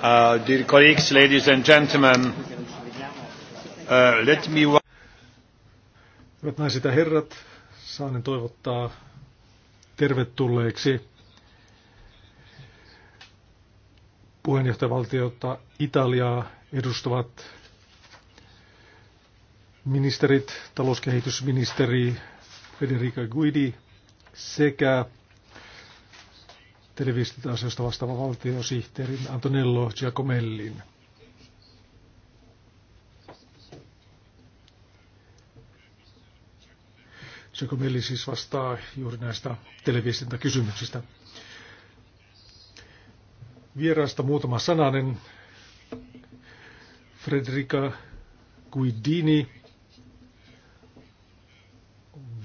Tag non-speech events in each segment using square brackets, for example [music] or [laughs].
Uh, dear colleagues, ladies and gentlemen, uh, let me... Hyvät naiset ja herrat, saanen toivottaa tervetulleeksi puheenjohtajavaltiota Italiaa edustavat ministerit, talouskehitysministeri Federica Guidi sekä televisioasioista vastaava valtiosihteeri Antonello Giacomellin. Giacomelli siis vastaa juuri näistä televiestintäkysymyksistä. Vieraasta muutama sananen. Frederica Guidini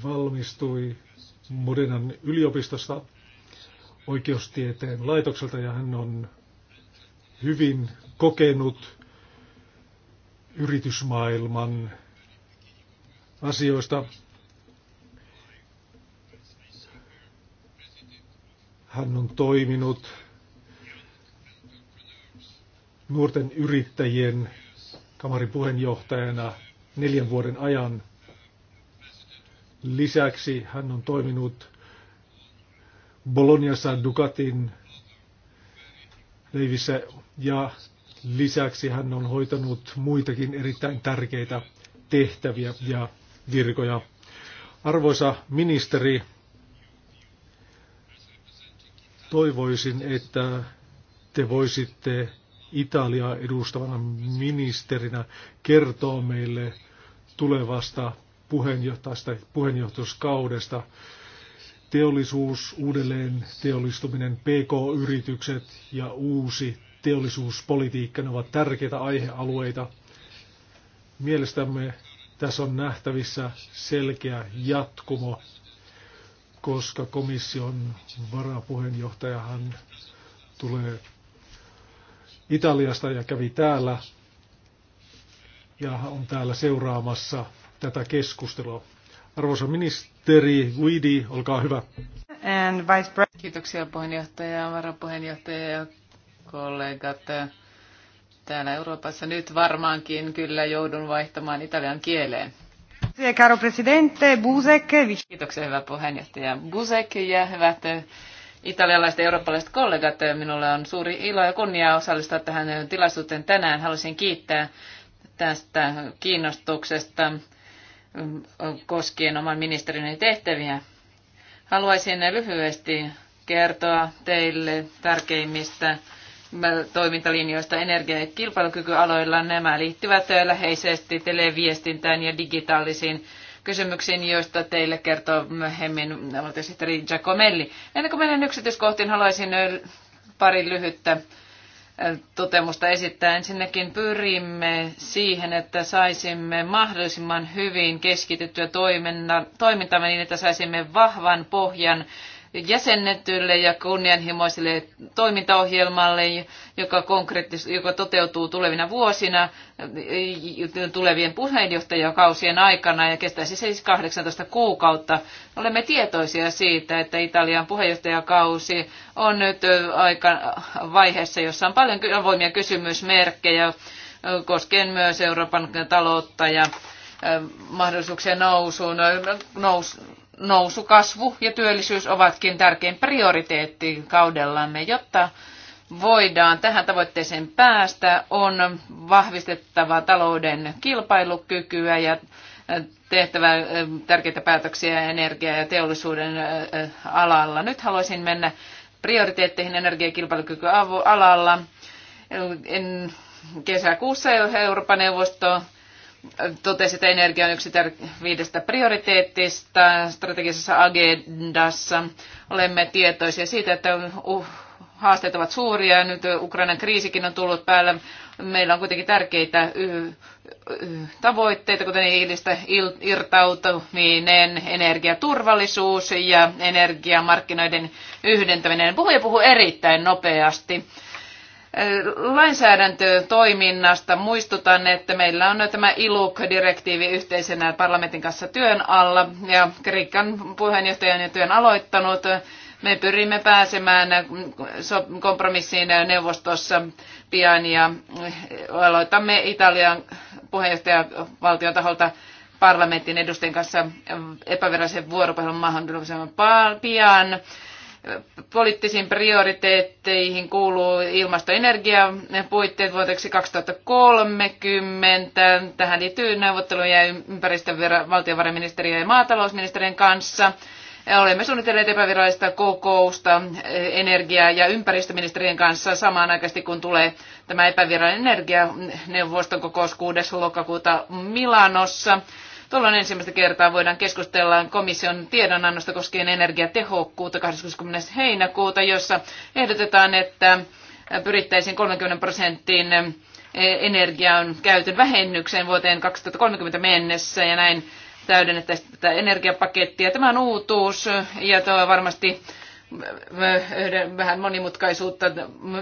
valmistui Modenan yliopistosta oikeustieteen laitokselta ja hän on hyvin kokenut yritysmaailman asioista. Hän on toiminut nuorten yrittäjien kamarin puheenjohtajana neljän vuoden ajan. Lisäksi hän on toiminut Boloniassa Ducatin leivissä ja lisäksi hän on hoitanut muitakin erittäin tärkeitä tehtäviä ja virkoja. Arvoisa ministeri, toivoisin, että te voisitte Italiaa edustavana ministerinä kertoa meille tulevasta puheenjohtajasta, puheenjohtajuuskaudesta teollisuus, uudelleen teollistuminen, PK-yritykset ja uusi teollisuuspolitiikka, ne ovat tärkeitä aihealueita. Mielestämme tässä on nähtävissä selkeä jatkumo, koska komission varapuheenjohtajahan tulee Italiasta ja kävi täällä ja on täällä seuraamassa tätä keskustelua. Arvoisa ministeri Guidi, olkaa hyvä. And vice Kiitoksia puheenjohtaja, varapuheenjohtaja ja kollegat. Täällä Euroopassa nyt varmaankin kyllä joudun vaihtamaan italian kieleen. Caro presidente Busek. Kiitoksia hyvä puheenjohtaja Busek ja hyvät italialaiset ja eurooppalaiset kollegat. Minulla on suuri ilo ja kunnia osallistua tähän tilaisuuteen tänään. Haluaisin kiittää tästä kiinnostuksesta koskien oman ministeriöni tehtäviä. Haluaisin lyhyesti kertoa teille tärkeimmistä toimintalinjoista energia- ja kilpailukykyaloilla. Nämä liittyvät läheisesti televiestintään ja digitaalisiin kysymyksiin, joista teille kertoo myöhemmin valtiosihteeri Giacomelli. Ennen kuin menen yksityiskohtiin, haluaisin pari lyhyttä totemusta esittää. Ensinnäkin pyrimme siihen, että saisimme mahdollisimman hyvin keskitettyä toimintamme niin, että saisimme vahvan pohjan jäsennetylle ja kunnianhimoiselle toimintaohjelmalle, joka, konkreettis- joka toteutuu tulevina vuosina, äh, tulevien puheenjohtajakausien aikana ja kestäisi siis 18 kuukautta. Olemme tietoisia siitä, että Italian puheenjohtajakausi on nyt äh, aika äh, vaiheessa, jossa on paljon avoimia kysymysmerkkejä koskien myös Euroopan taloutta ja mahdollisuuksien nousuun, nous, nousu, kasvu ja työllisyys ovatkin tärkein prioriteetti kaudellamme, jotta voidaan tähän tavoitteeseen päästä, on vahvistettava talouden kilpailukykyä ja äh, tehtävä äh, tärkeitä päätöksiä energia- ja teollisuuden äh, alalla. Nyt haluaisin mennä prioriteetteihin energia- ja kilpailukykyalalla. Kesäkuussa Euroopan neuvosto totesi, että energia on yksi viidestä prioriteettista strategisessa agendassa. Olemme tietoisia siitä, että uh, haasteet ovat suuria. Nyt Ukrainan kriisikin on tullut päällä. Meillä on kuitenkin tärkeitä tavoitteita, kuten hiilistä irtautuminen, energiaturvallisuus ja energiamarkkinoiden yhdentäminen. Puhuja puhuu erittäin nopeasti lainsäädäntötoiminnasta muistutan, että meillä on tämä iluc direktiivi yhteisenä parlamentin kanssa työn alla ja Kreikan puheenjohtaja on jo työn aloittanut. Me pyrimme pääsemään kompromissiin neuvostossa pian ja aloitamme Italian puheenjohtajavaltion taholta parlamentin edustajien kanssa epävirallisen vuoropuhelun mahdollisimman pian poliittisiin prioriteetteihin kuuluu ilmastoenergiapuitteet vuoteksi 2030. Tähän liittyy neuvotteluja ympäristön valtiovarainministeriön ja maatalousministeriön kanssa. Olemme suunnitelleet epävirallista kokousta eh, energia- ja ympäristöministerien kanssa samaan kun tulee tämä epävirallinen energianeuvoston kokous 6. lokakuuta Milanossa. Tuolloin ensimmäistä kertaa voidaan keskustella komission tiedonannosta koskien energiatehokkuutta 20. heinäkuuta, jossa ehdotetaan, että pyrittäisiin 30 prosenttiin eh, energian käytön vähennykseen vuoteen 2030 mennessä ja näin täydennettäisiin tätä energiapakettia. Tämä on uutuus ja tuo varmasti eh, vähän monimutkaisuutta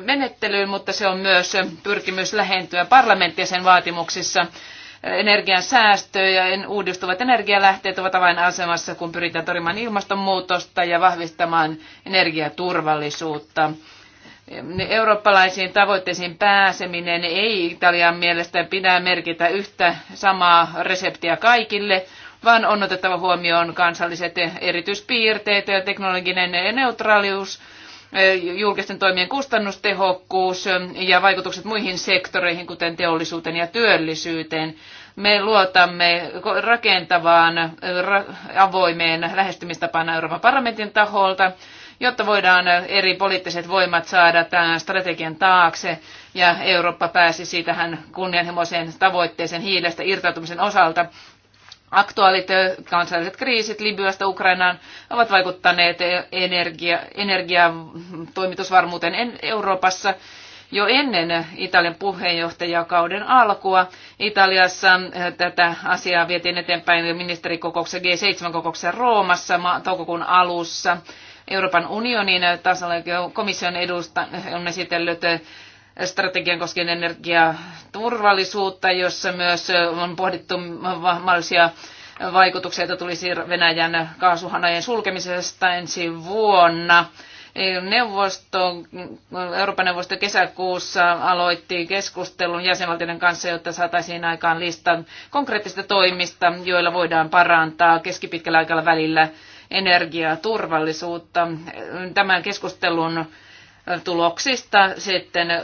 menettelyyn, mutta se on myös pyrkimys lähentyä parlamenttia sen vaatimuksissa energian säästö ja uudistuvat energialähteet ovat avainasemassa, kun pyritään torjumaan ilmastonmuutosta ja vahvistamaan energiaturvallisuutta. Eurooppalaisiin tavoitteisiin pääseminen ei Italian mielestä pidä merkitä yhtä samaa reseptiä kaikille, vaan on otettava huomioon kansalliset erityispiirteet ja teknologinen neutraalius julkisten toimien kustannustehokkuus ja vaikutukset muihin sektoreihin, kuten teollisuuteen ja työllisyyteen. Me luotamme rakentavaan, avoimeen lähestymistapaan Euroopan parlamentin taholta, jotta voidaan eri poliittiset voimat saada tämän strategian taakse ja Eurooppa pääsisi tähän kunnianhimoiseen tavoitteeseen hiilestä irtautumisen osalta. Aktuaalit kansalliset kriisit Libyasta Ukrainaan ovat vaikuttaneet energia, toimitusvarmuuteen Euroopassa jo ennen Italian puheenjohtajakauden alkua. Italiassa tätä asiaa vietiin eteenpäin ministerikokouksessa G7-kokouksessa Roomassa toukokuun alussa. Euroopan unionin tasolla komission edusta on esitellyt strategian koskien energiaturvallisuutta, jossa myös on pohdittu mahdollisia vaikutuksia, joita tulisi Venäjän kaasuhanajen sulkemisesta ensi vuonna. Neuvosto, Euroopan neuvosto kesäkuussa aloitti keskustelun jäsenvaltioiden kanssa, jotta saataisiin aikaan listan konkreettisista toimista, joilla voidaan parantaa keskipitkällä aikavälillä energiaturvallisuutta. Tämän keskustelun tuloksista sitten äh,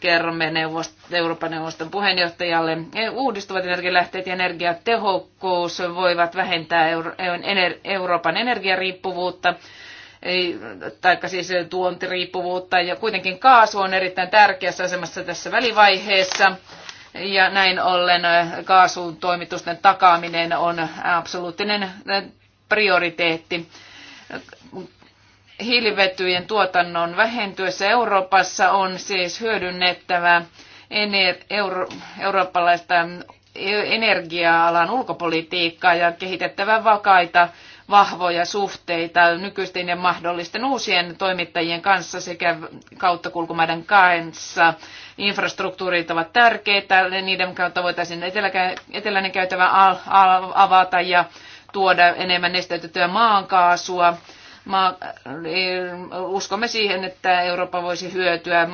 kerromme neuvost, Euroopan neuvoston puheenjohtajalle. E, uudistuvat energialähteet ja energiatehokkuus voivat vähentää Euro- ener- Euroopan energiariippuvuutta tai siis tuontiriippuvuutta. Ja kuitenkin kaasu on erittäin tärkeässä asemassa tässä välivaiheessa. Ja näin ollen äh, kaasun toimitusten takaaminen on absoluuttinen äh, prioriteetti hiilivetyjen tuotannon vähentyessä Euroopassa on siis hyödynnettävä ener- euro- eurooppalaista energia-alan ulkopolitiikkaa ja kehitettävä vakaita vahvoja suhteita nykyisten ja mahdollisten uusien toimittajien kanssa sekä kauttakulkumaiden kanssa. Infrastruktuurit ovat tärkeitä, niiden kautta voitaisiin eteläinen käytävä avata ja tuoda enemmän nesteytettyä maankaasua maa, niin, uskomme siihen, että Eurooppa voisi hyötyä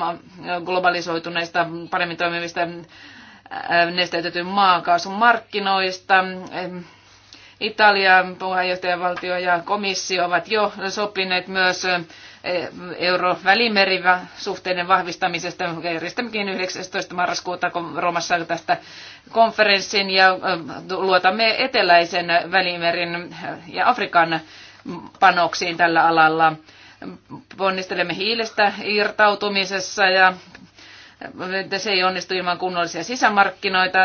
globalisoituneista, paremmin toimivista äh, nesteytetyn maakaasun markkinoista. Italian puheenjohtajavaltio ja komissio ovat jo sopineet myös äh, eurovälimerivä suhteiden vahvistamisesta. Järjestämmekin 19. marraskuuta Roomassa tästä konferenssin ja äh, luotamme eteläisen välimerin ja Afrikan panoksiin tällä alalla. Ponnistelemme hiilestä irtautumisessa ja se ei onnistu ilman kunnollisia sisämarkkinoita.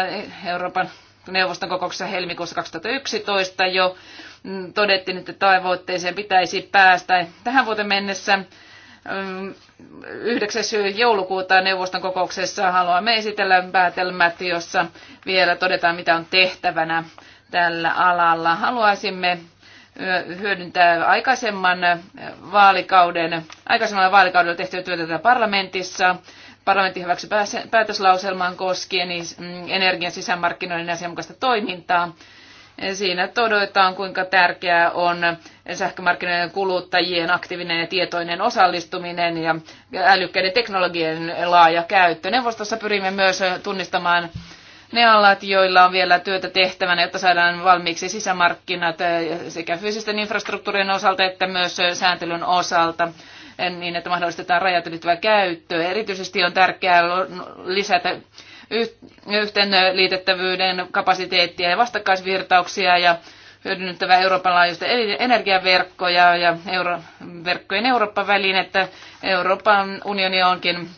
Euroopan neuvoston kokouksessa helmikuussa 2011 jo todettiin, että tavoitteeseen pitäisi päästä tähän vuoteen mennessä. 9. joulukuuta neuvoston kokouksessa haluamme esitellä päätelmät, jossa vielä todetaan, mitä on tehtävänä tällä alalla. Haluaisimme hyödyntää aikaisemman vaalikauden, aikaisemmalla vaalikaudella tehtyä työtä täällä parlamentissa. Parlamentti hyväksyi päätöslauselman koskien niin, mm, energian sisämarkkinoiden asianmukaista toimintaa. Siinä todetaan, kuinka tärkeää on sähkömarkkinoiden kuluttajien aktiivinen ja tietoinen osallistuminen ja älykkäiden teknologien laaja käyttö. Neuvostossa pyrimme myös tunnistamaan ne alat, joilla on vielä työtä tehtävänä, jotta saadaan valmiiksi sisämarkkinat eh, sekä fyysisten infrastruktuurien osalta että myös eh, sääntelyn osalta eh, niin, että mahdollistetaan rajat ylittävä käyttö. Erityisesti on tärkeää lisätä yhteenliitettävyyden kapasiteettia ja vastakkaisvirtauksia ja hyödynnettävä Euroopan laajuista energiaverkkoja ja euro, verkkojen Eurooppa-välinettä. Euroopan unioni onkin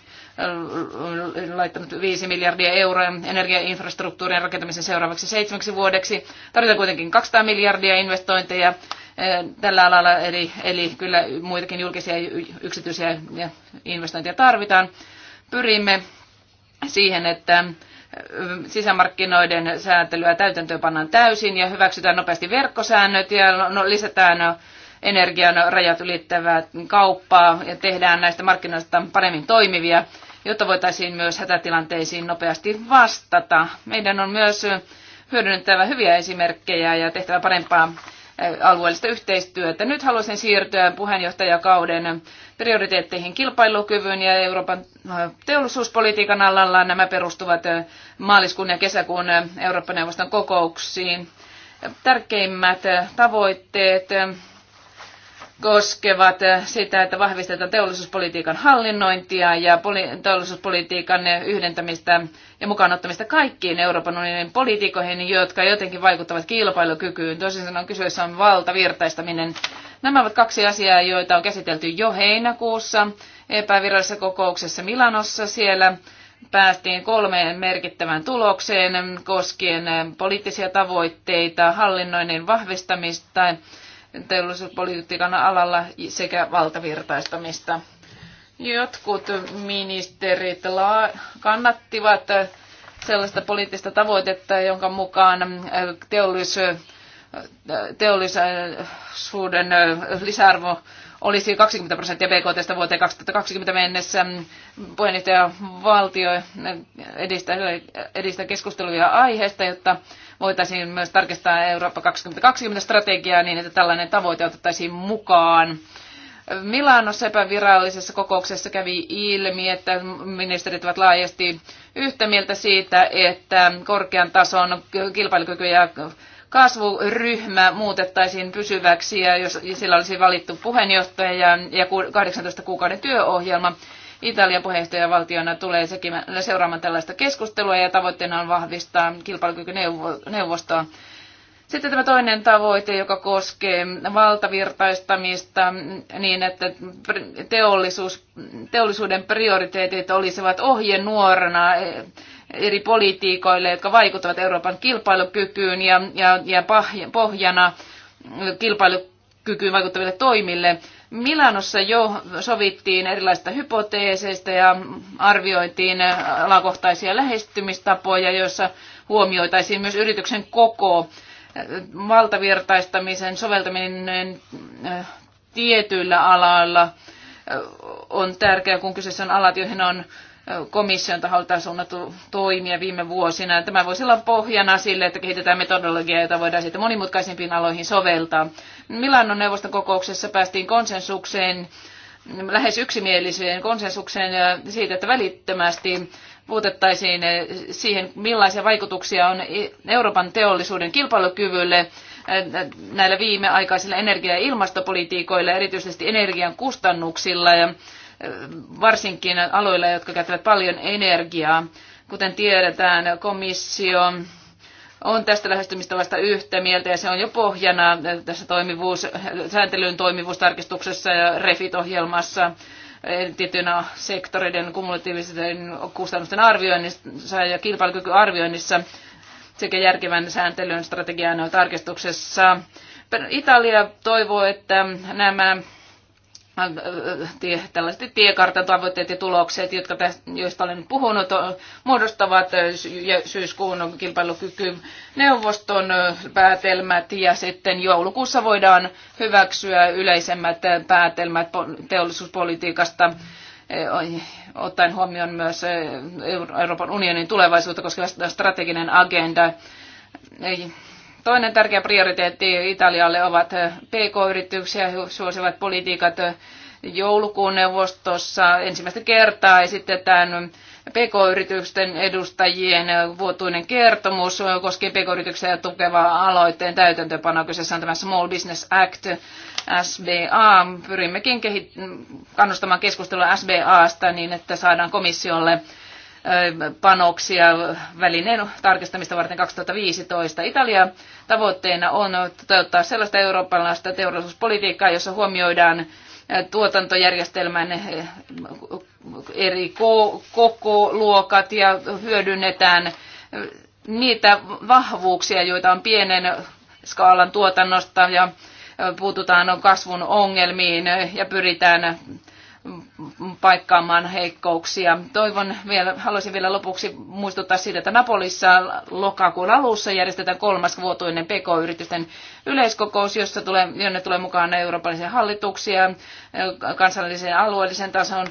laittanut 5 miljardia euroa energiainfrastruktuurin rakentamisen seuraavaksi seitsemäksi vuodeksi. Tarvitaan kuitenkin 200 miljardia investointeja tällä alalla, eli, eli kyllä muitakin julkisia yksityisiä investointeja tarvitaan. Pyrimme siihen, että sisämarkkinoiden sääntelyä pannaan täysin ja hyväksytään nopeasti verkkosäännöt ja no, no, lisätään energian rajat ylittävää kauppaa ja tehdään näistä markkinoista paremmin toimivia jotta voitaisiin myös hätätilanteisiin nopeasti vastata. Meidän on myös hyödynnettävä hyviä esimerkkejä ja tehtävä parempaa alueellista yhteistyötä. Nyt haluaisin siirtyä puheenjohtajakauden prioriteetteihin kilpailukyvyn ja Euroopan teollisuuspolitiikan alalla. Nämä perustuvat maaliskuun ja kesäkuun Eurooppa-neuvoston kokouksiin. Tärkeimmät tavoitteet koskevat sitä, että vahvistetaan teollisuuspolitiikan hallinnointia ja teollisuuspolitiikan yhdentämistä ja mukaanottamista kaikkiin Euroopan unionin politiikoihin, jotka jotenkin vaikuttavat kilpailukykyyn. Toisin sanoen kyseessä on valtavirtaistaminen. Nämä ovat kaksi asiaa, joita on käsitelty jo heinäkuussa epävirallisessa kokouksessa Milanossa siellä päästiin kolmeen merkittävään tulokseen koskien poliittisia tavoitteita, hallinnoinnin vahvistamista teollisuuspolitiikan alalla sekä valtavirtaistamista. Jotkut ministerit kannattivat sellaista poliittista tavoitetta, jonka mukaan äh, äh, teollisuuden äh, lisäarvo olisi 20 prosenttia BKT vuoteen 2020 mennessä. Puheenjohtaja valtio edistää, edistää keskusteluja aiheesta, jotta voitaisiin myös tarkistaa Eurooppa 2020-strategiaa niin, että tällainen tavoite otettaisiin mukaan. Milanossa epävirallisessa kokouksessa kävi ilmi, että ministerit ovat laajasti yhtä mieltä siitä, että korkean tason kilpailukyky ja kasvuryhmä muutettaisiin pysyväksi ja jos sillä olisi valittu puheenjohtaja ja 18 kuukauden työohjelma, Italian puheenjohtajavaltiona tulee sekin seuraamaan tällaista keskustelua ja tavoitteena on vahvistaa kilpailukykyneuvostoa. Sitten tämä toinen tavoite, joka koskee valtavirtaistamista niin, että teollisuus, teollisuuden prioriteetit olisivat ohjenuorana eh, eri politiikoille, jotka vaikuttavat Euroopan kilpailukykyyn ja, ja, ja pohjana eh, kilpailukykyyn vaikuttaville toimille. Milanossa jo sovittiin erilaisista hypoteeseista ja arvioitiin alakohtaisia lähestymistapoja, joissa huomioitaisiin myös yrityksen koko valtavirtaistamisen soveltaminen äh, tietyillä aloilla äh, on tärkeää, kun kyseessä on alat, joihin on komission taholta suunnattu toimia viime vuosina. Tämä voisi olla pohjana sille, että kehitetään metodologiaa, jota voidaan sitten monimutkaisempiin aloihin soveltaa. Milanon neuvoston kokouksessa päästiin konsensukseen, lähes yksimieliseen konsensukseen siitä, että välittömästi puutettaisiin siihen, millaisia vaikutuksia on Euroopan teollisuuden kilpailukyvylle näillä viimeaikaisilla energia- ja ilmastopolitiikoilla, erityisesti energian kustannuksilla ja varsinkin aloilla, jotka käyttävät paljon energiaa. Kuten tiedetään, komissio on tästä lähestymistavasta yhtä mieltä ja se on jo pohjana tässä toimivuus, sääntelyn toimivuustarkistuksessa ja REFIT-ohjelmassa tietynä sektoreiden kumulatiivisten kustannusten arvioinnissa ja kilpailukykyarvioinnissa sekä järkevän sääntelyn strategian tarkistuksessa. Italia toivoo, että nämä Äh, tällaiset tiekartan tavoitteet ja tulokset, jotka tästä, joista olen puhunut, muodostavat syyskuun kilpailukykyneuvoston päätelmät ja sitten joulukuussa voidaan hyväksyä yleisemmät päätelmät teollisuuspolitiikasta ottaen huomioon myös Euroopan unionin tulevaisuutta koskeva strateginen agenda Toinen tärkeä prioriteetti Italialle ovat eh, PK-yrityksiä suosivat politiikat eh, joulukuun neuvostossa ensimmäistä kertaa esitetään PK-yritysten edustajien eh, vuotuinen kertomus koskien PK-yrityksiä tukevaa aloitteen täytäntöpanoa. Kyseessä on tämä Small Business Act, SBA. Pyrimmekin kehit- kannustamaan keskustelua SBAsta niin, että saadaan komissiolle panoksia välineen tarkistamista varten 2015. Italia tavoitteena on toteuttaa sellaista eurooppalaista teollisuuspolitiikkaa, jossa huomioidaan tuotantojärjestelmän eri koko luokat ja hyödynnetään niitä vahvuuksia, joita on pienen skaalan tuotannosta ja puututaan kasvun ongelmiin ja pyritään paikkaamaan heikkouksia. Toivon vielä, haluaisin vielä lopuksi muistuttaa siitä, että Napolissa lokakuun alussa järjestetään kolmas vuotuinen PK-yritysten yleiskokous, jossa tulee, jonne tulee mukaan eurooppalaisia hallituksia, kansallisen ja alueellisen tason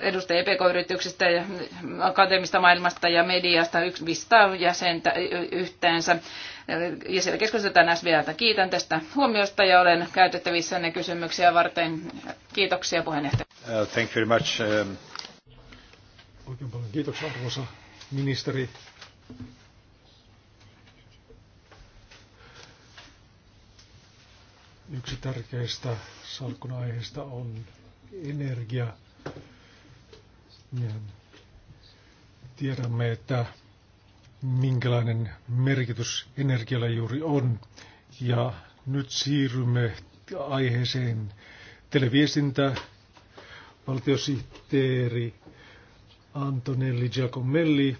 edustajia PK-yrityksistä, akateemista maailmasta ja mediasta 500 jäsentä yhteensä ja siellä keskustetaan SVLtä. Kiitän tästä huomiosta ja olen käytettävissä ne kysymyksiä varten. Kiitoksia puheenjohtaja. Uh, thank you very much. Um... Oikein paljon kiitoksia arvoisa ministeri. Yksi tärkeistä salkun aiheista on energia. Ja tiedämme, että minkälainen merkitys energialla juuri on. Ja nyt siirrymme aiheeseen televiestintä. Valtiosihteeri Antonelli Giacomelli.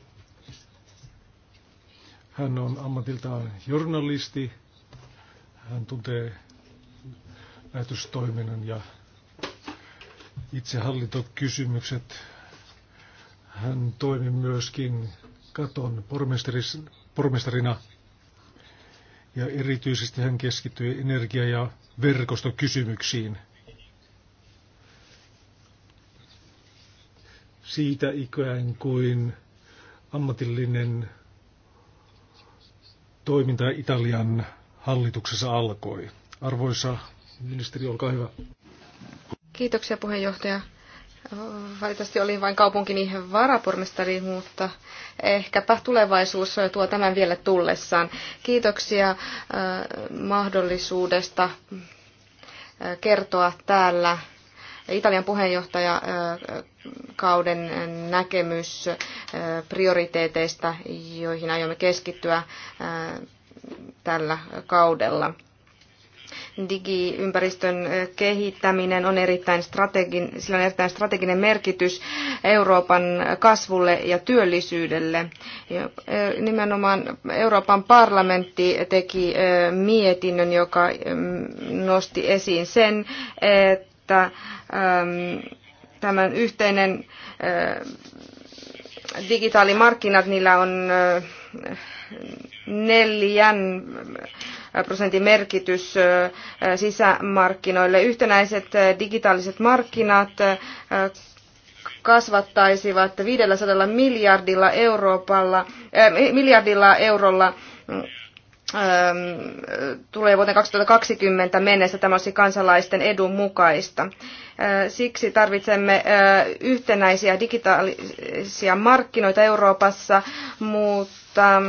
Hän on ammatiltaan journalisti. Hän tuntee lähetystoiminnan ja itsehallintokysymykset. Hän toimi myöskin Katon pormestarina ja erityisesti hän keskittyi energia- ja verkostokysymyksiin. Siitä ikään kuin ammatillinen toiminta Italian hallituksessa alkoi. Arvoisa ministeri, olkaa hyvä. Kiitoksia puheenjohtaja. Valitettavasti olin vain kaupunkini varapormestari, mutta ehkäpä tulevaisuus tuo tämän vielä tullessaan. Kiitoksia äh, mahdollisuudesta äh, kertoa täällä Italian puheenjohtajakauden äh, näkemys prioriteeteista, joihin aiomme keskittyä tällä kaudella digiympäristön eh, kehittäminen on erittäin, strategin, sillä on erittäin strateginen merkitys Euroopan kasvulle ja työllisyydelle. Eh, nimenomaan Euroopan parlamentti teki eh, mietinnön, joka mm, nosti esiin sen, että ehm, tämän yhteinen digitaalimarkkinat, niillä on neljän prosentin merkitys sisämarkkinoille. Yhtenäiset digitaaliset markkinat kasvattaisivat 500 miljardilla, Euroopalla, miljardilla eurolla mm, tulee vuoteen 2020 mennessä. Tämä olisi kansalaisten edun mukaista. Siksi tarvitsemme yhtenäisiä digitaalisia markkinoita Euroopassa, mutta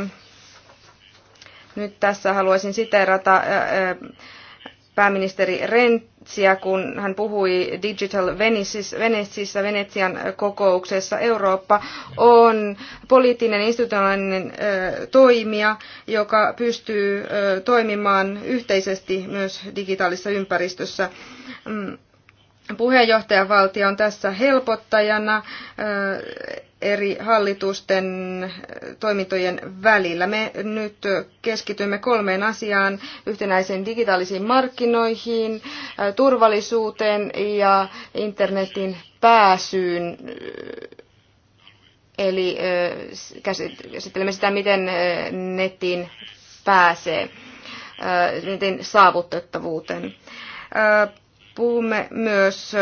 nyt tässä haluaisin siteerata äh, äh, pääministeri Rentsiä, kun hän puhui Digital venetsissä Venetsian kokouksessa. Eurooppa on poliittinen institutionaalinen äh, toimija, joka pystyy toimimaan yhteisesti myös digitaalisessa ympäristössä. Mm. Puheenjohtajavaltio on tässä helpottajana eri hallitusten eh, toimintojen välillä. Me nyt keskitymme kolmeen asiaan, yhtenäisiin digitaalisiin markkinoihin, eh, turvallisuuteen ja internetin pääsyyn. Eh, eli käsittelemme sitä, miten netin pääsee, netin saavutettavuuteen Puhumme myös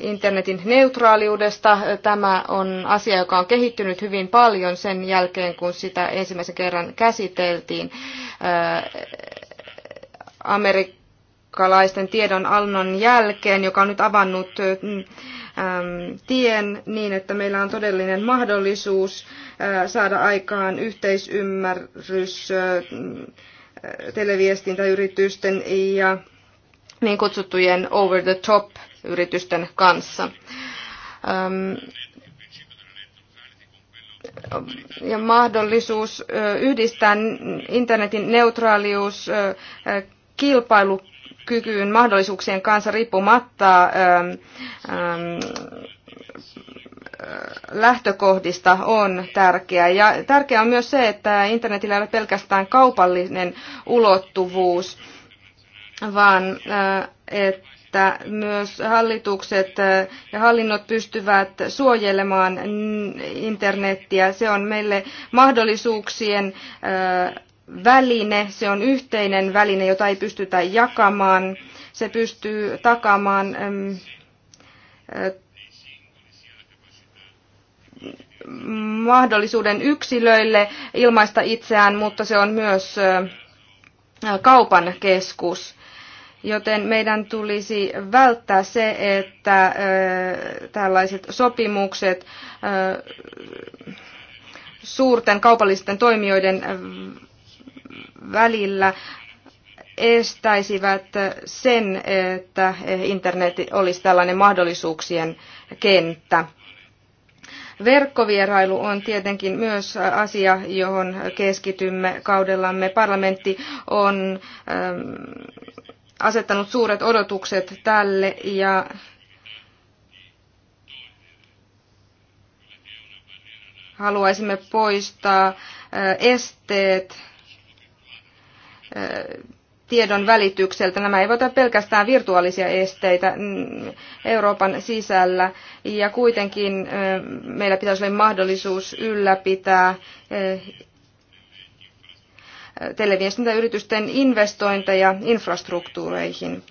internetin neutraaliudesta. Tämä on asia, joka on kehittynyt hyvin paljon sen jälkeen, kun sitä ensimmäisen kerran käsiteltiin. Amerikkalaisten tiedon annon jälkeen, joka on nyt avannut tien niin, että meillä on todellinen mahdollisuus saada aikaan yhteisymmärrys televiestintäyritysten ja niin kutsuttujen over-the-top-yritysten kanssa. Ja mahdollisuus yhdistää internetin neutraalius kilpailukykyyn mahdollisuuksien kanssa riippumatta lähtökohdista on tärkeää. Ja tärkeää on myös se, että internetillä ei ole pelkästään kaupallinen ulottuvuus vaan äh, että myös hallitukset äh, ja hallinnot pystyvät suojelemaan internettiä. Se on meille mahdollisuuksien äh, väline, se on yhteinen väline, jota ei pystytä jakamaan. Se pystyy takaamaan mahdollisuuden yksilöille ilmaista itseään, mutta se on myös kaupan keskus joten meidän tulisi välttää se, että tällaiset sopimukset suurten kaupallisten toimijoiden välillä estäisivät sen, että internet olisi tällainen mahdollisuuksien kenttä. Verkkovierailu on tietenkin myös asia, johon keskitymme kaudellamme. Parlamentti on asettanut suuret odotukset tälle ja haluaisimme poistaa äh, esteet äh, tiedon välitykseltä. Nämä eivät ole pelkästään virtuaalisia esteitä mm, Euroopan sisällä ja kuitenkin äh, meillä pitäisi olla mahdollisuus ylläpitää televiestintäyritysten investointeja infrastruktuureihin.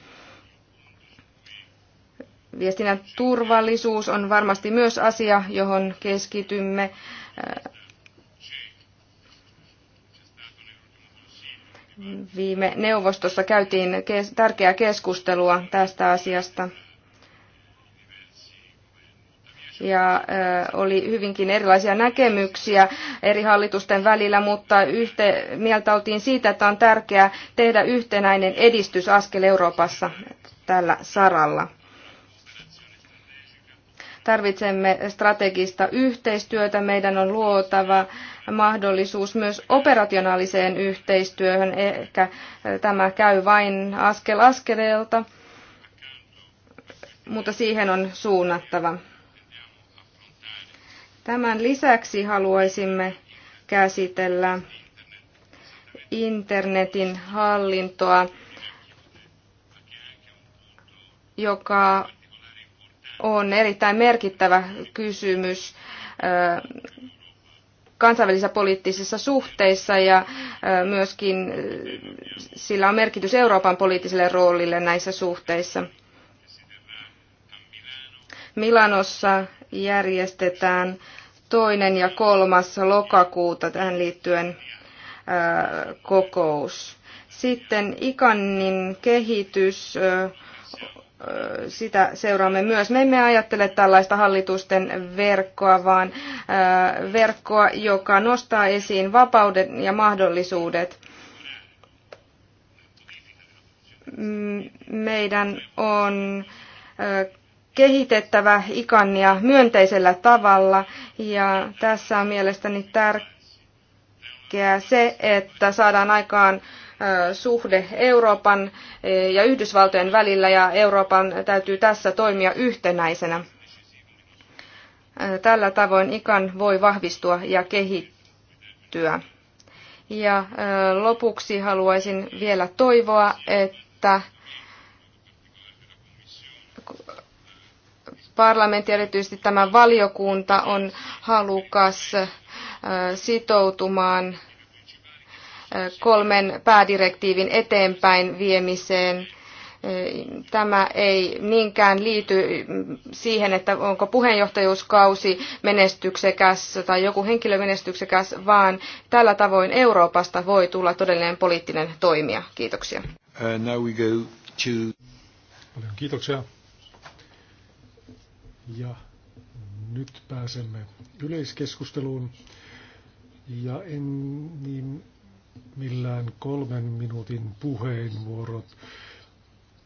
Viestinnän turvallisuus on varmasti myös asia, johon keskitymme. Viime neuvostossa käytiin tärkeää keskustelua tästä asiasta ja oli hyvinkin erilaisia näkemyksiä eri hallitusten välillä, mutta yhte, mieltä oltiin siitä, että on tärkeää tehdä yhtenäinen edistysaskel Euroopassa tällä saralla. Tarvitsemme strategista yhteistyötä, meidän on luotava mahdollisuus myös operationaaliseen yhteistyöhön, ehkä tämä käy vain askel askeleelta, mutta siihen on suunnattava. Tämän lisäksi haluaisimme käsitellä internetin hallintoa, joka on erittäin merkittävä kysymys kansainvälisissä poliittisissa suhteissa ja myöskin sillä on merkitys Euroopan poliittiselle roolille näissä suhteissa. Milanossa järjestetään toinen ja kolmas lokakuuta tähän liittyen kokous. Sitten ikannin kehitys, sitä seuraamme myös. Me emme ajattele tällaista hallitusten verkkoa, vaan verkkoa, joka nostaa esiin vapauden ja mahdollisuudet. Meidän on kehitettävä ikania myönteisellä tavalla ja tässä on mielestäni tärkeää se, että saadaan aikaan suhde Euroopan ja Yhdysvaltojen välillä ja Euroopan täytyy tässä toimia yhtenäisenä. Tällä tavoin ikan voi vahvistua ja kehittyä. Ja lopuksi haluaisin vielä toivoa, että parlamentti, erityisesti tämä valiokunta, on halukas sitoutumaan kolmen päädirektiivin eteenpäin viemiseen. Tämä ei niinkään liity siihen, että onko puheenjohtajuuskausi menestyksekäs tai joku henkilö menestyksekäs, vaan tällä tavoin Euroopasta voi tulla todellinen poliittinen toimija. Kiitoksia. Uh, now we go to... kiitoksia. Ja nyt pääsemme yleiskeskusteluun. Ja en niin millään kolmen minuutin puheenvuorot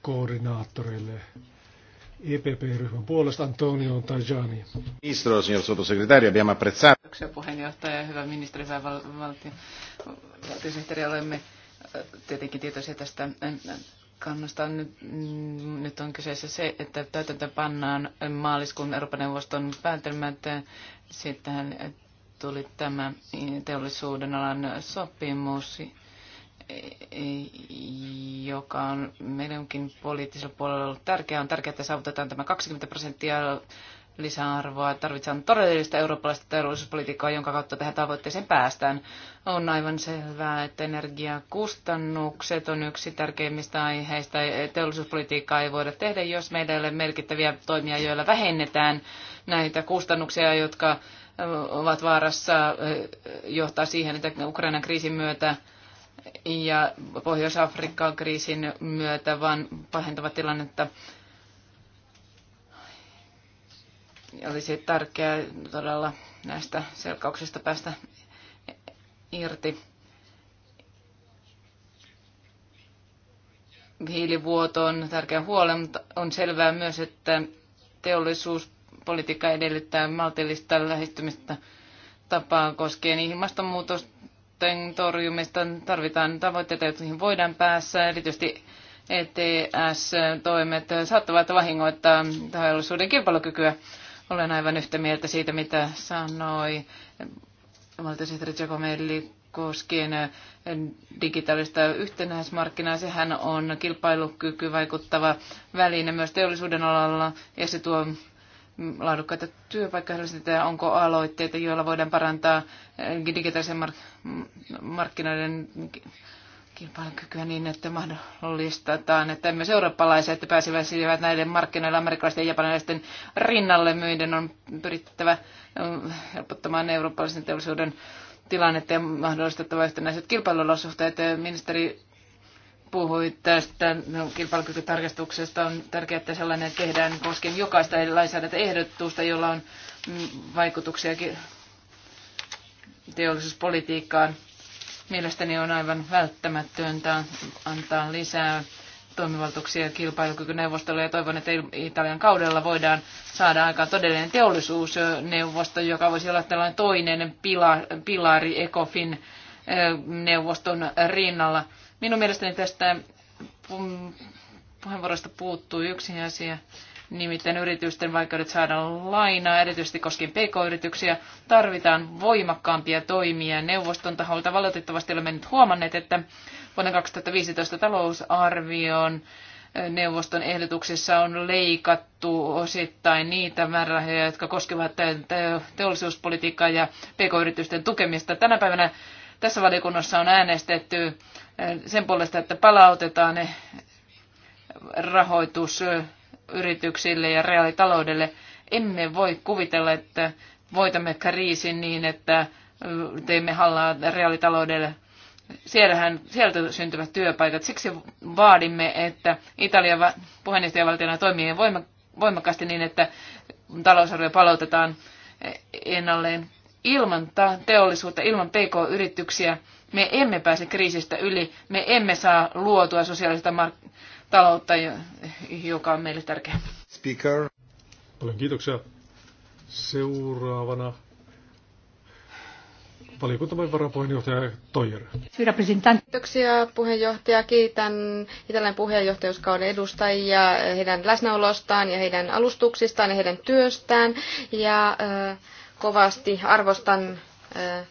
koordinaattoreille. EPP-ryhmän puolesta Antonio Tajani. Ministro, signor sottosegretario, abbiamo apprezzato. Kiitoksia puheenjohtaja, ja hyvä ministeri, hyvä val- valtio- valtiosihteeri. Olemme äh, tietenkin tietoisia tästä äh, kannasta nyt, mm, nyt on kyseessä se, että täytäntö pannaan maaliskuun Euroopan neuvoston päätelmät. Sittenhän tuli tämä teollisuuden alan sopimus, joka on meidänkin poliittisella puolella ollut tärkeä. On tärkeää, että saavutetaan tämä 20 prosenttia lisäarvoa. Tarvitaan todellista eurooppalaista teollisuuspolitiikkaa, jonka kautta tähän tavoitteeseen päästään. On aivan selvää, että energiakustannukset on yksi tärkeimmistä aiheista. Teollisuuspolitiikkaa ei voida tehdä, jos meillä ei ole merkittäviä toimia, joilla vähennetään näitä kustannuksia, jotka ovat vaarassa johtaa siihen, että Ukrainan kriisin myötä ja Pohjois-Afrikan kriisin myötä vaan pahentavat tilannetta olisi tärkeää todella näistä selkauksista päästä irti. Hiilivuoto on tärkeä huolen, mutta on selvää myös, että teollisuuspolitiikka edellyttää maltillista lähestymistä tapaa koskien ilmastonmuutosten torjumista. Tarvitaan tavoitteita, joihin voidaan päässä, erityisesti ETS-toimet saattavat vahingoittaa teollisuuden kilpailukykyä. Olen aivan yhtä mieltä siitä, mitä sanoi valtiosihteeri Giacomelli koskien eh, digitaalista yhtenäismarkkinaa. Sehän on kilpailukyky vaikuttava väline myös teollisuuden alalla ja se tuo mm, laadukkaita työpaikkoja. onko aloitteita, joilla voidaan parantaa eh, digitaalisen mark- markkinoiden kilpailukykyä niin, että mahdollistetaan, että myös eurooppalaiset pääsevät näiden markkinoilla amerikkalaisten ja japanilaisten rinnalle. myyden on pyrittävä helpottamaan eurooppalaisen teollisuuden tilannetta ja mahdollistettava yhtenäiset kilpailuolosuhteet. Ministeri puhui tästä no, kilpailukykytarkastuksesta. On tärkeää, että sellainen tehdään koskien jokaista lainsäädäntöehdotusta, jolla on vaikutuksia teollisuuspolitiikkaan. Mielestäni on aivan välttämätöntä antaa lisää toimivaltuuksia kilpailukykyneuvostolle ja toivon, että Italian kaudella voidaan saada aikaan todellinen teollisuusneuvosto, joka voisi olla tällainen toinen pila, pilari ECOFIN neuvoston rinnalla. Minun mielestäni tästä puheenvuorosta puuttuu yksi asia, nimittäin yritysten vaikeudet saada lainaa, erityisesti koskien pk-yrityksiä, tarvitaan voimakkaampia toimia. Neuvoston taholta valitettavasti olemme nyt huomanneet, että vuonna 2015 talousarvioon neuvoston ehdotuksessa on leikattu osittain niitä määrärahoja, jotka koskevat teollisuuspolitiikkaa ja pk-yritysten tukemista. Tänä päivänä tässä valiokunnassa on äänestetty eh, sen puolesta, että palautetaan eh, rahoitus eh, yrityksille ja reaalitaloudelle. Emme voi kuvitella, että voitamme kriisin niin, että teemme hallaa reaalitaloudelle. Siellähän, sieltä syntyvät työpaikat. Siksi vaadimme, että Italian puheenjohtajavaltiona toimii voimakkaasti niin, että talousarvio palautetaan ennalleen. Ilman teollisuutta, ilman pk-yrityksiä me emme pääse kriisistä yli, me emme saa luotua sosiaalista mark- taloutta, joka on meille tärkeä. Speaker. Paljon kiitoksia. Seuraavana valiokuntamme varapuheenjohtaja Toijer. Kiitoksia puheenjohtaja. Kiitän Italian puheenjohtajuuskauden edustajia heidän läsnäolostaan ja heidän alustuksistaan ja heidän työstään. Ja äh, kovasti arvostan äh,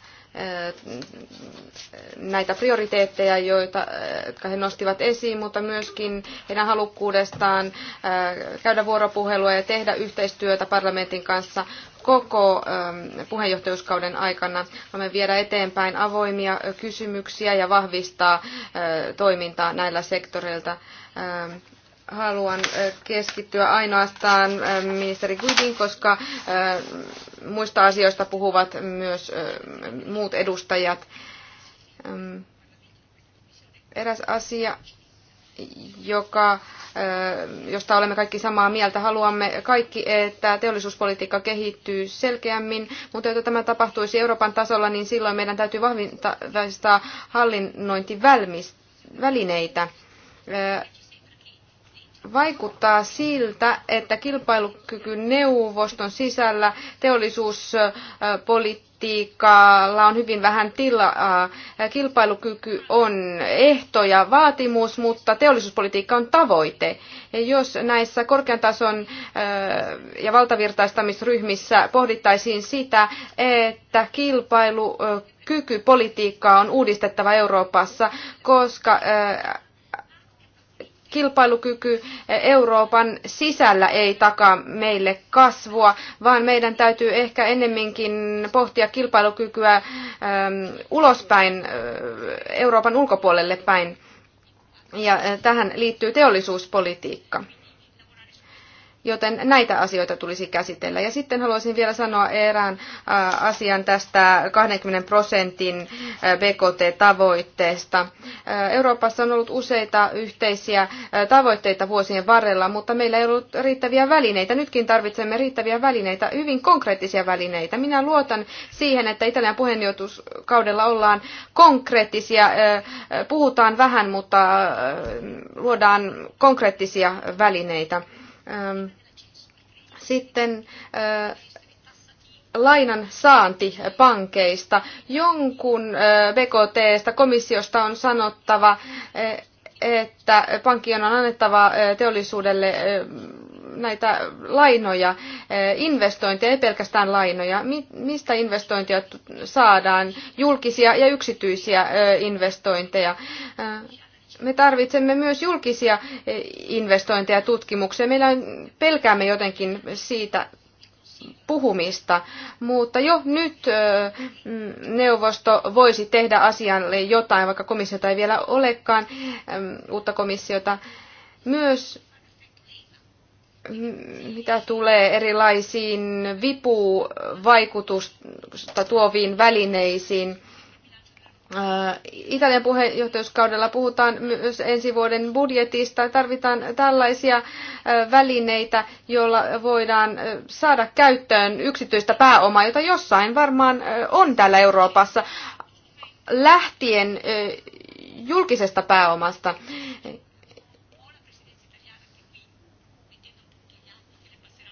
näitä prioriteetteja, joita, jotka he nostivat esiin, mutta myöskin heidän halukkuudestaan käydä vuoropuhelua ja tehdä yhteistyötä parlamentin kanssa koko puheenjohtajuuskauden aikana. Voimme viedä eteenpäin avoimia kysymyksiä ja vahvistaa toimintaa näillä sektoreilta haluan keskittyä ainoastaan ministeri Kuidin, koska muista asioista puhuvat myös muut edustajat. Eräs asia, joka, josta olemme kaikki samaa mieltä. Haluamme kaikki, että teollisuuspolitiikka kehittyy selkeämmin, mutta jotta tämä tapahtuisi Euroopan tasolla, niin silloin meidän täytyy vahvistaa hallinnointivälineitä vaikuttaa siltä, että kilpailukykyneuvoston sisällä teollisuuspolitiikalla on hyvin vähän tilaa. Kilpailukyky on ehto ja vaatimus, mutta teollisuuspolitiikka on tavoite. Ja jos näissä korkean tason ja valtavirtaistamisryhmissä pohdittaisiin sitä, että kilpailu kykypolitiikkaa on uudistettava Euroopassa, koska kilpailukyky Euroopan sisällä ei takaa meille kasvua, vaan meidän täytyy ehkä ennemminkin pohtia kilpailukykyä ähm, ulospäin äh, Euroopan ulkopuolelle päin. Ja äh, tähän liittyy teollisuuspolitiikka joten näitä asioita tulisi käsitellä. Ja sitten haluaisin vielä sanoa erään äh, asian tästä 20 prosentin äh, BKT-tavoitteesta. Äh, Euroopassa on ollut useita yhteisiä tavoitteita vuosien varrella, mutta meillä ei ollut riittäviä välineitä. Nytkin tarvitsemme riittäviä välineitä, hyvin konkreettisia välineitä. Minä luotan siihen, että Italian puheenjohtuskaudella ollaan konkreettisia, puhutaan vähän, mutta luodaan konkreettisia välineitä. Ähm, sitten äh, lainan saanti pankeista. Jonkun äh, BKT komissiosta on sanottava, äh, että pankkien on annettava teollisuudelle näitä lainoja, investointeja, ei pelkästään lainoja. Mistä investointeja saadaan? Julkisia ja yksityisiä investointeja me tarvitsemme myös julkisia eh, investointeja tutkimukseen. Meillä on, pelkäämme jotenkin siitä puhumista, mutta jo nyt eh, mm, neuvosto voisi tehdä asialle jotain, vaikka komissiota ei vielä olekaan, uutta komissiota. Myös mm, mitä tulee erilaisiin vipuvaikutusta tuoviin välineisiin, Äh, Italian puheenjohtajuuskaudella puhutaan myös ensi vuoden budjetista. Tarvitaan tällaisia äh, välineitä, joilla voidaan äh, saada käyttöön yksityistä pääomaa, jota jossain varmaan on täällä Euroopassa, lähtien julkisesta pääomasta.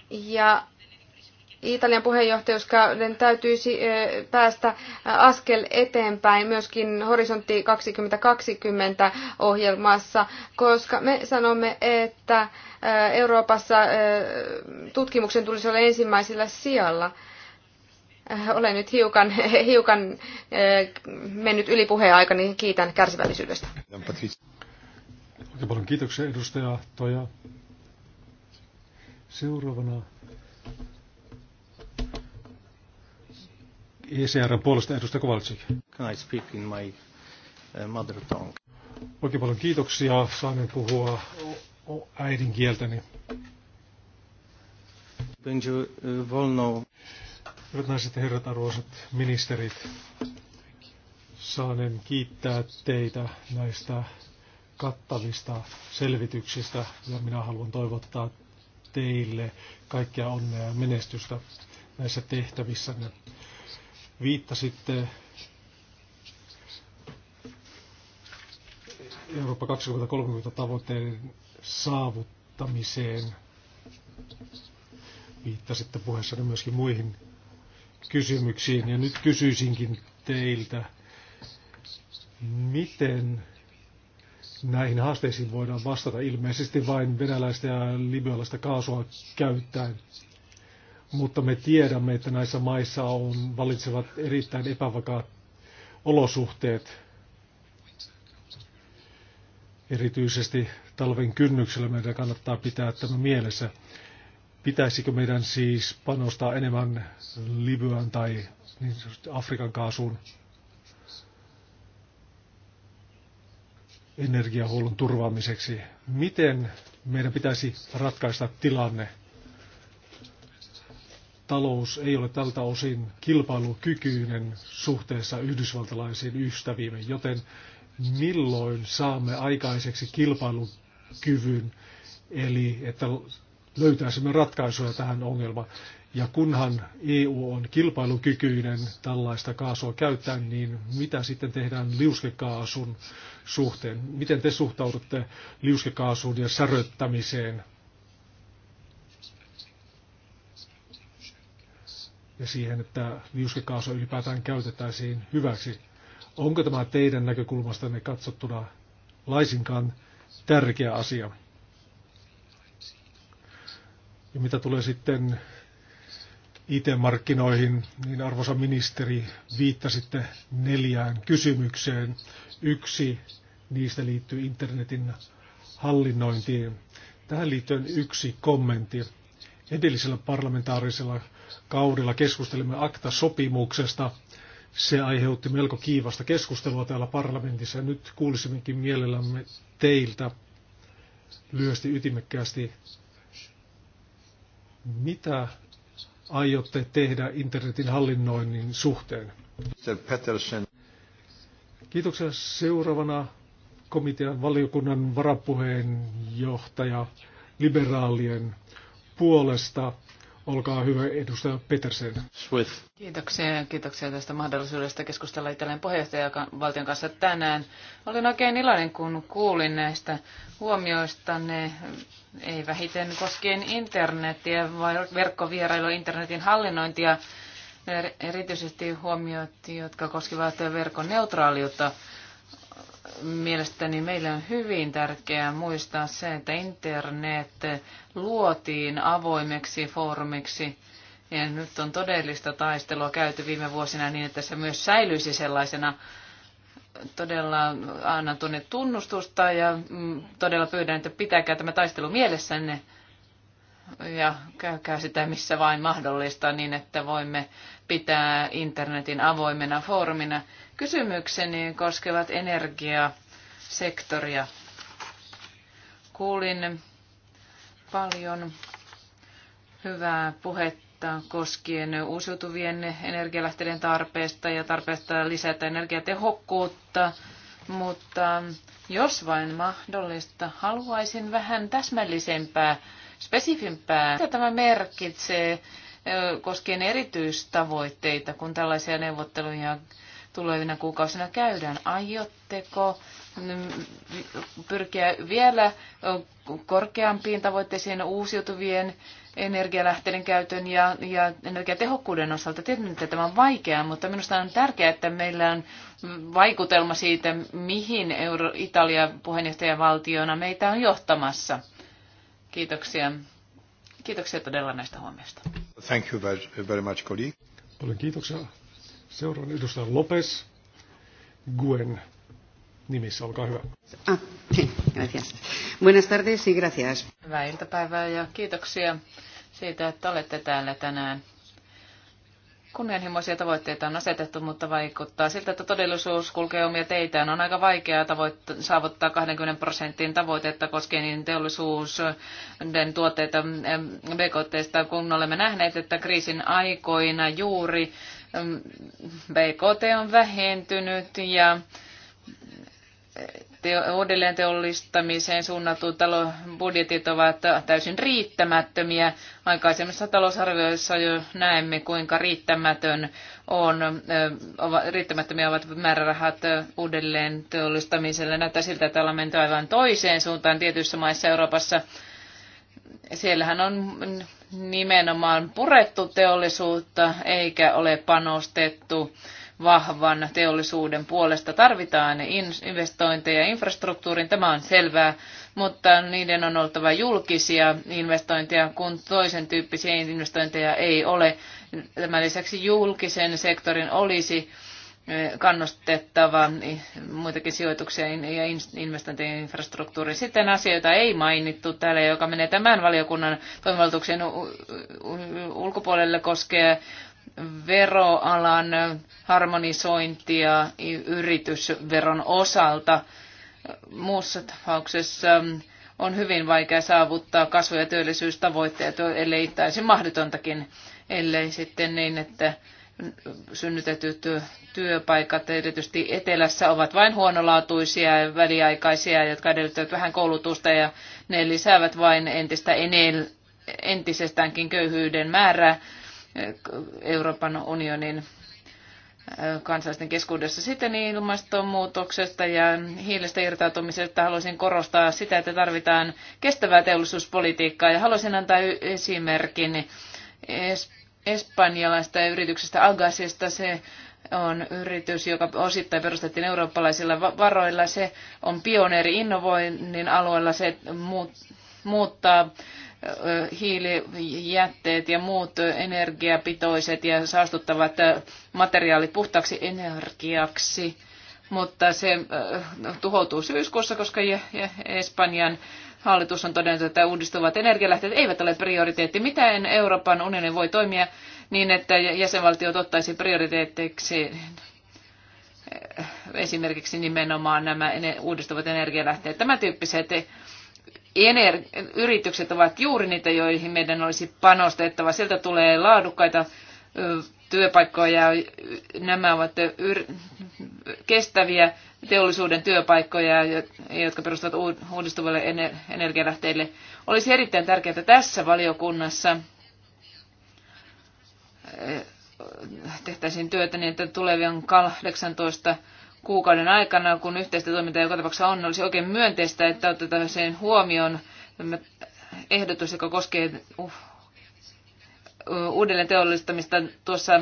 Ja Italian puheenjohtajuuskauden täytyisi päästä askel eteenpäin myöskin horisontti 2020 ohjelmassa, koska me sanomme, että Euroopassa tutkimuksen tulisi olla ensimmäisellä sijalla. Olen nyt hiukan, [laughs] hiukan mennyt yli puheenaikani. Niin kiitän kärsivällisyydestä. Oikein paljon kiitoksia edustaja Toja. Seuraavana ECRn puolesta edustaja Kovalczyk. Can I speak in my uh, mother tongue? Oikein paljon kiitoksia. Saamme puhua äidinkieltäni. Będzie wolno. Hyvät naiset ja herrat, arvoisat ministerit, saanen kiittää teitä näistä kattavista selvityksistä ja minä haluan toivottaa teille kaikkea onnea ja menestystä näissä tehtävissänne. Viittasitte Eurooppa 2030 tavoitteiden saavuttamiseen. Viittasitte puheessanne myöskin muihin kysymyksiin. Ja nyt kysyisinkin teiltä, miten näihin haasteisiin voidaan vastata ilmeisesti vain venäläistä ja libyalaista kaasua käyttäen mutta me tiedämme, että näissä maissa on, valitsevat erittäin epävakaat olosuhteet, erityisesti talven kynnyksellä meidän kannattaa pitää tämä mielessä. Pitäisikö meidän siis panostaa enemmän Libyan tai niin Afrikan kaasuun energiahuollon turvaamiseksi? Miten meidän pitäisi ratkaista tilanne? talous ei ole tältä osin kilpailukykyinen suhteessa yhdysvaltalaisiin ystäviimme, joten milloin saamme aikaiseksi kilpailukyvyn, eli että löytäisimme ratkaisuja tähän ongelmaan. Ja kunhan EU on kilpailukykyinen tällaista kaasua käyttäen, niin mitä sitten tehdään liuskekaasun suhteen? Miten te suhtaudutte liuskekaasuun ja säröttämiseen? ja siihen, että liuskekaasua ylipäätään käytettäisiin hyväksi. Onko tämä teidän näkökulmastanne katsottuna laisinkaan tärkeä asia? Ja mitä tulee sitten IT-markkinoihin, niin arvoisa ministeri, viittasitte neljään kysymykseen. Yksi niistä liittyy internetin hallinnointiin. Tähän liittyen yksi kommentti edellisellä parlamentaarisella kaudella keskustelimme akta-sopimuksesta. Se aiheutti melko kiivasta keskustelua täällä parlamentissa ja nyt kuulisimmekin mielellämme teiltä lyösti ytimekkäästi, mitä aiotte tehdä internetin hallinnoinnin suhteen? Peterson. Kiitoksia. Seuraavana komitean valiokunnan varapuheenjohtaja liberaalien puolesta. Olkaa hyvä, edustaja Petersen. Swift. Kiitoksia, kiitoksia tästä mahdollisuudesta keskustella Italian valtion kanssa tänään. Olin oikein iloinen, kun kuulin näistä huomioista. Ne ei vähiten koskien internetiä, vai verkkovierailu, internetin hallinnointia, erityisesti huomiot, jotka koskevat verkon neutraaliutta mielestäni meille on hyvin tärkeää muistaa se, että internet luotiin avoimeksi foorumiksi ja nyt on todellista taistelua käyty viime vuosina niin, että se myös säilyisi sellaisena. Todella annan tuonne tunnustusta ja mm, todella pyydän, että pitäkää tämä taistelu mielessänne ja käykää sitä missä vain mahdollista niin, että voimme pitää internetin avoimena foorumina Kysymykseni koskevat energiasektoria. Kuulin paljon hyvää puhetta koskien uusiutuvien energialähteiden tarpeesta ja tarpeesta lisätä energiatehokkuutta, mutta jos vain mahdollista, haluaisin vähän täsmällisempää, spesifimpää. Mitä tämä merkitsee koskien erityistavoitteita, kun tällaisia neuvotteluja tulevina kuukausina käydään. Aiotteko mm, pyrkiä vielä korkeampiin tavoitteisiin uusiutuvien energialähteiden käytön ja, ja energiatehokkuuden osalta. Tietenkin, että tämä on vaikeaa, mutta minusta on tärkeää, että meillä on vaikutelma siitä, mihin Euro- Italia puheenjohtajavaltiona meitä on johtamassa. Kiitoksia. Kiitoksia todella näistä huomioista. Thank you very much, colleague. Paljon kiitoksia, Seuraan edustaja Lopes Guen nimissä, olkaa hyvä. Ah, gracias. Buenas tardes y gracias. Hyvää iltapäivää ja kiitoksia siitä, että olette täällä tänään. Kunnianhimoisia tavoitteita on asetettu, mutta vaikuttaa siltä, että todellisuus kulkee omia teitään. On aika vaikeaa tavoitt- saavuttaa 20 prosentin tavoitetta koskien niin teollisuuden tuotteita BKT, kun olemme nähneet, että kriisin aikoina juuri BKT on vähentynyt ja uudelleen teollistamiseen suunnatut budjetit ovat täysin riittämättömiä. Aikaisemmissa talousarvioissa jo näemme, kuinka riittämätön on, riittämättömiä ovat määrärahat uudelleen teollistamiselle. Näyttää siltä, että ollaan menty aivan toiseen suuntaan tietyissä maissa Euroopassa siellähän on nimenomaan purettu teollisuutta eikä ole panostettu vahvan teollisuuden puolesta. Tarvitaan investointeja infrastruktuuriin, tämä on selvää, mutta niiden on oltava julkisia investointeja, kun toisen tyyppisiä investointeja ei ole. Tämän lisäksi julkisen sektorin olisi Eh, kannustettava niin muitakin sijoituksia ja investointeja infrastruktuuriin. Sitten asioita ei mainittu täällä, joka menee tämän valiokunnan toimivaltuuksien ulkopuolelle koskee veroalan harmonisointia yritysveron osalta. Muussa tapauksessa on hyvin vaikea saavuttaa kasvu- ja työllisyystavoitteet, ellei täysin mahdotontakin, ellei sitten niin, että synnytetyt työpaikat, erityisesti etelässä, ovat vain huonolaatuisia ja väliaikaisia, jotka edellyttävät vähän koulutusta ja ne lisäävät vain entistä enel, entisestäänkin köyhyyden määrää Euroopan unionin kansallisten keskuudessa. Sitten ilmastonmuutoksesta ja hiilestä irtautumisesta haluaisin korostaa sitä, että tarvitaan kestävää teollisuuspolitiikkaa ja haluaisin antaa esimerkin. Es- espanjalaista yrityksestä Agasista. Se on yritys, joka osittain perustettiin eurooppalaisilla varoilla. Se on pioneeri innovoinnin alueella. Se muuttaa hiilijätteet ja muut energiapitoiset ja saastuttavat materiaalit puhtaaksi energiaksi. Mutta se tuhoutuu syyskuussa, koska Espanjan Hallitus on todennut, että uudistuvat energialähteet eivät ole prioriteetti. Miten Euroopan unioni voi toimia niin, että jäsenvaltiot ottaisi prioriteetteiksi eh, esimerkiksi nimenomaan nämä uudistuvat energialähteet. Tämä tyyppiset ener- yritykset ovat juuri niitä, joihin meidän olisi panostettava. Sieltä tulee laadukkaita eh, työpaikkoja, nämä ovat kestäviä teollisuuden työpaikkoja, jotka perustuvat uudistuville energialähteille. Olisi erittäin tärkeää tässä valiokunnassa eh, tehtäisiin työtä niin, että tulevien 18 kuukauden aikana, kun yhteistä toimintaa joka tapauksessa on, olisi oikein myönteistä, että otetaan sen huomioon ehdotus, joka koskee uh, uudelleen teollistamista tuossa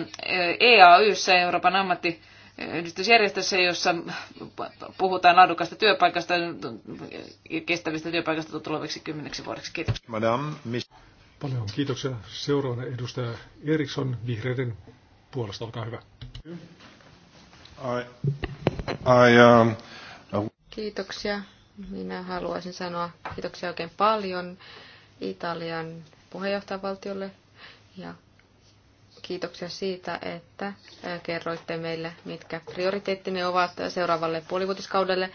EAYssä, eh, e Euroopan ammatti yhdistysjärjestössä, jossa puhutaan laadukasta työpaikasta ja kestävistä työpaikasta tuleviksi kymmeneksi vuodeksi. Kiitos. Madame, mis... Paljon kiitoksia. Seuraavana edustaja Eriksson vihreiden puolesta. Olkaa hyvä. I, I, um... Uh, kiitoksia. Minä haluaisin sanoa kiitoksia oikein paljon Italian puheenjohtajavaltiolle ja Kiitoksia siitä, että kerroitte meille, mitkä prioriteettimme ovat seuraavalle puolivuotiskaudelle.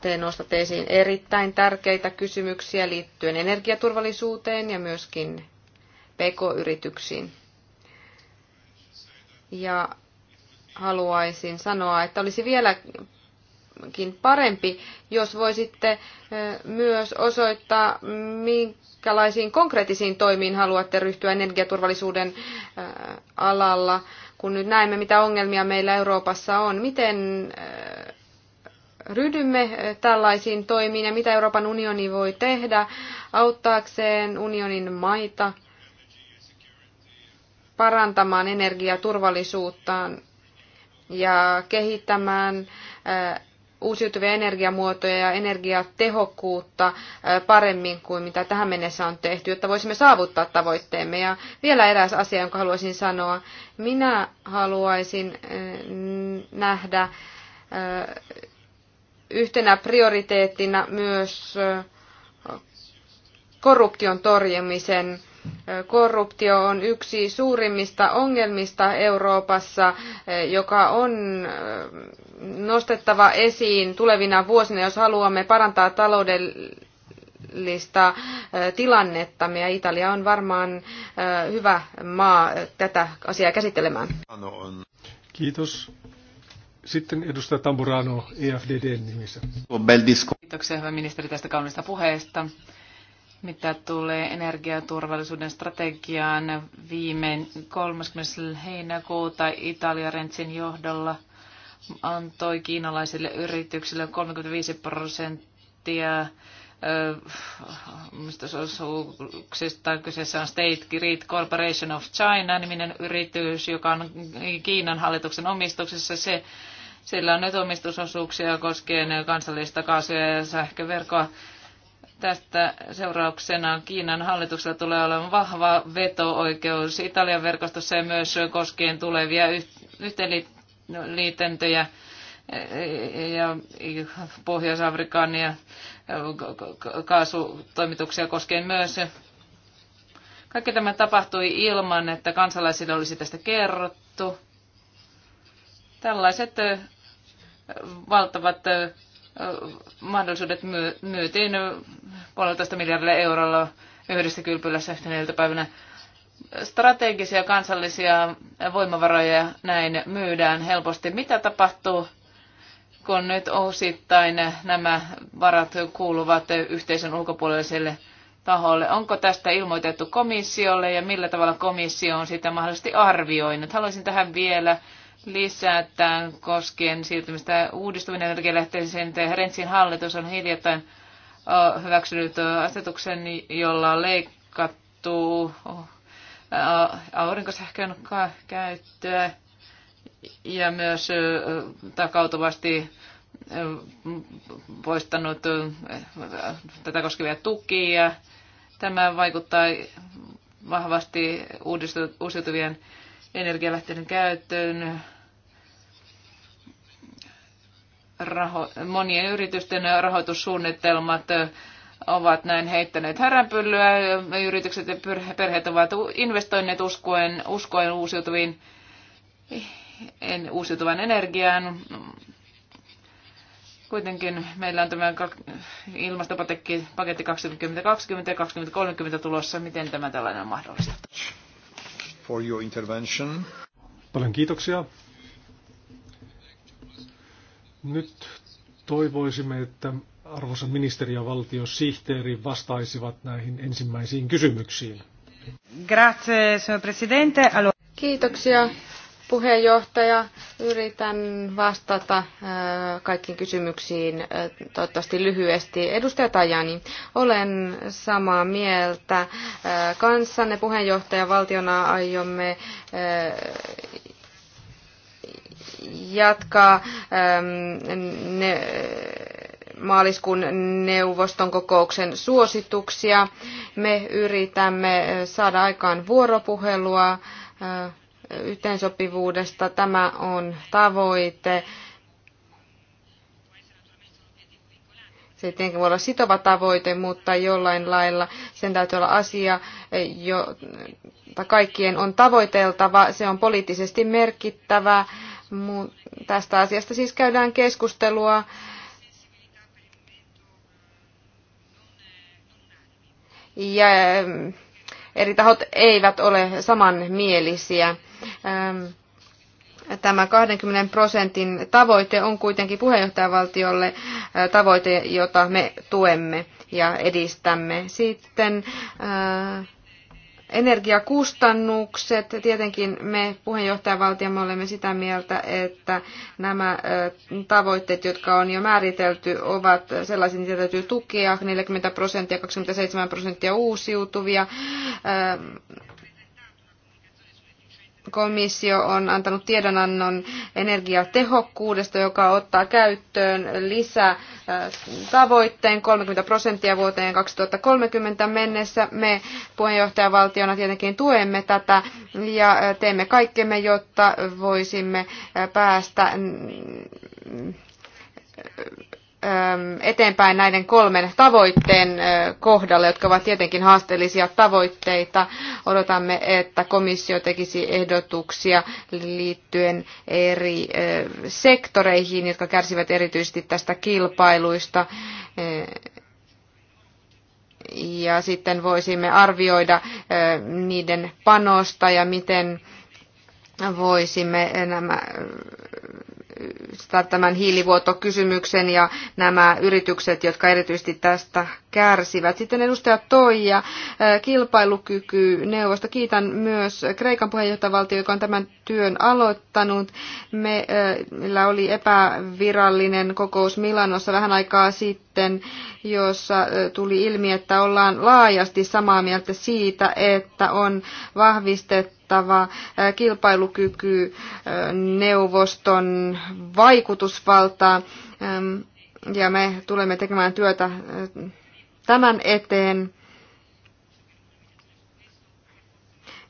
Te nostatte esiin erittäin tärkeitä kysymyksiä liittyen energiaturvallisuuteen ja myöskin PK-yrityksiin. Ja haluaisin sanoa, että olisi vielä vieläkin parempi, jos voisitte myös osoittaa, minkälaisiin konkreettisiin toimiin haluatte ryhtyä energiaturvallisuuden alalla, kun nyt näemme, mitä ongelmia meillä Euroopassa on. Miten ryhdymme tällaisiin toimiin ja mitä Euroopan unioni voi tehdä auttaakseen unionin maita parantamaan energiaturvallisuuttaan ja kehittämään uusiutuvia energiamuotoja ja energiatehokkuutta paremmin kuin mitä tähän mennessä on tehty, jotta voisimme saavuttaa tavoitteemme. Ja vielä eräs asia, jonka haluaisin sanoa. Minä haluaisin nähdä yhtenä prioriteettina myös korruption torjumisen Korruptio on yksi suurimmista ongelmista Euroopassa, joka on eh, nostettava esiin tulevina vuosina, jos haluamme parantaa taloudellista eh, tilannettamme. Ja Italia on varmaan eh, hyvä maa tätä asiaa käsittelemään. Kiitos. Sitten edustaja Tamburano EFDD nimissä. Kiitoksia hyvä ministeri tästä kaunista puheesta mitä tulee energiaturvallisuuden strategiaan viime 30. heinäkuuta Italia Rentsin johdolla antoi kiinalaisille yrityksille 35 prosenttia osuuksista Kyseessä on State Grid Corporation of China niminen yritys, joka on Kiinan hallituksen omistuksessa. Se, sillä on nyt omistusosuuksia koskien kansallista kaasu- ja sähköverkkoa. Tästä seurauksena Kiinan hallituksella tulee olemaan vahva veto-oikeus Italian verkostossa ja myös koskien tulevia yhteenliitäntöjä e, ja Pohjois-Afrikan ja kaasutoimituksia koskien myös. Kaikki tämä tapahtui ilman, että kansalaisille olisi tästä kerrottu. Tällaiset valtavat mahdollisuudet myytiin puolitoista miljardilla eurolla yhdessä kylpylässä yhtenä iltapäivänä. Strategisia kansallisia voimavaroja näin myydään helposti. Mitä tapahtuu, kun nyt osittain nämä varat kuuluvat yhteisön ulkopuoliselle taholle. Onko tästä ilmoitettu komissiolle ja millä tavalla komissio on sitä mahdollisesti arvioinut? Haluaisin tähän vielä lisätään koskien siirtymistä uudistuvien energialähteisiin. Rensin hallitus on hiljattain hyväksynyt asetuksen, jolla on leikattu aurinkosähkön käyttöä ja myös takautuvasti poistanut tätä koskevia tukia. Tämä vaikuttaa vahvasti uusiutuvien energialähteiden käyttöön raho- monien yritysten rahoitussuunnitelmat ovat näin heittäneet häränpyllyä. Yritykset ja perheet ovat investoineet uskoen, uskoen uusiutuviin, en, uusiutuvan energiaan. Kuitenkin meillä on tämä ilmastopaketti 2020 ja 2030 tulossa. Miten tämä tällainen on mahdollista? For your intervention. Paljon kiitoksia nyt toivoisimme, että arvoisa ministeri ja valtiosihteeri vastaisivat näihin ensimmäisiin kysymyksiin. Grazie, signor Presidente. Kiitoksia, puheenjohtaja. Yritän vastata äh, kaikkiin kysymyksiin äh, toivottavasti lyhyesti. Edustaja Tajani, olen samaa mieltä. Äh, kanssanne puheenjohtaja valtiona aiomme jatkaa ähm, ne, maaliskuun neuvoston kokouksen suosituksia. Me yritämme äh, saada aikaan vuoropuhelua äh, yhteensopivuudesta. Tämä on tavoite. Se ei tietenkin voi olla sitova tavoite, mutta jollain lailla sen täytyy olla asia, jota kaikkien on tavoiteltava. Se on poliittisesti merkittävä Tästä asiasta siis käydään keskustelua. Ja ähm, eri tahot eivät ole samanmielisiä. Ähm, tämä 20 prosentin tavoite on kuitenkin puheenjohtajavaltiolle äh, tavoite, jota me tuemme ja edistämme. Sitten äh, Energiakustannukset, tietenkin me puheenjohtajavaltiomme olemme sitä mieltä, että nämä tavoitteet, jotka on jo määritelty, ovat sellaisia, niitä täytyy tukea, 40 prosenttia, 27 prosenttia uusiutuvia, komissio on antanut tiedonannon energiatehokkuudesta, joka ottaa käyttöön lisää äh, tavoitteen 30 prosenttia vuoteen 2030 mennessä. Me puheenjohtajavaltiona tietenkin tuemme tätä ja äh, teemme kaikkemme, jotta voisimme äh, päästä mm, Ähm, eteenpäin näiden kolmen tavoitteen äh, kohdalla, jotka ovat tietenkin haasteellisia tavoitteita. Odotamme, että komissio tekisi ehdotuksia liittyen eri äh, sektoreihin, jotka kärsivät erityisesti tästä kilpailuista. Äh, ja sitten voisimme arvioida niiden panosta ja miten voisimme nämä tämän hiilivuotokysymyksen ja nämä yritykset, jotka erityisesti tästä kärsivät. Sitten edustaja Toija, kilpailukyky neuvosto. Kiitän myös Kreikan puheenjohtajavaltio, joka on tämän työn aloittanut. Meillä oli epävirallinen kokous Milanossa vähän aikaa sitten, jossa tuli ilmi, että ollaan laajasti samaa mieltä siitä, että on vahvistettu vaikuttava kilpailukyky neuvoston vaikutusvaltaa ja me tulemme tekemään työtä tämän eteen.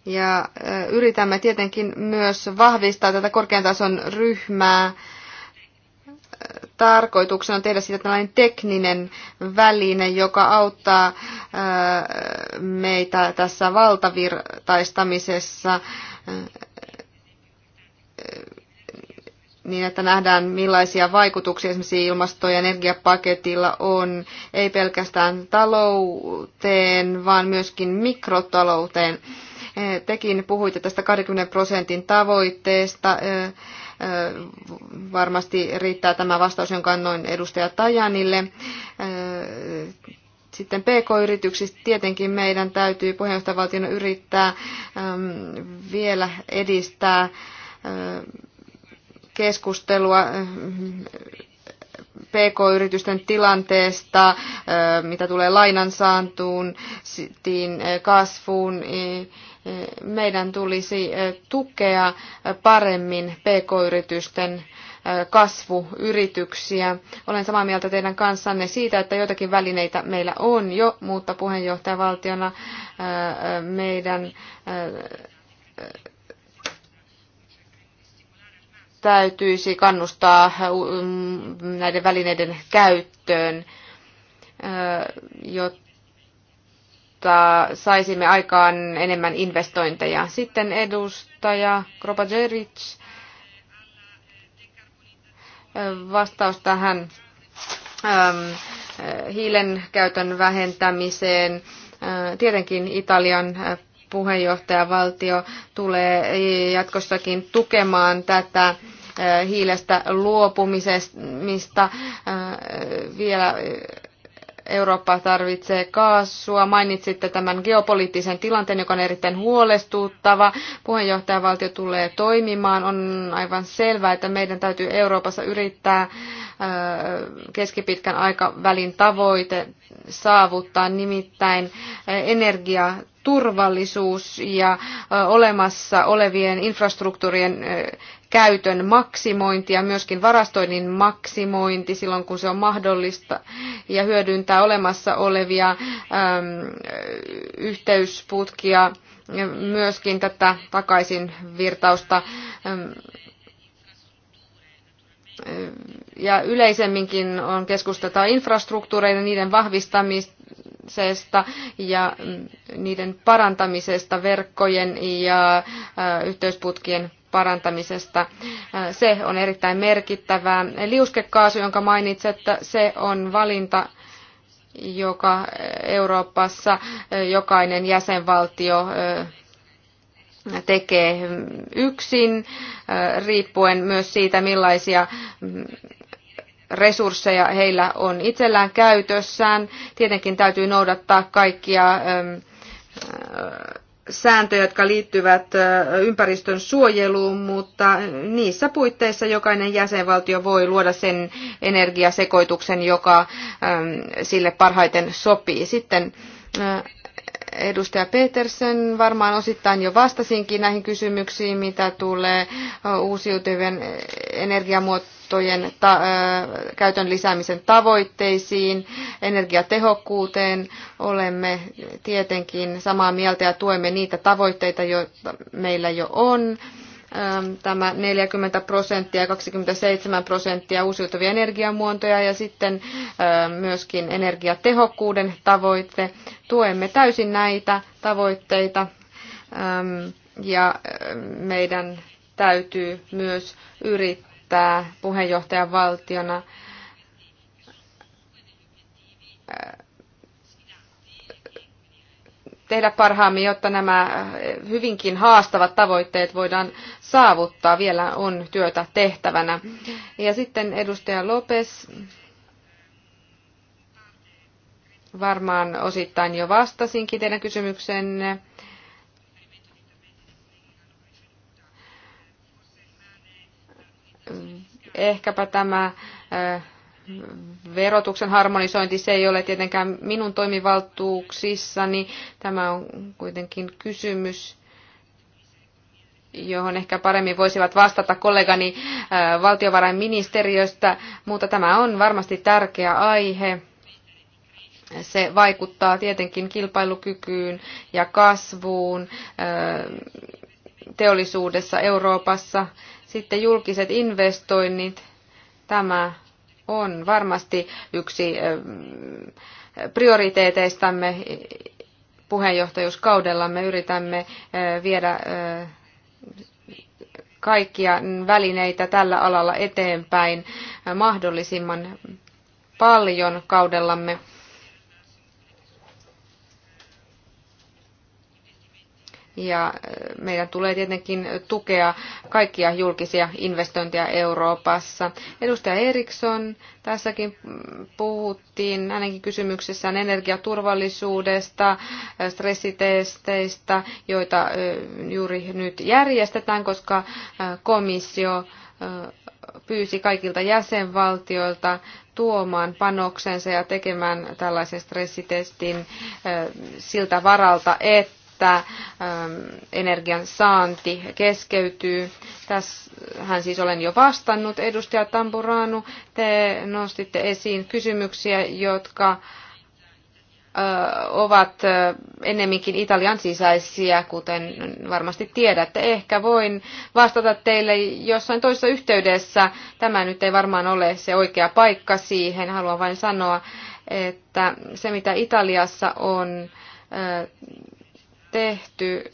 Ja yritämme tietenkin myös vahvistaa tätä korkean tason ryhmää tarkoituksena on tehdä siitä tällainen tekninen väline, joka auttaa meitä tässä valtavirtaistamisessa niin, että nähdään millaisia vaikutuksia esimerkiksi ilmasto- ja energiapaketilla on, ei pelkästään talouteen, vaan myöskin mikrotalouteen. Tekin puhuitte tästä 20 prosentin tavoitteesta. Varmasti riittää tämä vastaus, jonka annoin edustaja Tajanille. Sitten PK-yrityksistä tietenkin meidän täytyy puheenjohtajavaltiona yrittää vielä edistää keskustelua PK-yritysten tilanteesta, mitä tulee lainansaantuun, kasvuun, meidän tulisi tukea paremmin pk-yritysten kasvuyrityksiä. Olen samaa mieltä teidän kanssanne siitä, että joitakin välineitä meillä on jo, mutta puheenjohtajavaltiona meidän täytyisi kannustaa näiden välineiden käyttöön, jotta jotta saisimme aikaan enemmän investointeja. Sitten edustaja Kropajeric vastaus tähän ähm, hiilen käytön vähentämiseen. Äh, tietenkin Italian äh, puheenjohtajavaltio tulee jatkossakin tukemaan tätä äh, hiilestä luopumisesta vielä Eurooppa tarvitsee kaasua. Mainitsitte tämän geopoliittisen tilanteen, joka on erittäin huolestuttava. Puheenjohtajavaltio tulee toimimaan. On aivan selvää, että meidän täytyy Euroopassa yrittää keskipitkän aikavälin tavoite saavuttaa, nimittäin energia turvallisuus ja olemassa olevien infrastruktuurien käytön maksimointi ja myöskin varastoinnin maksimointi silloin, kun se on mahdollista ja hyödyntää olemassa olevia äm, yhteysputkia ja myöskin tätä takaisin virtausta ja yleisemminkin on keskusteltava infrastruktuureiden niiden vahvistamisesta ja mm, niiden parantamisesta verkkojen ja yhteysputkien parantamisesta. Äh, se on erittäin merkittävää. Liuskekaasu, jonka mainitsette, se on valinta, joka Euroopassa äh, jokainen jäsenvaltio äh, tekee yksin, riippuen myös siitä, millaisia mm, resursseja heillä on itsellään käytössään. Tietenkin täytyy noudattaa kaikkia ähm, sääntöjä, jotka liittyvät ympäristön suojeluun, mutta niissä puitteissa jokainen jäsenvaltio voi luoda sen energiasekoituksen, joka sille parhaiten sopii. Sitten edustaja Petersen varmaan osittain jo vastasinkin näihin kysymyksiin, mitä tulee uusiutuvien energiamuotojen vaihtoehtojen ta- käytön lisäämisen tavoitteisiin, energiatehokkuuteen. Olemme tietenkin samaa mieltä ja tuemme niitä tavoitteita, joita meillä jo on tämä 40 prosenttia ja 27 prosenttia uusiutuvia energiamuontoja ja sitten myöskin energiatehokkuuden tavoitte. Tuemme täysin näitä tavoitteita ja meidän täytyy myös yrittää käyttää puheenjohtajan valtiona tehdä parhaamme, jotta nämä hyvinkin haastavat tavoitteet voidaan saavuttaa. Vielä on työtä tehtävänä. Ja sitten edustaja Lopes varmaan osittain jo vastasinkin teidän kysymyksenne ehkäpä tämä verotuksen harmonisointi, se ei ole tietenkään minun toimivaltuuksissani. Tämä on kuitenkin kysymys, johon ehkä paremmin voisivat vastata kollegani valtiovarainministeriöstä, mutta tämä on varmasti tärkeä aihe. Se vaikuttaa tietenkin kilpailukykyyn ja kasvuun teollisuudessa Euroopassa sitten julkiset investoinnit. Tämä on varmasti yksi prioriteeteistamme puheenjohtajuuskaudellamme. Yritämme viedä kaikkia välineitä tällä alalla eteenpäin mahdollisimman paljon kaudellamme. Ja äh, meidän tulee tietenkin tukea kaikkia julkisia investointeja Euroopassa. Edustaja Eriksson, tässäkin puhuttiin ainakin kysymyksessään energiaturvallisuudesta, äh, stressitesteistä, joita äh, juuri nyt järjestetään, koska komissio pyysi kaikilta jäsenvaltioilta tuomaan panoksensa ja tekemään tällaisen stressitestin siltä varalta, että että ähm, energian saanti keskeytyy. Tässähän siis olen jo vastannut. Edustaja Tamburanu, te nostitte esiin kysymyksiä, jotka äh, ovat äh, ennemminkin Italian sisäisiä, kuten varmasti tiedätte. Ehkä voin vastata teille jossain toisessa yhteydessä. Tämä nyt ei varmaan ole se oikea paikka siihen. Haluan vain sanoa, että se mitä Italiassa on äh, tehty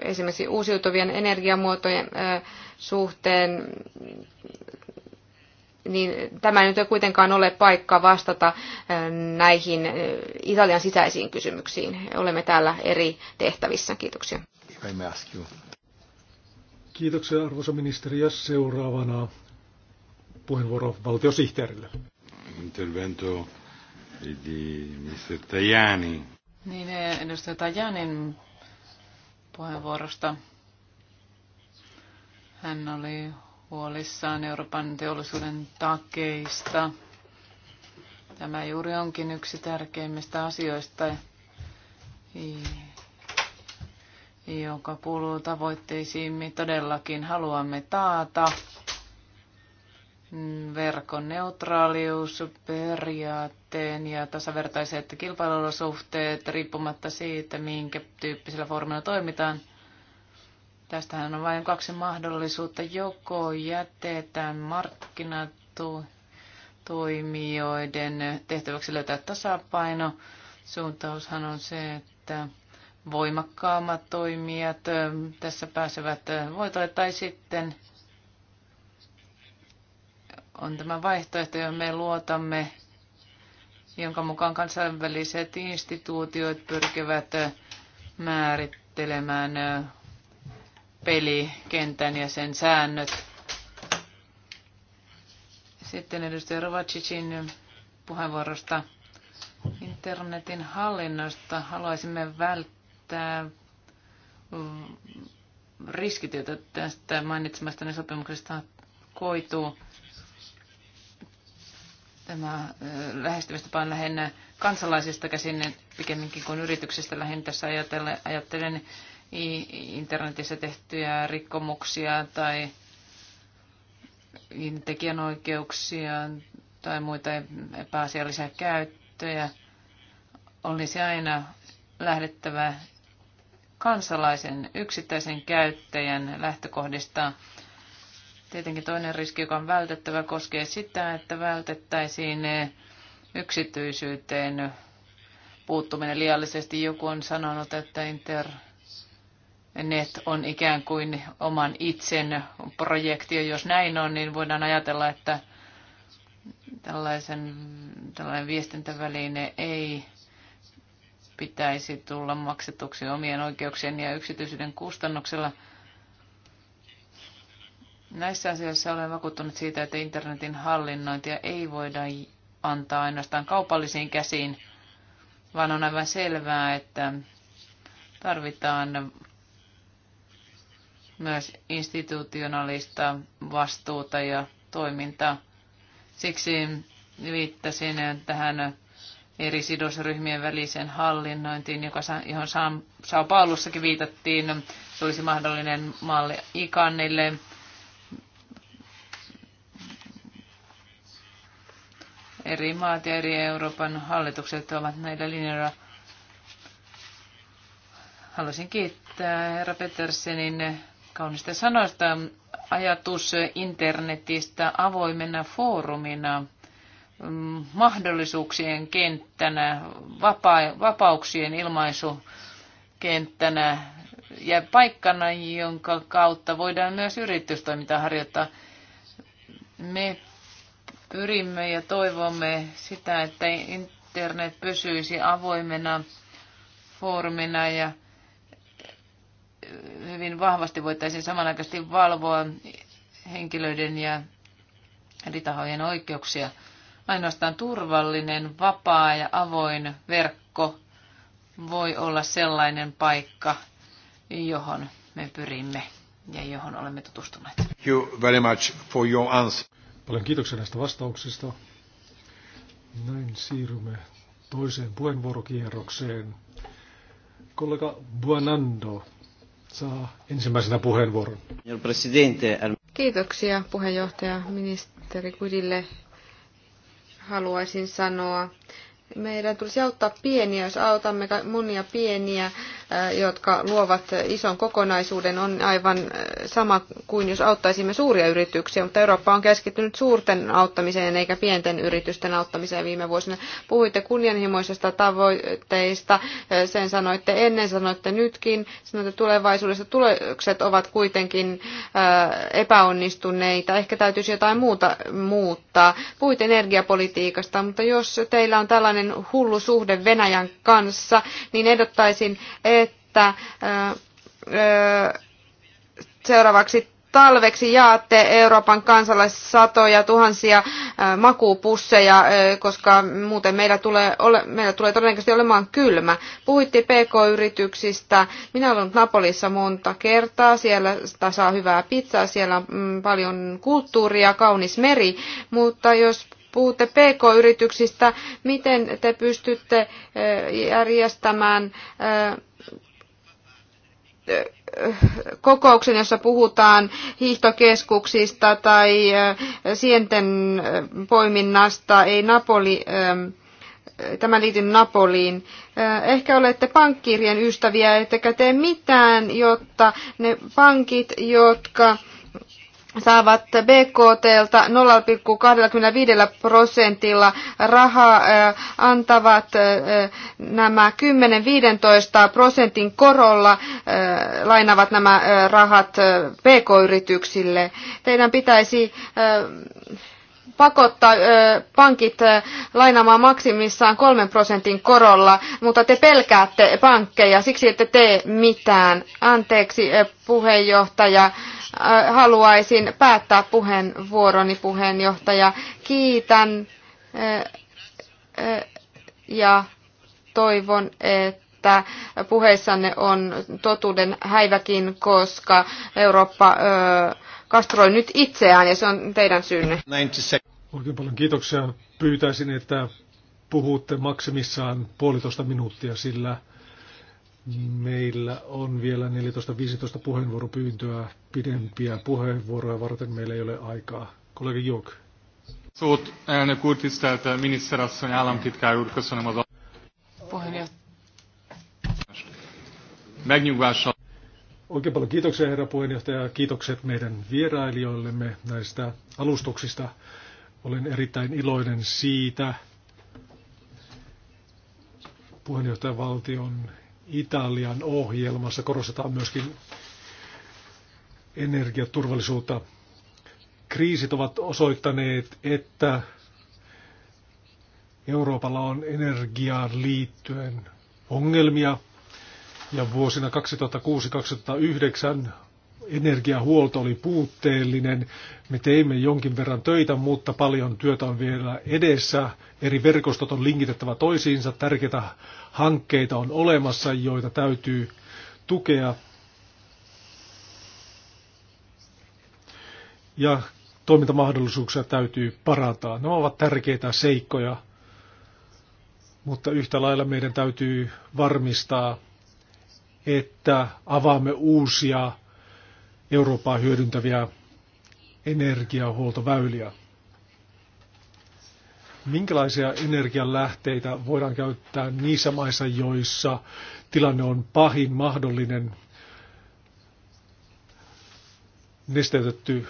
esimerkiksi uusiutuvien energiamuotojen suhteen, niin tämä ei nyt ei kuitenkaan ole paikka vastata näihin Italian sisäisiin kysymyksiin. Olemme täällä eri tehtävissä. Kiitoksia. Kiitoksia arvoisa ministeri. Ja seuraavana puheenvuoro valtiosihteerille. Intervento di Mr. Tajani. Niin, edustaja Tajanin puheenvuorosta. Hän oli huolissaan Euroopan teollisuuden takeista. Tämä juuri onkin yksi tärkeimmistä asioista, joka kuuluu tavoitteisiin. Me todellakin haluamme taata verkon neutraalius, periaatteen ja tasavertaiset kilpailuolosuhteet riippumatta siitä, minkä tyyppisellä foorumilla toimitaan. Tästähän on vain kaksi mahdollisuutta. Joko jätetään markkinatoimijoiden tehtäväksi löytää tasapaino. Suuntaushan on se, että voimakkaammat toimijat tässä pääsevät voitolle tai sitten on tämä vaihtoehto, johon me luotamme, jonka mukaan kansainväliset instituutiot pyrkivät määrittelemään pelikentän ja sen säännöt. Sitten edustaja Rovacicin puheenvuorosta internetin hallinnosta. Haluaisimme välttää riskit, joita tästä mainitsemastani sopimuksesta koituu. Tämä lähestymistapa on lähinnä kansalaisista käsin pikemminkin kuin yrityksistä lähinnä tässä ajatellen, ajattelen internetissä tehtyjä rikkomuksia tai tekijänoikeuksia tai muita epäasiallisia käyttöjä. Olisi aina lähdettävä kansalaisen yksittäisen käyttäjän lähtökohdista Tietenkin toinen riski, joka on vältettävä, koskee sitä, että vältettäisiin eh, yksityisyyteen puuttuminen liiallisesti. Joku on sanonut, että internet on ikään kuin oman itsen projekti. Jos näin on, niin voidaan ajatella, että tällaisen, tällainen viestintäväline ei pitäisi tulla maksetuksi omien oikeuksien ja yksityisyyden kustannuksella – Näissä asioissa olen vakuuttunut siitä, että internetin hallinnointia ei voida antaa ainoastaan kaupallisiin käsiin, vaan on aivan selvää, että tarvitaan myös institutionaalista vastuuta ja toimintaa. Siksi viittasin tähän eri sidosryhmien väliseen hallinnointiin, joka, johon Sao Paulussakin viitattiin. Se olisi mahdollinen malli Ikanille Eri maat ja eri Euroopan hallitukset ovat näillä linjoilla. Haluaisin kiittää herra Petersenin kaunista sanoista. Ajatus internetistä avoimena foorumina, mm, mahdollisuuksien kenttänä, vapa- vapauksien ilmaisukenttänä ja paikkana, jonka kautta voidaan myös yritystoimintaa harjoittaa. Me Pyrimme ja toivomme sitä, että internet pysyisi avoimena foorumina ja hyvin vahvasti voitaisiin samanaikaisesti valvoa henkilöiden ja eri tahojen oikeuksia. Ainoastaan turvallinen, vapaa ja avoin verkko voi olla sellainen paikka, johon me pyrimme ja johon olemme tutustuneet. Thank you very much for your answer. Paljon kiitoksia näistä vastauksista. Näin siirrymme toiseen puheenvuorokierrokseen. Kollega Buonando saa ensimmäisenä puheenvuoron. Kiitoksia puheenjohtaja ministeri Kudille. Haluaisin sanoa, meidän tulisi auttaa pieniä, jos autamme monia pieniä, äh, jotka luovat ison kokonaisuuden, on aivan äh, sama kuin jos auttaisimme suuria yrityksiä, mutta Eurooppa on keskittynyt suurten auttamiseen eikä pienten yritysten auttamiseen viime vuosina. Puhuitte kunnianhimoisesta tavoitteista, äh, sen sanoitte ennen, sanoitte nytkin, sanoitte tulevaisuudessa tulokset ovat kuitenkin epäonnistuneita, ehkä täytyisi jotain muuta muuttaa. Puhuit energiapolitiikasta, mutta jos teillä on tällainen tällainen hullu suhde Venäjän kanssa, niin ehdottaisin, että seuraavaksi talveksi jaatte Euroopan kansalaiset satoja tuhansia makuupusseja, koska muuten meillä tulee, ole, meillä tulee todennäköisesti olemaan kylmä. Puhuitte PK-yrityksistä. Minä olen ollut Napolissa monta kertaa. Siellä saa hyvää pizzaa, siellä on mm, paljon kulttuuria, kaunis meri. Mutta jos puhutte PK-yrityksistä, miten te pystytte eh, järjestämään eh, kokouksen, jossa puhutaan hiihtokeskuksista tai eh, sienten poiminnasta, ei Napoli, tämä liity Napoliin. Ehkä olette pankkiirien ystäviä, ettekä tee mitään, jotta ne pankit, jotka saavat BKTlta 0,25 prosentilla rahaa, antavat nämä 10-15 prosentin korolla, lainavat nämä rahat PK-yrityksille. Teidän pitäisi pakottaa ö, pankit ö, lainaamaan maksimissaan kolmen prosentin korolla, mutta te pelkäätte pankkeja, siksi ette tee mitään. Anteeksi ö, puheenjohtaja, ö, haluaisin päättää puheenvuoroni puheenjohtaja. Kiitän ö, ö, ja toivon, että että puheissanne on totuuden häiväkin, koska Eurooppa ö, kastroi nyt itseään ja se on teidän syynne. Oikein paljon kiitoksia. Pyytäisin, että puhutte maksimissaan puolitoista minuuttia, sillä meillä on vielä 14-15 puheenvuoropyyntöä pidempiä puheenvuoroja varten. Meillä ei ole aikaa. Kollega Jok. Suut ääne kurtista, että ministerassani alam úr, köszönöm Puheenjohtaja. Megnyugvással Oikein paljon kiitoksia herra puheenjohtaja ja kiitokset meidän vierailijoillemme näistä alustuksista. Olen erittäin iloinen siitä puheenjohtajavaltion Italian ohjelmassa korostetaan myöskin energiaturvallisuutta. Kriisit ovat osoittaneet, että Euroopalla on energiaan liittyen ongelmia, ja vuosina 2006-2009 energiahuolto oli puutteellinen. Me teimme jonkin verran töitä, mutta paljon työtä on vielä edessä. Eri verkostot on linkitettävä toisiinsa. Tärkeitä hankkeita on olemassa, joita täytyy tukea. Ja toimintamahdollisuuksia täytyy parantaa. Nämä ovat tärkeitä seikkoja, mutta yhtä lailla meidän täytyy varmistaa, että avaamme uusia Eurooppaa hyödyntäviä energiahuoltoväyliä. Minkälaisia energianlähteitä voidaan käyttää niissä maissa, joissa tilanne on pahin mahdollinen nesteytetty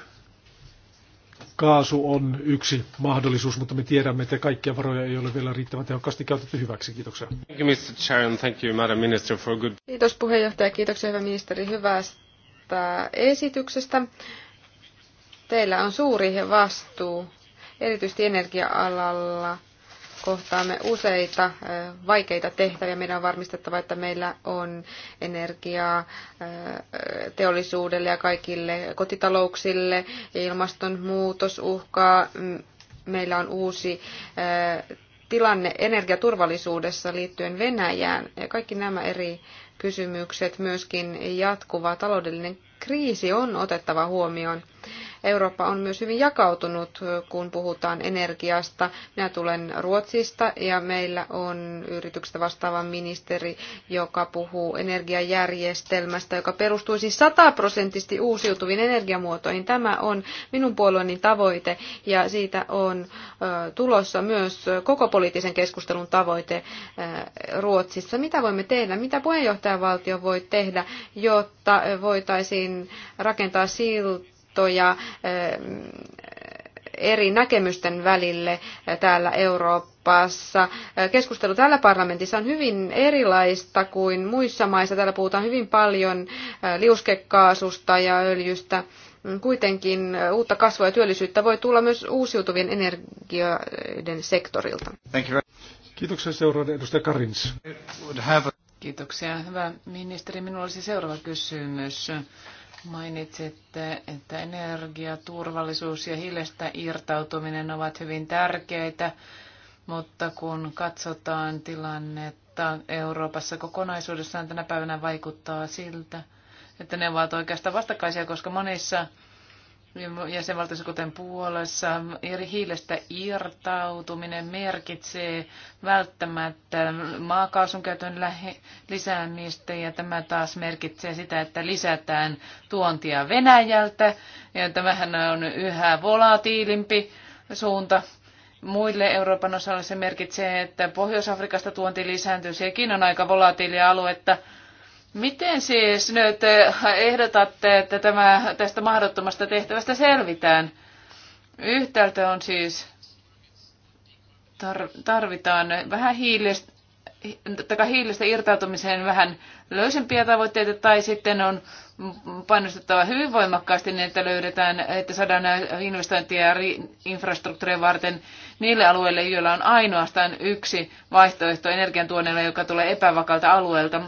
kaasu on yksi mahdollisuus, mutta me tiedämme, että kaikkia varoja ei ole vielä riittävän tehokkaasti käytetty hyväksi. Kiitoksia. Thank you, Mr. Thank you, Madam Minister, for good... Kiitos puheenjohtaja, kiitoksia hyvä ministeri hyvästä esityksestä. Teillä on suuri vastuu, erityisesti energia-alalla kohtaamme useita vaikeita tehtäviä. Meidän on varmistettava, että meillä on energiaa teollisuudelle ja kaikille kotitalouksille. Ilmastonmuutos uhkaa. Meillä on uusi tilanne energiaturvallisuudessa liittyen Venäjään. Kaikki nämä eri kysymykset, myöskin jatkuva taloudellinen kriisi on otettava huomioon. Eurooppa on myös hyvin jakautunut, kun puhutaan energiasta. Minä tulen Ruotsista ja meillä on yrityksestä vastaava ministeri, joka puhuu energiajärjestelmästä, joka perustuu siis sataprosenttisesti uusiutuviin energiamuotoihin. Tämä on minun puolueeni tavoite ja siitä on tulossa myös koko poliittisen keskustelun tavoite Ruotsissa. Mitä voimme tehdä? Mitä puheenjohtajavaltio voi tehdä, jotta voitaisiin rakentaa siltaa? kattoja eh, eri näkemysten välille eh, täällä Euroopassa. Eh, keskustelu täällä parlamentissa on hyvin erilaista kuin muissa maissa. Täällä puhutaan hyvin paljon liuskekaasusta ja öljystä. Mm, kuitenkin uutta kasvua ja työllisyyttä voi tulla myös uusiutuvien energioiden sektorilta. Kiitoksia seuraavalle edustaja Karins. Kiitoksia. Hyvä ministeri. Minulla olisi seuraava kysymys. Mainitsitte, että energia, turvallisuus ja hiilestä irtautuminen ovat hyvin tärkeitä, mutta kun katsotaan tilannetta Euroopassa kokonaisuudessaan tänä päivänä vaikuttaa siltä, että ne ovat oikeastaan vastakkaisia, koska monissa niin, jäsenvaltioissa, kuten Puolassa, eri hiilestä irtautuminen merkitsee välttämättä maakaasun käytön lisäämistä ja tämä taas merkitsee sitä, että lisätään tuontia Venäjältä ja tämähän on yhä volatiilimpi suunta. Muille Euroopan osalle se merkitsee, että Pohjois-Afrikasta tuonti lisääntyy. Sekin on aika volatiilia aluetta. Miten siis nyt eh, ehdotatte, että tämä, tästä mahdottomasta tehtävästä selvitään? Yhtäältä on siis, tarvitaan vähän hiilistä, hiilistä irtautumiseen vähän löysempiä tavoitteita, tai sitten on painostettava hyvin voimakkaasti niin, että löydetään, että saadaan investointia infrastruktuurien varten niille alueille, joilla on ainoastaan yksi vaihtoehto energiantuonnella, joka tulee epävakalta alueelta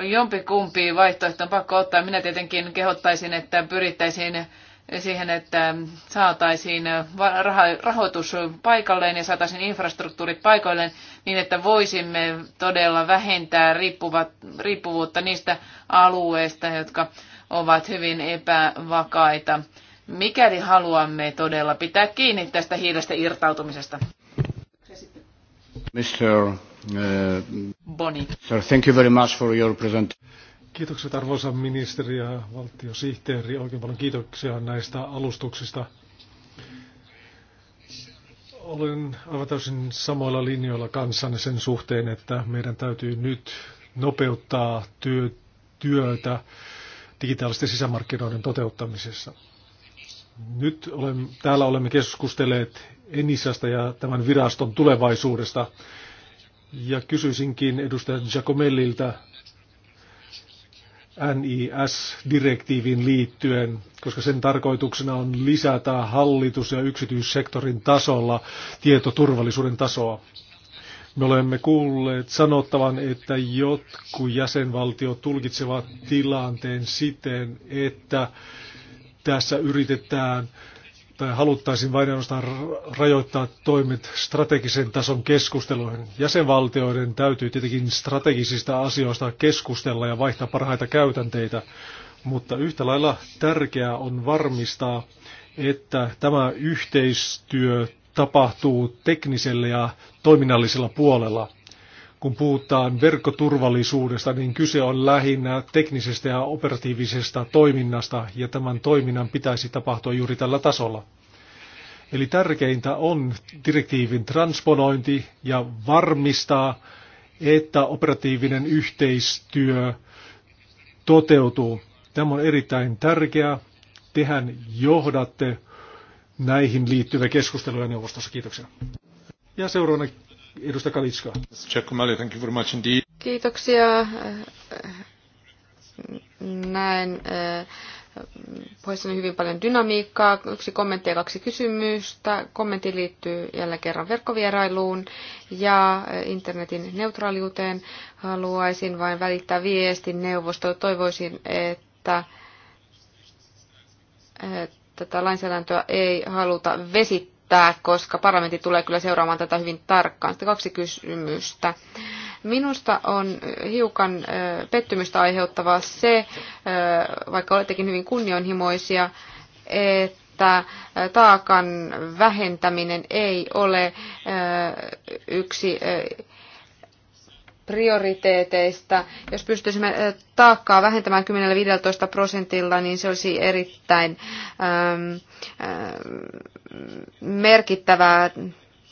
jompikumpi vaihtoehto on pakko ottaa. Minä tietenkin kehottaisin, että pyrittäisiin siihen, että saataisiin rahoitus paikalleen ja saataisiin infrastruktuurit paikoilleen niin, että voisimme todella vähentää riippuvuutta niistä alueista, jotka ovat hyvin epävakaita, mikäli haluamme todella pitää kiinni tästä hiilestä irtautumisesta. Mr. Sir, thank you very much for your Kiitokset arvoisa ministeri ja valtiosihteeri. Oikein paljon kiitoksia näistä alustuksista. Olen aivan täysin samoilla linjoilla kanssanne sen suhteen, että meidän täytyy nyt nopeuttaa työ, työtä digitaalisten sisämarkkinoiden toteuttamisessa. Nyt olen, täällä olemme keskustelleet Enisasta ja tämän viraston tulevaisuudesta. Ja kysyisinkin edustaja Giacomelliltä NIS-direktiivin liittyen, koska sen tarkoituksena on lisätä hallitus- ja yksityissektorin tasolla tietoturvallisuuden tasoa. Me olemme kuulleet sanottavan, että jotkut jäsenvaltiot tulkitsevat tilanteen siten, että tässä yritetään että haluttaisiin vain ainoastaan rajoittaa toimet strategisen tason keskusteluihin. Jäsenvaltioiden täytyy tietenkin strategisista asioista keskustella ja vaihtaa parhaita käytänteitä, mutta yhtä lailla tärkeää on varmistaa, että tämä yhteistyö tapahtuu teknisellä ja toiminnallisella puolella kun puhutaan verkkoturvallisuudesta, niin kyse on lähinnä teknisestä ja operatiivisesta toiminnasta, ja tämän toiminnan pitäisi tapahtua juuri tällä tasolla. Eli tärkeintä on direktiivin transponointi ja varmistaa, että operatiivinen yhteistyö toteutuu. Tämä on erittäin tärkeää. Tehän johdatte näihin liittyviä keskusteluja neuvostossa. Kiitoksia. Ja seuraavana Edustaja Kalitska. thank you much indeed. Kiitoksia. Näen eh, puheessani hyvin paljon dynamiikkaa. Yksi kommentti ja kaksi kysymystä. Kommentti liittyy jälleen kerran verkkovierailuun ja eh, internetin neutraaliuteen. Haluaisin vain välittää viestin neuvostolle. Toivoisin, että eh, tätä lainsäädäntöä ei haluta vesittää esittää, koska parlamentti tulee kyllä seuraamaan tätä hyvin tarkkaan. Sitten kaksi kysymystä. Minusta on hiukan pettymystä aiheuttavaa se, vaikka olettekin hyvin kunnianhimoisia, että taakan vähentäminen ei ole yksi prioriteeteista. Jos pystyisimme taakkaa vähentämään 10-15 prosentilla, niin se olisi erittäin ähm, ähm, merkittävää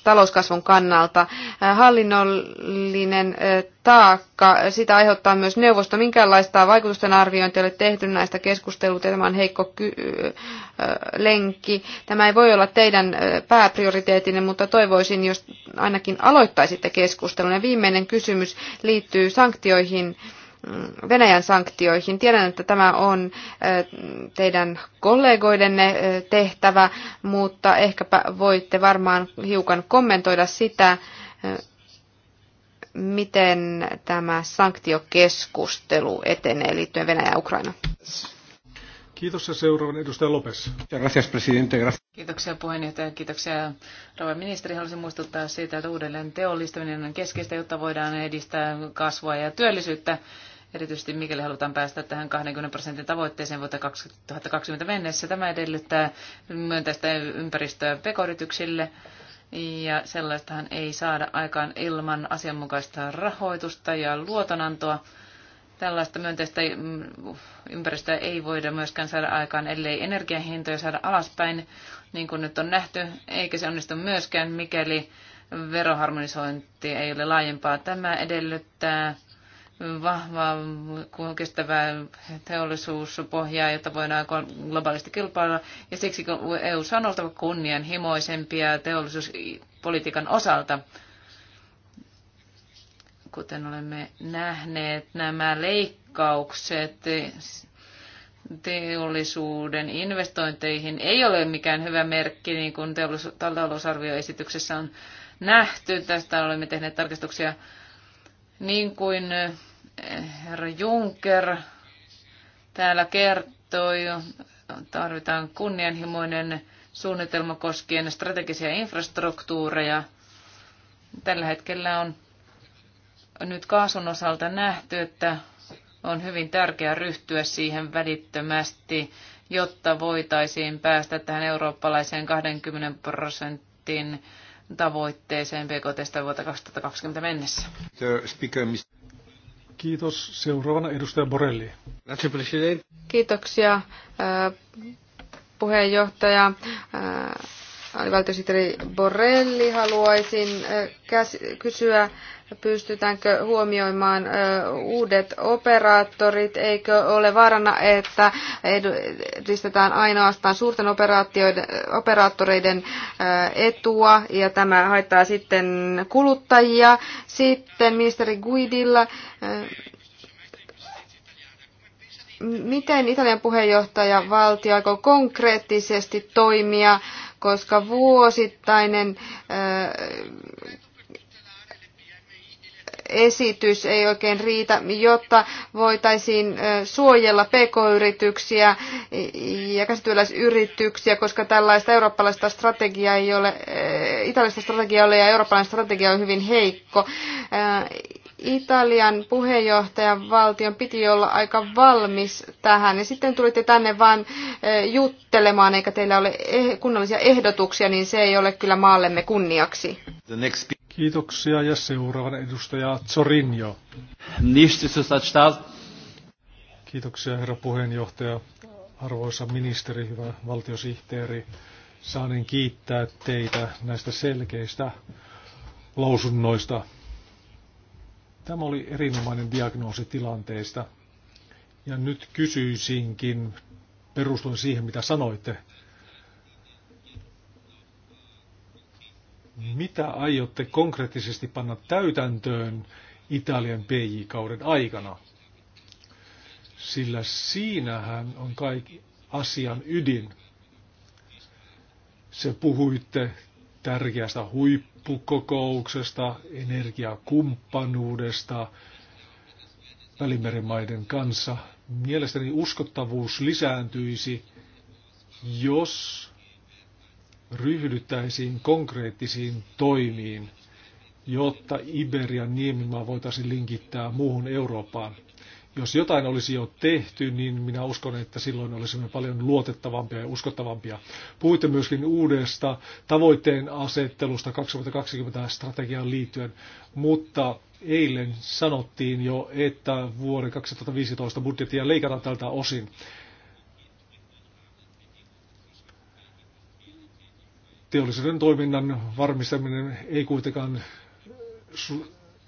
talouskasvun kannalta. Äh, hallinnollinen äh, taakka, sitä aiheuttaa myös neuvosto. Minkälaista vaikutusten arviointia ole tehty näistä keskusteluista? Tämä on heikko äh, lenkki. Tämä ei voi olla teidän pääprioriteetinen, mutta toivoisin, jos ainakin aloittaisitte keskustelun. Ja viimeinen kysymys liittyy sanktioihin Venäjän sanktioihin. Tiedän, että tämä on äh, teidän kollegoidenne äh, tehtävä, mutta ehkäpä voitte varmaan hiukan kommentoida sitä, äh, miten tämä sanktiokeskustelu etenee liittyen Venäjä ja Ukraina. Kiitos ja seuraavan edustaja Lopes. Gracias, presidente. Kiitoksia puheenjohtaja, kiitoksia rouva ministeri. Haluaisin muistuttaa siitä, että uudelleen teollistaminen on keskeistä, jotta voidaan edistää kasvua ja työllisyyttä. Erityisesti mikäli halutaan päästä tähän 20 prosentin tavoitteeseen vuoteen 2020 mennessä. Tämä edellyttää myönteistä ympäristöä pekoyrityksille. Ja sellaistahan ei saada aikaan ilman asianmukaista rahoitusta ja luotonantoa Tällaista myönteistä mm, ympäristöä ei voida myöskään saada aikaan, ellei energiahintoja saada alaspäin, niin kuin nyt on nähty, eikä se onnistu myöskään, mikäli veroharmonisointi ei ole laajempaa. Tämä edellyttää vahvaa kestävää teollisuuspohjaa, jotta voidaan globaalisti kilpailla. Ja siksi EU on oltava kunnianhimoisempia teollisuuspolitiikan osalta. Kuten olemme nähneet, nämä leikkaukset teollisuuden investointeihin ei ole mikään hyvä merkki, niin kuin talousarvioesityksessä on nähty. Tästä olemme tehneet tarkistuksia niin kuin eh, herra Juncker täällä kertoi. Tarvitaan kunnianhimoinen suunnitelma koskien strategisia infrastruktuureja. Tällä hetkellä on nyt kaasun osalta nähty, että on hyvin tärkeää ryhtyä siihen välittömästi, jotta voitaisiin päästä tähän eurooppalaiseen 20 prosentin tavoitteeseen BKT vuotta 2020 mennessä. Kiitos. Seuraavana edustaja Borelli. Kiitoksia äh, puheenjohtaja. Äh, Valtiosihteeri Borelli haluaisin äh, kysyä pystytäänkö huomioimaan uudet operaattorit, eikö ole vaarana, että edistetään ainoastaan suurten operaattoreiden etua ja tämä haittaa sitten kuluttajia. Sitten ministeri Guidilla miten Italian puheenjohtaja valtio aikoo konkreettisesti toimia, koska vuosittainen esitys ei oikein riitä, jotta voitaisiin suojella pk-yrityksiä ja käsityöläisyrityksiä, koska tällaista eurooppalaista strategiaa ei ole, italialaista strategiaa ei ole ja eurooppalainen strategia on hyvin heikko. Italian puheenjohtajan valtion piti olla aika valmis tähän. Ja sitten tulitte tänne vain eh, juttelemaan, eikä teillä ole eh, kunnollisia ehdotuksia, niin se ei ole kyllä maallemme kunniaksi. Kiitoksia ja seuraavan edustaja Zorinjo. Kiitoksia herra puheenjohtaja, arvoisa ministeri, hyvä valtiosihteeri. Saanen kiittää teitä näistä selkeistä lausunnoista Tämä oli erinomainen diagnoosi tilanteesta. Ja nyt kysyisinkin perustuen siihen, mitä sanoitte. Mitä aiotte konkreettisesti panna täytäntöön Italian PJ-kauden aikana? Sillä siinähän on kaikki asian ydin. Se puhuitte tärkeästä huippu huippukokouksesta, energiakumppanuudesta Välimeren maiden kanssa. Mielestäni uskottavuus lisääntyisi, jos ryhdyttäisiin konkreettisiin toimiin, jotta Iberian niemimaa voitaisiin linkittää muuhun Eurooppaan. Jos jotain olisi jo tehty, niin minä uskon, että silloin olisimme paljon luotettavampia ja uskottavampia. Puhuitte myöskin uudesta tavoitteen asettelusta 2020 strategiaan liittyen, mutta eilen sanottiin jo, että vuoden 2015 budjettia leikataan tältä osin. teollisuuden toiminnan varmistaminen ei kuitenkaan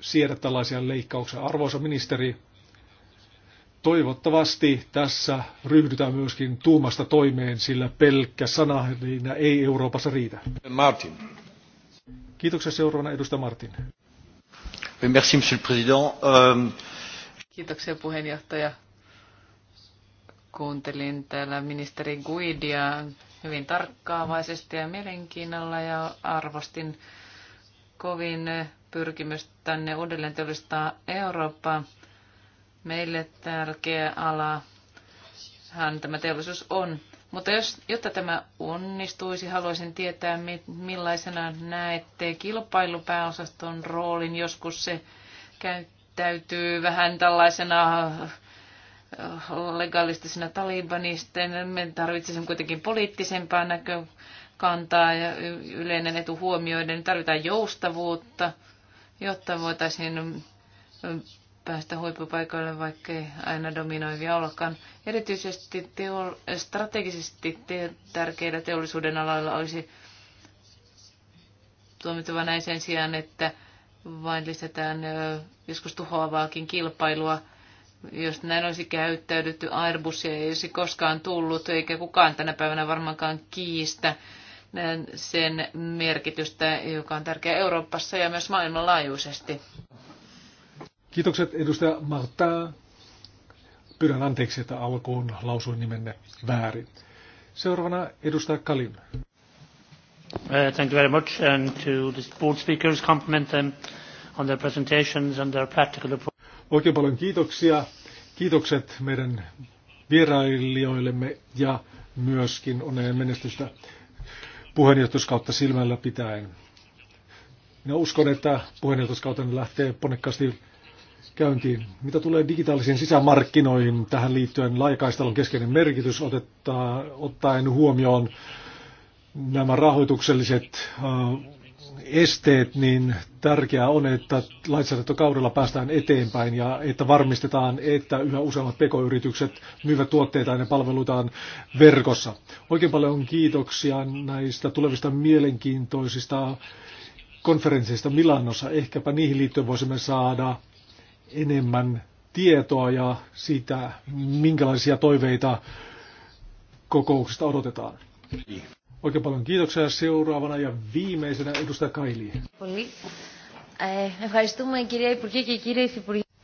siedä tällaisia leikkauksia. Arvoisa ministeri, Toivottavasti tässä ryhdytään myöskin tuumasta toimeen, sillä pelkkä sana ei Euroopassa riitä. Martin. Kiitoksia seuraavana edustaja Martin. Merci, monsieur le président. Euh, Kiitoksia puheenjohtaja. Kuuntelin täällä ministeri Guidia hyvin tarkkaavaisesti ja mielenkiinnolla ja arvostin kovin pyrkimystä tänne uudelleen teollistaa Eurooppaa meille tärkeä ala. Hän tämä teollisuus on. Mutta jos, jotta tämä onnistuisi, haluaisin tietää, millaisena näette kilpailupääosaston roolin. Joskus se käyttäytyy vähän tällaisena äh, legalistisena talibanisten. Me tarvitsisimme kuitenkin poliittisempaa näkökantaa ja yleinen etu huomioiden. Tarvitaan joustavuutta, jotta voitaisiin päästä huippupaikoille, vaikkei aina dominoivia olekaan. Erityisesti teo- strategisesti te- tärkeillä teollisuuden aloilla olisi tuomittava näin sen sijaan, että vain lisätään joskus tuhoavaakin kilpailua. Jos näin olisi käyttäydytty, Airbusia ei olisi koskaan tullut, eikä kukaan tänä päivänä varmaankaan kiistä sen merkitystä, joka on tärkeä Euroopassa ja myös maailmanlaajuisesti. Kiitokset edustaja Marta. Pyydän anteeksi, että alkuun lausuin nimenne väärin. Seuraavana edustaja Kalim. Uh, thank you very much and to the board speakers compliment them um, on their presentations and their practical approach. Oikein paljon kiitoksia. Kiitokset meidän vierailijoillemme ja myöskin onneen menestystä puheenjohtajuuskautta silmällä pitäen. Minä uskon, että puheenjohtajuuskautena lähtee ponnekkaasti käyntiin. Mitä tulee digitaalisiin sisämarkkinoihin, tähän liittyen laajakaistalon keskeinen merkitys otetaan, ottaen huomioon nämä rahoitukselliset äh, esteet, niin tärkeää on, että lainsäädäntökaudella päästään eteenpäin ja että varmistetaan, että yhä useammat pekoyritykset myyvät tuotteitaan ja palveluitaan verkossa. Oikein paljon kiitoksia näistä tulevista mielenkiintoisista konferensseista Milanossa. Ehkäpä niihin liittyen voisimme saada enemmän tietoa ja siitä, minkälaisia toiveita kokouksesta odotetaan. Oikein paljon kiitoksia. Seuraavana ja viimeisenä edustaja Kaili.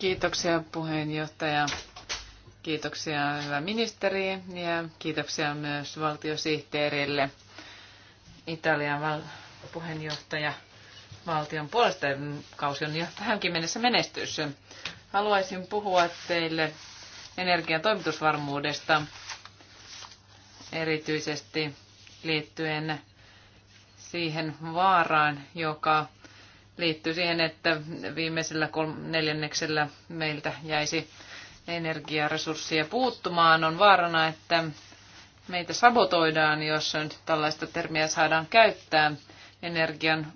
Kiitoksia puheenjohtaja. Kiitoksia hyvä ministeri ja kiitoksia myös valtiosihteerille. Italian val- puheenjohtaja valtion puolesta kausi on jo tähänkin mennessä menestys. Haluaisin puhua teille energian toimitusvarmuudesta erityisesti liittyen siihen vaaraan, joka liittyy siihen, että viimeisellä neljänneksellä meiltä jäisi energiaresursseja puuttumaan. On vaarana, että meitä sabotoidaan, jos tällaista termiä saadaan käyttää energian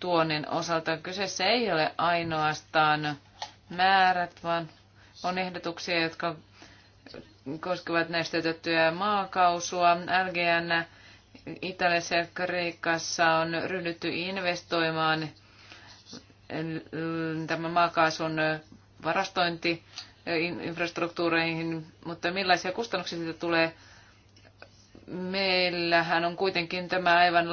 tuonin osalta. Kyseessä ei ole ainoastaan määrät, vaan on ehdotuksia, jotka koskevat nesteytettyä maakausua. LGN Italiassa ja Kreikassa on ryhdytty investoimaan tämän maakaasun varastointi infrastruktuureihin, mutta millaisia kustannuksia siitä tulee? Meillähän on kuitenkin tämä aivan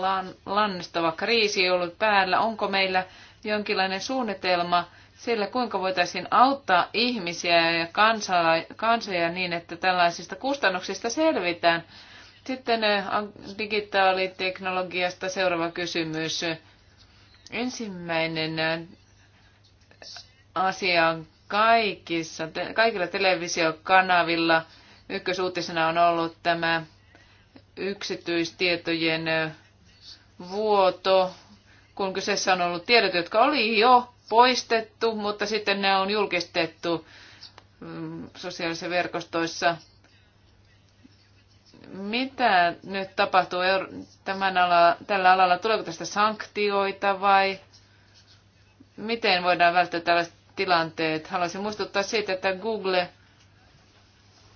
lan, lannistava kriisi ollut päällä. Onko meillä jonkinlainen suunnitelma sillä, kuinka voitaisiin auttaa ihmisiä ja kansaa, kansoja niin, että tällaisista kustannuksista selvitään? Sitten eh, digitaaliteknologiasta seuraava kysymys. Ensimmäinen eh, asia kaikissa, kaikilla televisiokanavilla ykkösuutisena on ollut tämä yksityistietojen vuoto, kun kyseessä on ollut tiedot, jotka oli jo poistettu, mutta sitten ne on julkistettu mm, sosiaalisissa verkostoissa. Mitä nyt tapahtuu tämän ala, tällä alalla? Tuleeko tästä sanktioita vai miten voidaan välttää tällaiset tilanteet? Haluaisin muistuttaa siitä, että Google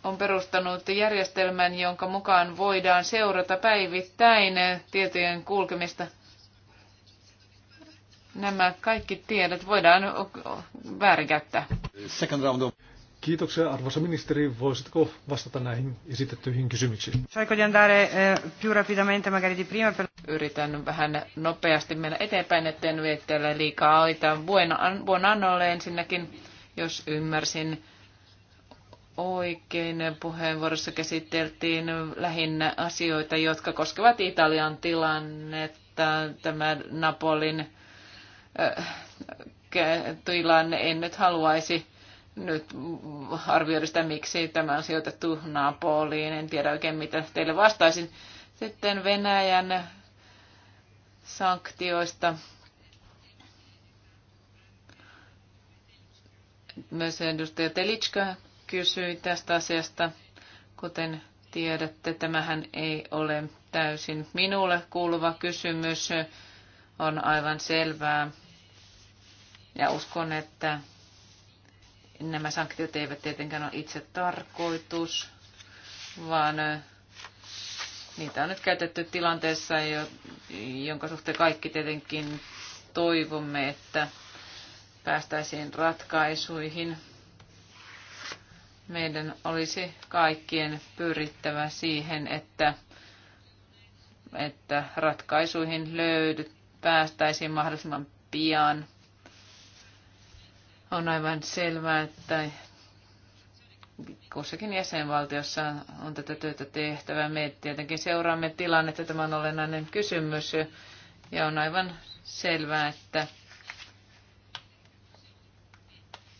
on perustanut järjestelmän, jonka mukaan voidaan seurata päivittäin tietojen kulkemista. Nämä kaikki tiedot voidaan väärinkäyttää. Kiitoksia arvoisa ministeri. Voisitko vastata näihin esitettyihin kysymyksiin? Eh, Yritän vähän nopeasti mennä eteenpäin, etten viettele liikaa aitaa. Buon, buon annolle ensinnäkin, jos ymmärsin oikein puheenvuorossa käsiteltiin lähinnä asioita, jotka koskevat Italian tilannetta, tämä Napolin äh, tilanne. En nyt haluaisi nyt arvioida sitä, miksi tämä on sijoitettu Napoliin. En tiedä oikein, mitä teille vastaisin. Sitten Venäjän sanktioista. Myös edustaja Telitska kysyi tästä asiasta. Kuten tiedätte, tämähän ei ole täysin minulle kuuluva kysymys. On aivan selvää. Ja uskon, että nämä sanktiot eivät tietenkään ole itse tarkoitus, vaan niitä on nyt käytetty tilanteessa, jonka suhteen kaikki tietenkin toivomme, että päästäisiin ratkaisuihin meidän olisi kaikkien pyrittävä siihen, että, että ratkaisuihin löydyt päästäisiin mahdollisimman pian. On aivan selvää, että kussakin jäsenvaltiossa on tätä työtä tehtävä. Me tietenkin seuraamme tilannetta, tämä on olennainen kysymys ja on aivan selvää, että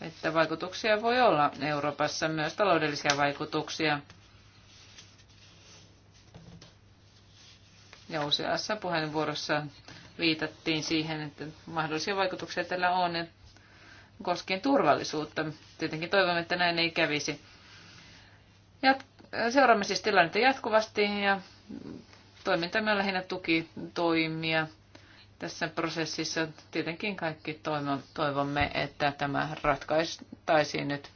että vaikutuksia voi olla Euroopassa, myös taloudellisia vaikutuksia. Ja useassa puheenvuorossa viitattiin siihen, että mahdollisia vaikutuksia tällä on koskien turvallisuutta. Tietenkin toivomme, että näin ei kävisi. Ja seuraamme siis tilannetta jatkuvasti ja toimintamme on lähinnä tukitoimia tässä prosessissa. Tietenkin kaikki toivomme, että tämä ratkaistaisiin nyt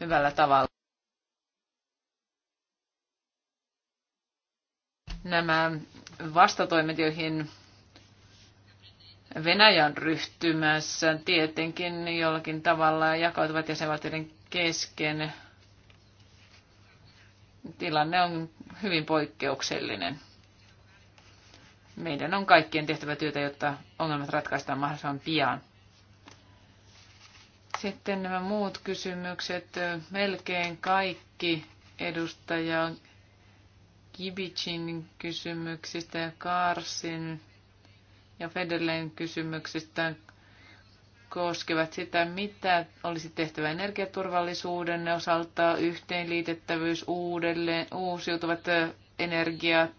hyvällä tavalla. Nämä vastatoimet, joihin Venäjän ryhtymässä tietenkin jollakin tavalla jakautuvat jäsenvaltioiden kesken. Tilanne on hyvin poikkeuksellinen. Meidän on kaikkien tehtävä työtä, jotta ongelmat ratkaistaan mahdollisimman pian. Sitten nämä muut kysymykset. Melkein kaikki edustaja Kibicin kysymyksistä ja Karsin ja Federlen kysymyksistä koskevat sitä, mitä olisi tehtävä energiaturvallisuuden osalta, yhteenliitettävyys, uudelleen, uusiutuvat energiat,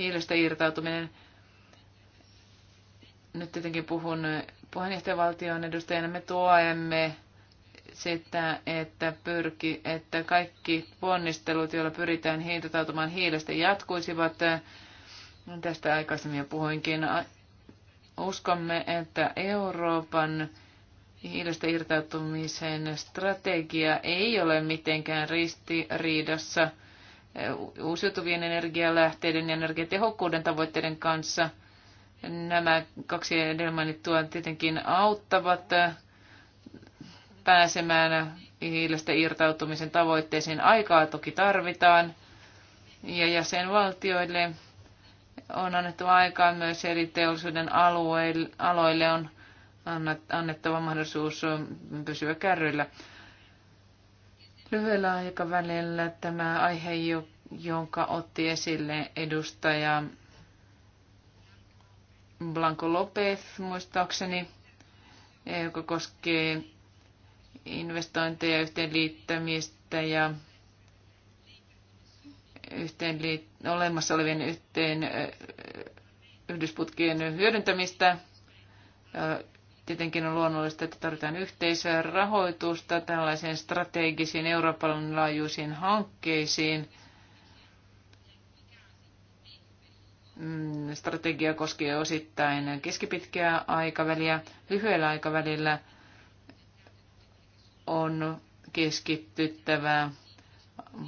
hiilestä irtautuminen. Nyt tietenkin puhun puheenjohtajavaltion edustajana. Me tuemme sitä, että, pyrki, että kaikki ponnistelut, joilla pyritään hiiltautumaan hiilestä, jatkuisivat. Tästä aikaisemmin jo puhuinkin. Uskomme, että Euroopan hiilestä irtautumisen strategia ei ole mitenkään ristiriidassa – uusiutuvien energialähteiden ja energiatehokkuuden tavoitteiden kanssa. Nämä kaksi edellä mainittua tietenkin auttavat pääsemään hiilestä irtautumisen tavoitteisiin. Aikaa toki tarvitaan ja jäsenvaltioille on annettu aikaa myös eri teollisuuden alueille, aloille on annettava mahdollisuus pysyä kärryillä. Lyhyellä aikavälillä tämä aihe, jonka otti esille edustaja Blanco Lopez muistaakseni, eh, joka koskee investointeja, yhteenliittämistä ja yhteen liit- olemassa olevien yhteen eh, yhdysputkien hyödyntämistä eh, Tietenkin on luonnollista, että tarvitaan yhteisöä rahoitusta tällaisiin strategisiin Euroopan laajuisiin hankkeisiin. Mm, strategia koskee osittain keskipitkää aikaväliä. Lyhyellä aikavälillä on keskittyttävä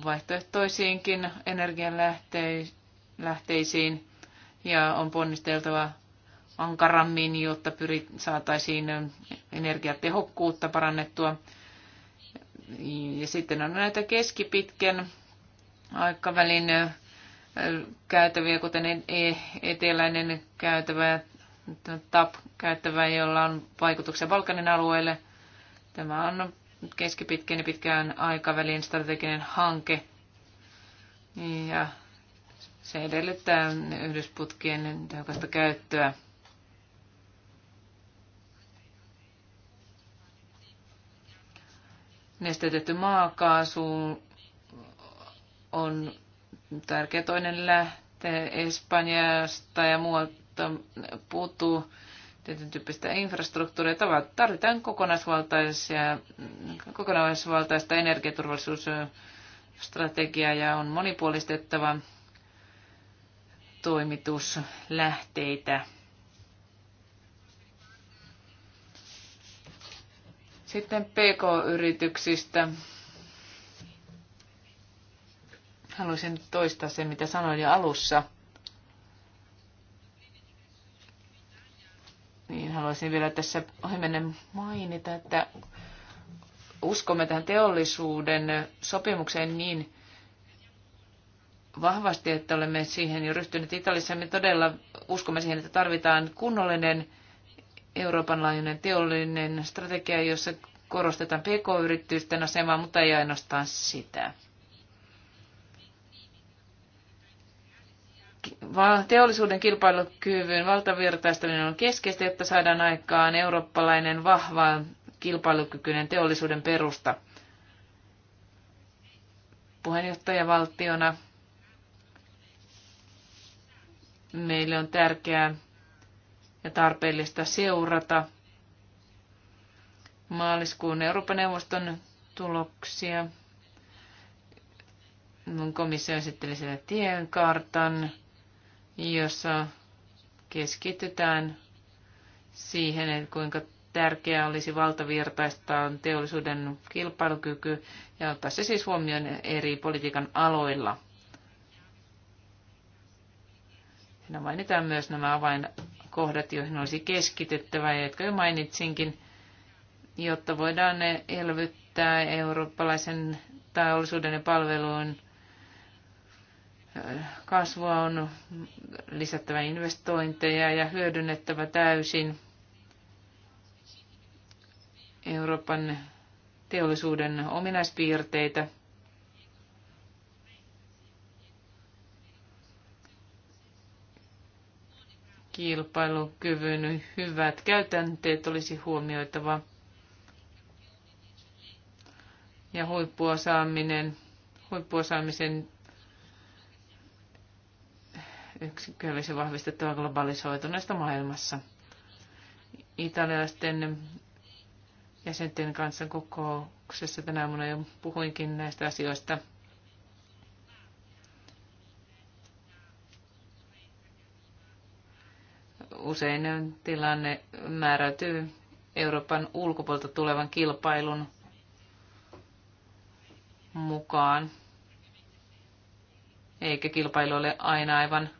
vaihtoehtoisiinkin energianlähteisiin ja on ponnisteltava ankarammin, jotta pyrit, saataisiin energiatehokkuutta parannettua. Ja sitten on näitä keskipitkän aikavälin käytäviä, kuten e-, e-, eteläinen käytävä TAP-käyttävä, jolla on vaikutuksia Balkanin alueelle. Tämä on keskipitkän ja pitkään aikavälin strateginen hanke. Ja se edellyttää yhdysputkien tehokasta käyttöä. Nesteytetty maakaasu on tärkeä toinen lähte Espanjasta ja muualta puuttuu tietyn tyyppistä infrastruktuuria. Tarvitaan kokonaisvaltaisia, kokonaisvaltaista energiaturvallisuusstrategiaa ja on monipuolistettava toimituslähteitä. Sitten PK-yrityksistä. Haluaisin toistaa sen, mitä sanoin jo alussa. Niin haluaisin vielä tässä ohimennen mainita, että uskomme tähän teollisuuden sopimukseen niin vahvasti, että olemme siihen jo ryhtyneet Italiassa. Me todella uskomme siihen, että tarvitaan kunnollinen Euroopan laajuinen teollinen strategia, jossa korostetaan pk-yritysten asemaa, mutta ei ainoastaan sitä. Teollisuuden kilpailukyvyn valtavirtaistaminen on keskeistä, jotta saadaan aikaan eurooppalainen vahva kilpailukykyinen teollisuuden perusta. Puheenjohtajavaltiona meille on tärkeää ja tarpeellista seurata maaliskuun Euroopan neuvoston tuloksia. Komissio esitteli siellä tienkartan, jossa keskitytään siihen, että kuinka tärkeää olisi valtavirtaistaa teollisuuden kilpailukyky ja ottaa se siis huomioon eri politiikan aloilla. Siinä mainitaan myös nämä avain kohdat, joihin olisi keskityttävä jotka jo mainitsinkin, jotta voidaan elvyttää eurooppalaisen teollisuuden ja palveluun kasvua on lisättävä investointeja ja hyödynnettävä täysin Euroopan teollisuuden ominaispiirteitä – kilpailukyvyn hyvät käytänteet olisi huomioitava ja huippuosaaminen, huippuosaamisen yksikkö olisi vahvistettava globalisoituneesta maailmassa. Italialaisten jäsenten kanssa kokouksessa tänä aamuna jo puhuinkin näistä asioista – usein tilanne määräytyy Euroopan ulkopuolelta tulevan kilpailun mukaan. Eikä kilpailu ole aina aivan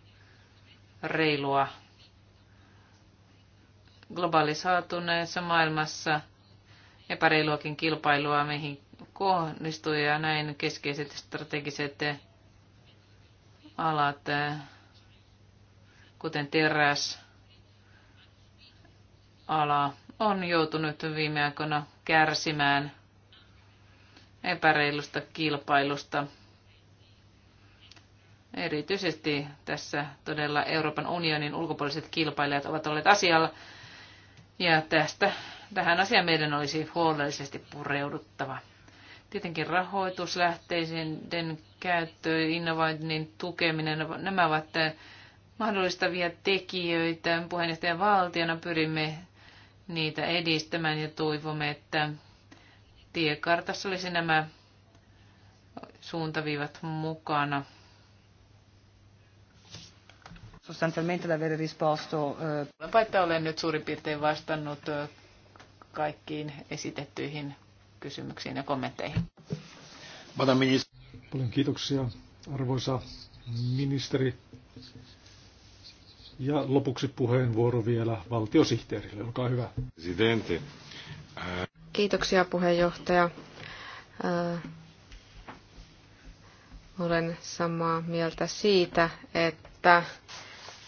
reilua. Globalisaatuneessa maailmassa epäreiluakin kilpailua meihin kohdistuu ja näin keskeiset strategiset alat, kuten teräs, ala on joutunut viime aikoina kärsimään epäreilusta kilpailusta. Erityisesti tässä todella Euroopan unionin ulkopuoliset kilpailijat ovat olleet asialla. Ja tästä, tähän asiaan meidän olisi huolellisesti pureuduttava. Tietenkin rahoituslähteiden käyttö, innovoinnin tukeminen, nämä ovat mahdollistavia tekijöitä. Puheenjohtajan valtiona pyrimme niitä edistämään ja toivomme, että tiekartassa olisi nämä suuntaviivat mukana. Sostanzialmente da risposto. Eh, Olenpa, että olen nyt suurin piirtein vastannut eh, kaikkiin esitettyihin kysymyksiin ja kommentteihin. Paljon kiitoksia, arvoisa ministeri. Ja lopuksi puheenvuoro vielä valtiosihteerille. Olkaa hyvä. Presidente. Kiitoksia puheenjohtaja. Äh, olen samaa mieltä siitä, että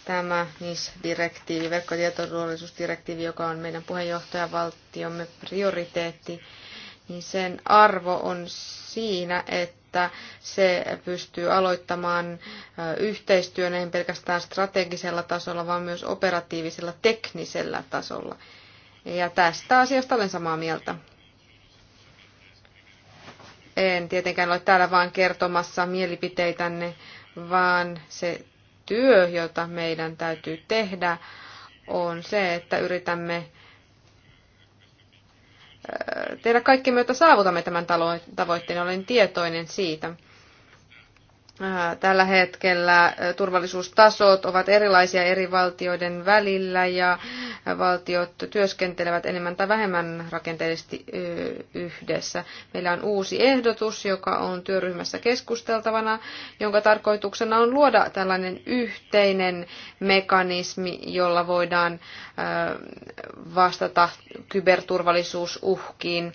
tämä NIS-direktiivi, verkkotietoturvallisuusdirektiivi, joka on meidän puheenjohtajavaltiomme prioriteetti, niin sen arvo on siinä, että että se pystyy aloittamaan yhteistyön ei pelkästään strategisella tasolla, vaan myös operatiivisella teknisellä tasolla. Ja tästä asiasta olen samaa mieltä. En tietenkään ole täällä vain kertomassa mielipiteitänne, vaan se työ, jota meidän täytyy tehdä, on se, että yritämme tehdä kaikkemme, jotta saavutamme tämän tavoitteen. Olen tietoinen siitä. Tällä hetkellä turvallisuustasot ovat erilaisia eri valtioiden välillä ja valtiot työskentelevät enemmän tai vähemmän rakenteellisesti yhdessä. Meillä on uusi ehdotus, joka on työryhmässä keskusteltavana, jonka tarkoituksena on luoda tällainen yhteinen mekanismi, jolla voidaan vastata kyberturvallisuusuhkiin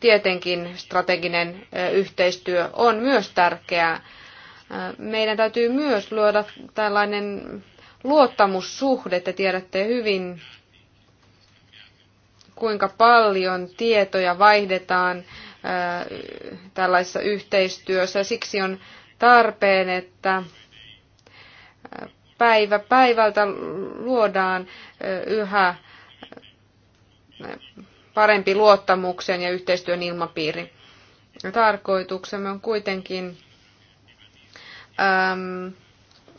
tietenkin strateginen yhteistyö on myös tärkeää. Meidän täytyy myös luoda tällainen luottamussuhde, että tiedätte hyvin, kuinka paljon tietoja vaihdetaan tällaisessa yhteistyössä. Siksi on tarpeen, että päivä päivältä luodaan yhä parempi luottamuksen ja yhteistyön ilmapiiri. Tarkoituksemme on kuitenkin äm,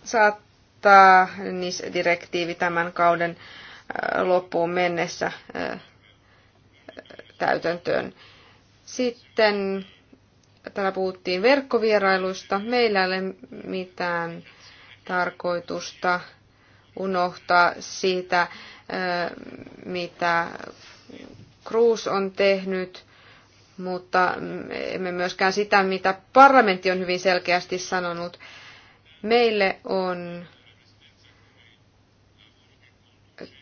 saattaa NIS-direktiivi tämän kauden äh, loppuun mennessä äh, täytäntöön. Sitten täällä puhuttiin verkkovierailuista. Meillä ei ole mitään tarkoitusta unohtaa siitä, äh, mitä Cruz on tehnyt, mutta emme myöskään sitä, mitä parlamentti on hyvin selkeästi sanonut. Meille on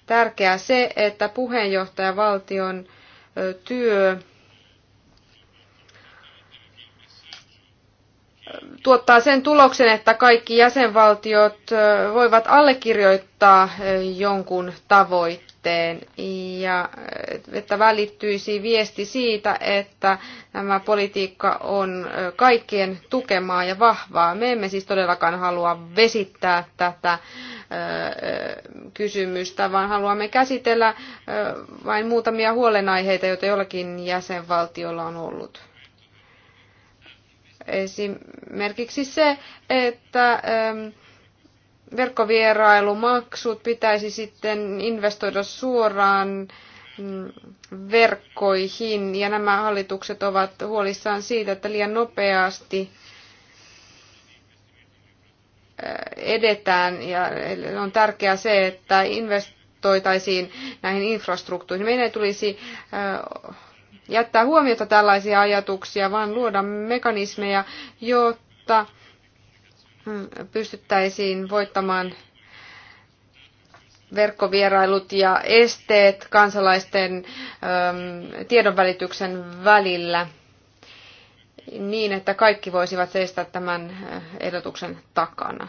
tärkeää se, että puheenjohtajavaltion työ tuottaa sen tuloksen, että kaikki jäsenvaltiot voivat allekirjoittaa jonkun tavoitteen sitten, ja äh, että välittyisi viesti siitä, että tämä politiikka on kaikkien tukemaa ja vahvaa. Me emme siis todellakaan halua vesittää tätä kysymystä, vaan haluamme käsitellä vain muutamia huolenaiheita, joita jollakin jäsenvaltiolla on ollut esimerkiksi se, että verkkovierailumaksut pitäisi sitten investoida suoraan mm, verkkoihin ja nämä hallitukset ovat huolissaan siitä, että liian nopeasti äh, edetään ja on tärkeää se, että investoitaisiin näihin infrastruktuihin. Meidän ei tulisi äh, jättää huomiota tällaisia ajatuksia, vaan luoda mekanismeja, jotta pystyttäisiin voittamaan verkkovierailut ja esteet kansalaisten ähm, tiedonvälityksen välillä niin, että kaikki voisivat seistä tämän äh, ehdotuksen takana.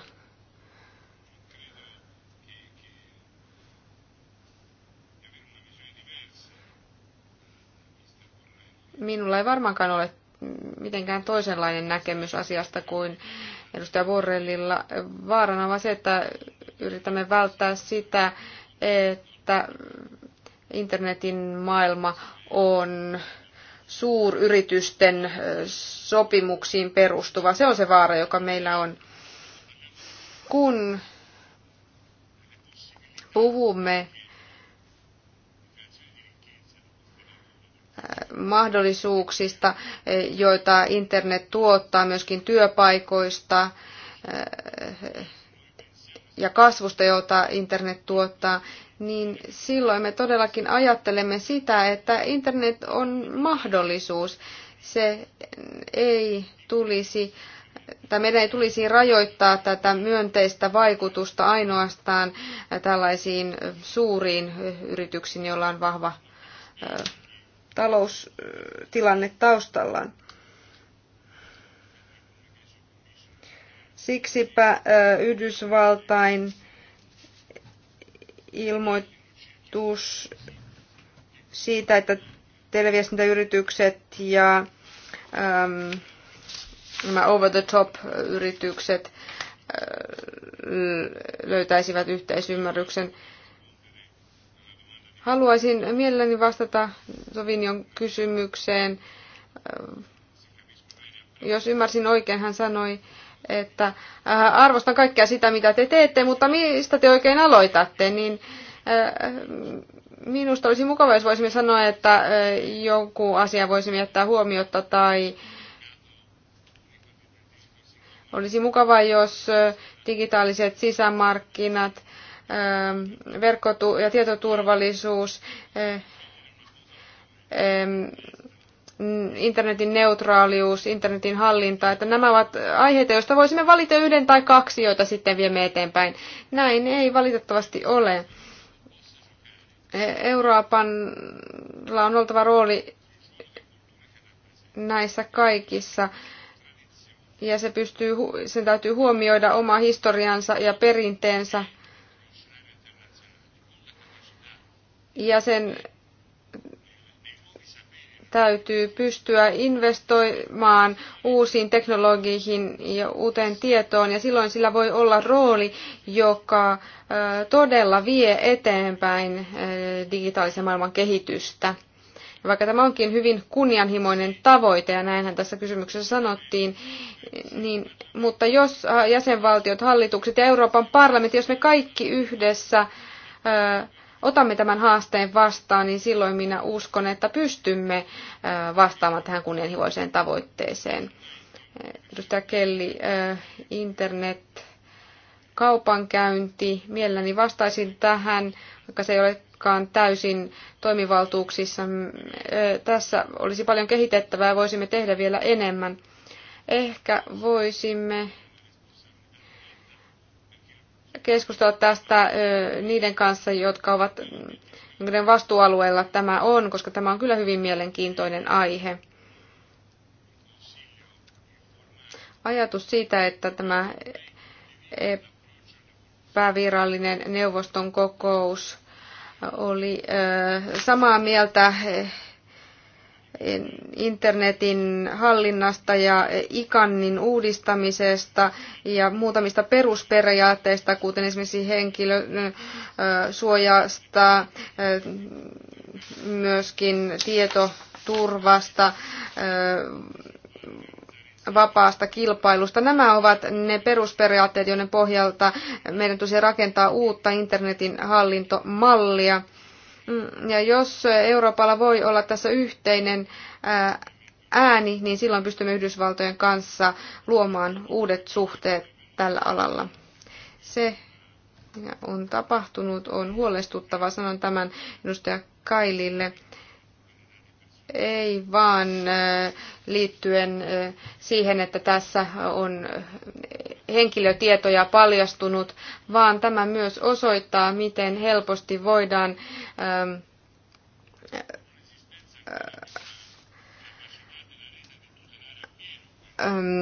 Minulla ei varmaankaan ole mitenkään toisenlainen näkemys asiasta kuin edustaja Borrellilla. Vaarana on se, että yritämme välttää sitä, että internetin maailma on suuryritysten sopimuksiin perustuva. Se on se vaara, joka meillä on. Kun puhumme mahdollisuuksista, joita internet tuottaa, myöskin työpaikoista ja kasvusta, jota internet tuottaa, niin silloin me todellakin ajattelemme sitä, että internet on mahdollisuus. Se ei tulisi, tai meidän ei tulisi rajoittaa tätä myönteistä vaikutusta ainoastaan tällaisiin suuriin yrityksiin, joilla on vahva taloustilanne taustallaan. Siksipä Yhdysvaltain ilmoitus siitä, että televiestintäyritykset ja äm, nämä over-the-top-yritykset löytäisivät yhteisymmärryksen Haluaisin mielelläni vastata Sovinion kysymykseen. Jos ymmärsin oikein, hän sanoi, että äh, arvostan kaikkea sitä, mitä te teette, mutta mistä te oikein aloitatte, niin äh, minusta olisi mukava, jos voisimme sanoa, että äh, joku asia voisimme jättää huomiota tai olisi mukava, jos digitaaliset sisämarkkinat – Ähm, verkko- ja tietoturvallisuus, äh, ähm, internetin neutraalius, internetin hallinta, että nämä ovat aiheita, joista voisimme valita yhden tai kaksi, joita sitten viemme eteenpäin. Näin ei valitettavasti ole. Euroopan on oltava rooli näissä kaikissa ja se pystyy, sen täytyy huomioida oma historiansa ja perinteensä – Ja sen täytyy pystyä investoimaan uusiin teknologiihin ja uuteen tietoon, ja silloin sillä voi olla rooli, joka todella vie eteenpäin digitaalisen maailman kehitystä. Ja vaikka tämä onkin hyvin kunnianhimoinen tavoite, ja näinhän tässä kysymyksessä sanottiin, niin, mutta jos jäsenvaltiot, hallitukset ja Euroopan parlamentti, jos me kaikki yhdessä otamme tämän haasteen vastaan, niin silloin minä uskon, että pystymme vastaamaan tähän kunnianhimoiseen tavoitteeseen. Edustaja Kelli, internet, kaupankäynti, mielelläni vastaisin tähän, vaikka se ei olekaan täysin toimivaltuuksissa. Tässä olisi paljon kehitettävää ja voisimme tehdä vielä enemmän. Ehkä voisimme keskustella tästä niiden kanssa, jotka ovat joiden vastuualueella tämä on, koska tämä on kyllä hyvin mielenkiintoinen aihe. Ajatus siitä, että tämä epävirallinen neuvoston kokous oli samaa mieltä internetin hallinnasta ja ikannin uudistamisesta ja muutamista perusperiaatteista, kuten esimerkiksi henkilösuojasta, myöskin tietoturvasta, vapaasta kilpailusta. Nämä ovat ne perusperiaatteet, joiden pohjalta meidän tulisi rakentaa uutta internetin hallintomallia ja jos Euroopalla voi olla tässä yhteinen ääni, niin silloin pystymme Yhdysvaltojen kanssa luomaan uudet suhteet tällä alalla. Se on tapahtunut, on huolestuttava, sanon tämän edustaja Kailille ei vaan liittyen siihen, että tässä on henkilötietoja paljastunut, vaan tämä myös osoittaa, miten helposti voidaan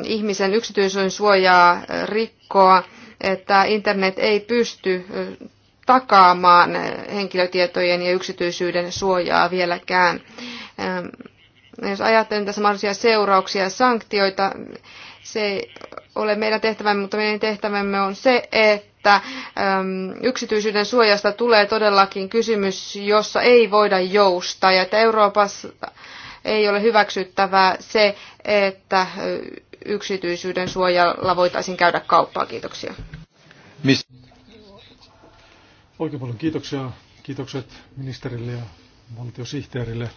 ihmisen yksityisyyden suojaa rikkoa, että internet ei pysty takaamaan henkilötietojen ja yksityisyyden suojaa vieläkään. Ähm, jos ajattelen tässä mahdollisia seurauksia ja sanktioita, se ei ole meidän tehtävämme, mutta meidän tehtävämme on se, että ähm, yksityisyyden suojasta tulee todellakin kysymys, jossa ei voida joustaa ja että Euroopassa ei ole hyväksyttävää se, että äh, yksityisyyden suojalla voitaisiin käydä kauppaa. Kiitoksia. Mis... Oikein paljon kiitoksia. Kiitokset ministerille ja valtiosihteerille.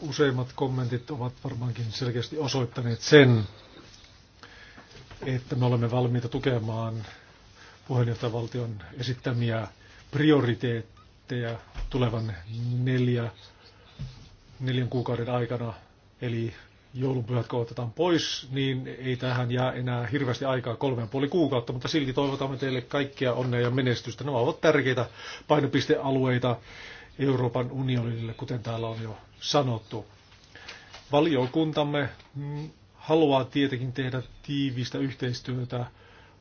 Useimmat kommentit ovat varmaankin selkeästi osoittaneet sen, että me olemme valmiita tukemaan puheenjohtajavaltion esittämiä prioriteetteja tulevan neljä, neljän kuukauden aikana, eli joulunpyhät kun otetaan pois, niin ei tähän jää enää hirveästi aikaa kolme ja puoli kuukautta, mutta silti toivotamme teille kaikkia onnea ja menestystä. Nämä ovat tärkeitä painopistealueita Euroopan unionille, kuten täällä on jo sanottu. Valiokuntamme mm, haluaa tietenkin tehdä tiivistä yhteistyötä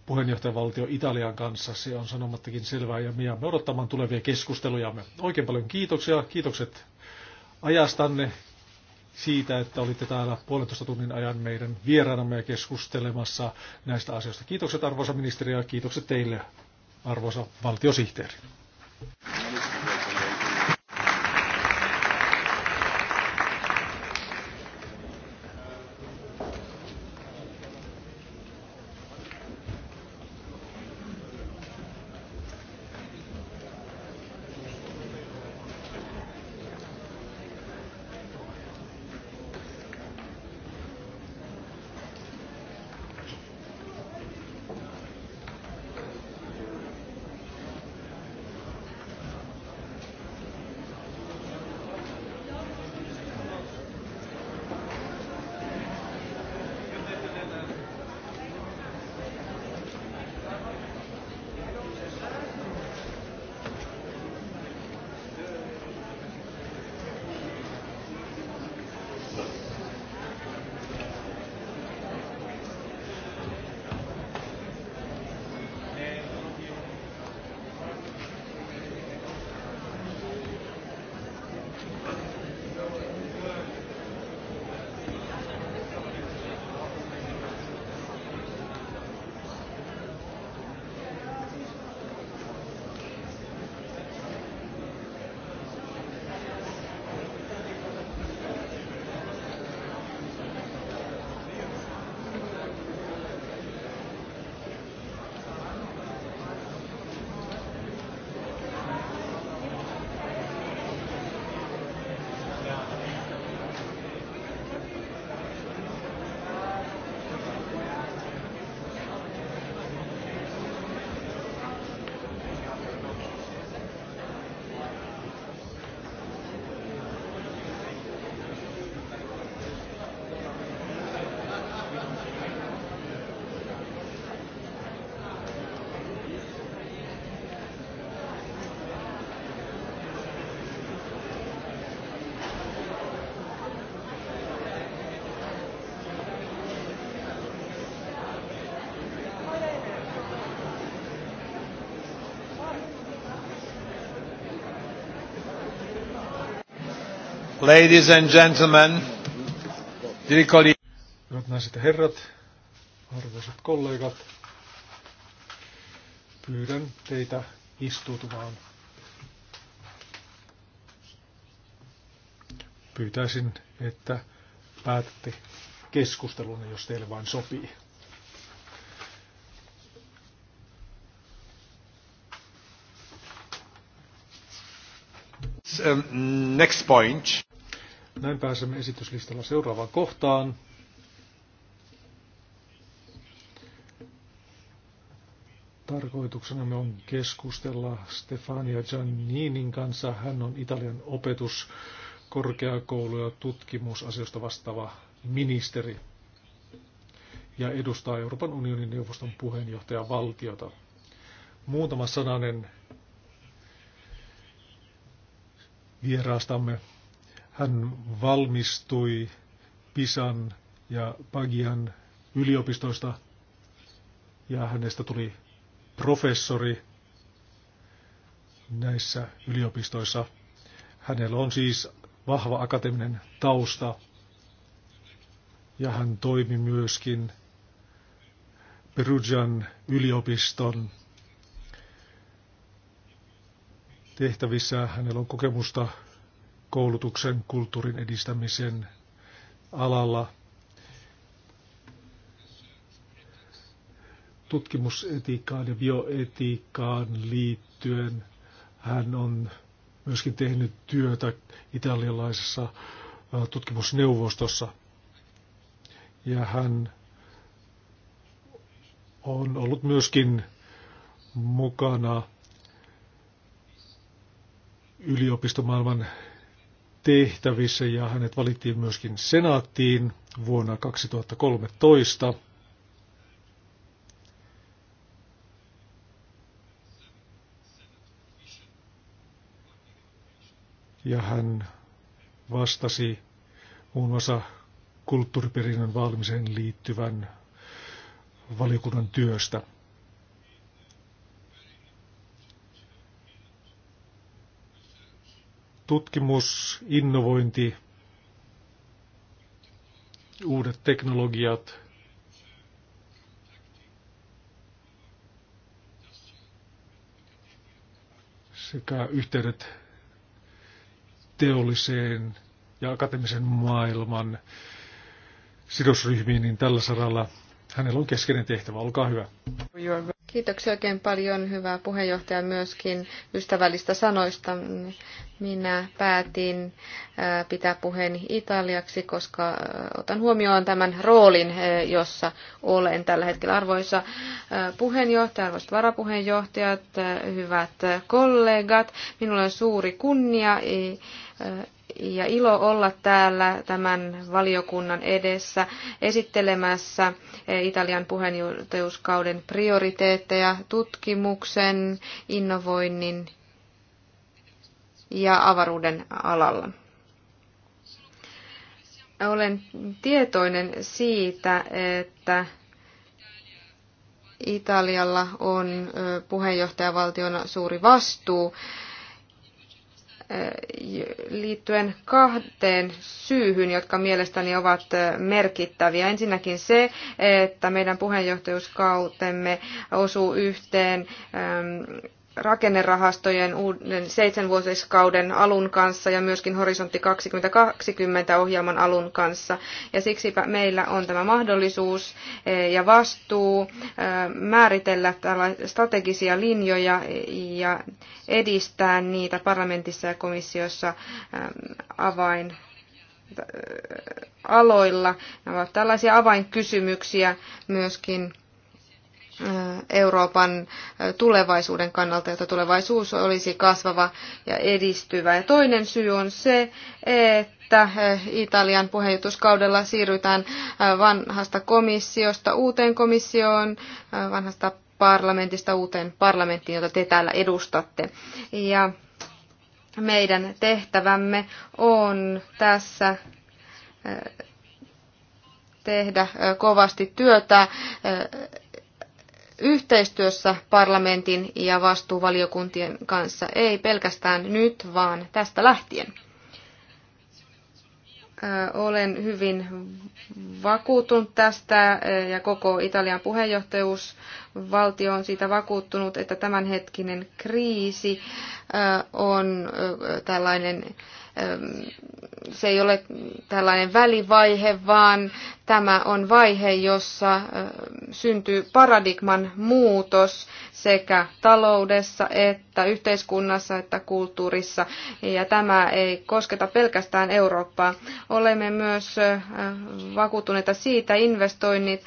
puheenjohtajavaltio Italian kanssa. Se on sanomattakin selvää ja me jäämme odottamaan tulevia keskustelujamme. Oikein paljon kiitoksia. Kiitokset ajastanne siitä, että olitte täällä puolentoista tunnin ajan meidän vieraanamme ja keskustelemassa näistä asioista. Kiitokset arvoisa ministeri ja kiitokset teille arvoisa valtiosihteeri. Ladies and gentlemen, Hyvät naiset ja herrat, arvoisat kollegat, pyydän teitä istuutumaan. Pyytäisin, että päätätte keskustelun, jos teille vain sopii. Um, next point. Näin pääsemme esityslistalla seuraavaan kohtaan. Tarkoituksena me on keskustella Stefania Gianninin kanssa. Hän on Italian opetus, korkeakoulu- ja tutkimusasioista vastaava ministeri ja edustaa Euroopan unionin neuvoston puheenjohtajan valtiota. Muutama sananen vieraastamme hän valmistui Pisan ja Pagian yliopistoista ja hänestä tuli professori näissä yliopistoissa. Hänellä on siis vahva akateeminen tausta ja hän toimi myöskin Perugian yliopiston tehtävissä. Hänellä on kokemusta koulutuksen, kulttuurin edistämisen alalla. Tutkimusetiikkaan ja bioetiikkaan liittyen hän on myöskin tehnyt työtä italialaisessa tutkimusneuvostossa. Ja hän on ollut myöskin mukana yliopistomaailman tehtävissä ja hänet valittiin myöskin senaattiin vuonna 2013. Ja hän vastasi muun muassa kulttuuriperinnön vaalimiseen liittyvän valiokunnan työstä. tutkimus, innovointi, uudet teknologiat, sekä yhteydet teolliseen ja akateemisen maailman sidosryhmiin, niin tällä saralla hänellä on keskeinen tehtävä. Olkaa hyvä. Kiitoksia oikein paljon, hyvää puheenjohtaja, myöskin ystävällistä sanoista. Minä päätin äh, pitää puheeni italiaksi, koska äh, otan huomioon tämän roolin, äh, jossa olen tällä hetkellä. Arvoisa puheenjohtaja, arvoisat varapuheenjohtajat, hyvät kollegat, minulla on suuri kunnia ja ilo olla täällä tämän valiokunnan edessä esittelemässä eh, Italian puheenjohtajuuskauden prioriteetteja tutkimuksen, innovoinnin ja avaruuden alalla. Olen tietoinen siitä, että Italialla on eh, puheenjohtajavaltiona suuri vastuu Eh, liittyen kahteen syyhyn, jotka mielestäni ovat eh, merkittäviä. Ensinnäkin se, että meidän puheenjohtajuuskautemme osuu yhteen ehm, rakennerahastojen uuden seitsemänvuotiskauden alun kanssa ja myöskin Horisontti 2020 ohjelman alun kanssa. Ja siksipä meillä on tämä mahdollisuus eh, ja vastuu eh, määritellä strategisia linjoja ja edistää niitä parlamentissa ja komissiossa eh, avain aloilla. Nämä ovat tällaisia avainkysymyksiä myöskin Euroopan tulevaisuuden kannalta, jotta tulevaisuus olisi kasvava ja edistyvä. Ja toinen syy on se, että Italian puheenjohtuskaudella siirrytään vanhasta komissiosta uuteen komissioon, vanhasta parlamentista uuteen parlamenttiin, jota te täällä edustatte. Ja meidän tehtävämme on tässä tehdä kovasti työtä yhteistyössä parlamentin ja vastuuvaliokuntien kanssa, ei pelkästään nyt, vaan tästä lähtien. Olen hyvin vakuutunut tästä ja koko Italian puheenjohtajuus valtio on siitä vakuuttunut, että tämänhetkinen kriisi on tällainen, se ei ole tällainen välivaihe, vaan tämä on vaihe, jossa syntyy paradigman muutos sekä taloudessa että yhteiskunnassa että kulttuurissa. Ja tämä ei kosketa pelkästään Eurooppaa. Olemme myös vakuuttuneita siitä investoinnit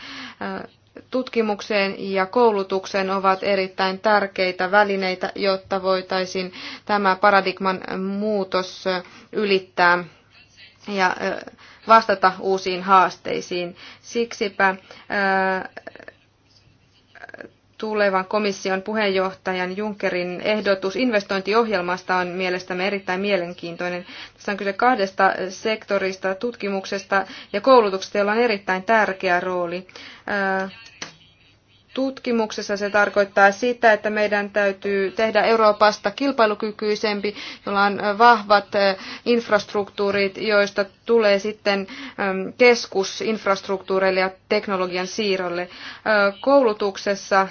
tutkimukseen ja koulutukseen ovat erittäin tärkeitä välineitä, jotta voitaisiin tämä paradigman muutos ylittää ja vastata uusiin haasteisiin. Siksipä tulevan komission puheenjohtajan Junckerin ehdotus investointiohjelmasta on mielestämme erittäin mielenkiintoinen. Tässä on kyse kahdesta sektorista, tutkimuksesta ja koulutuksesta, jolla on erittäin tärkeä rooli tutkimuksessa. Se tarkoittaa sitä, että meidän täytyy tehdä Euroopasta kilpailukykyisempi, jolla on vahvat eh, infrastruktuurit, joista tulee sitten keskus infrastruktuureille ja teknologian siirrolle. Koulutuksessa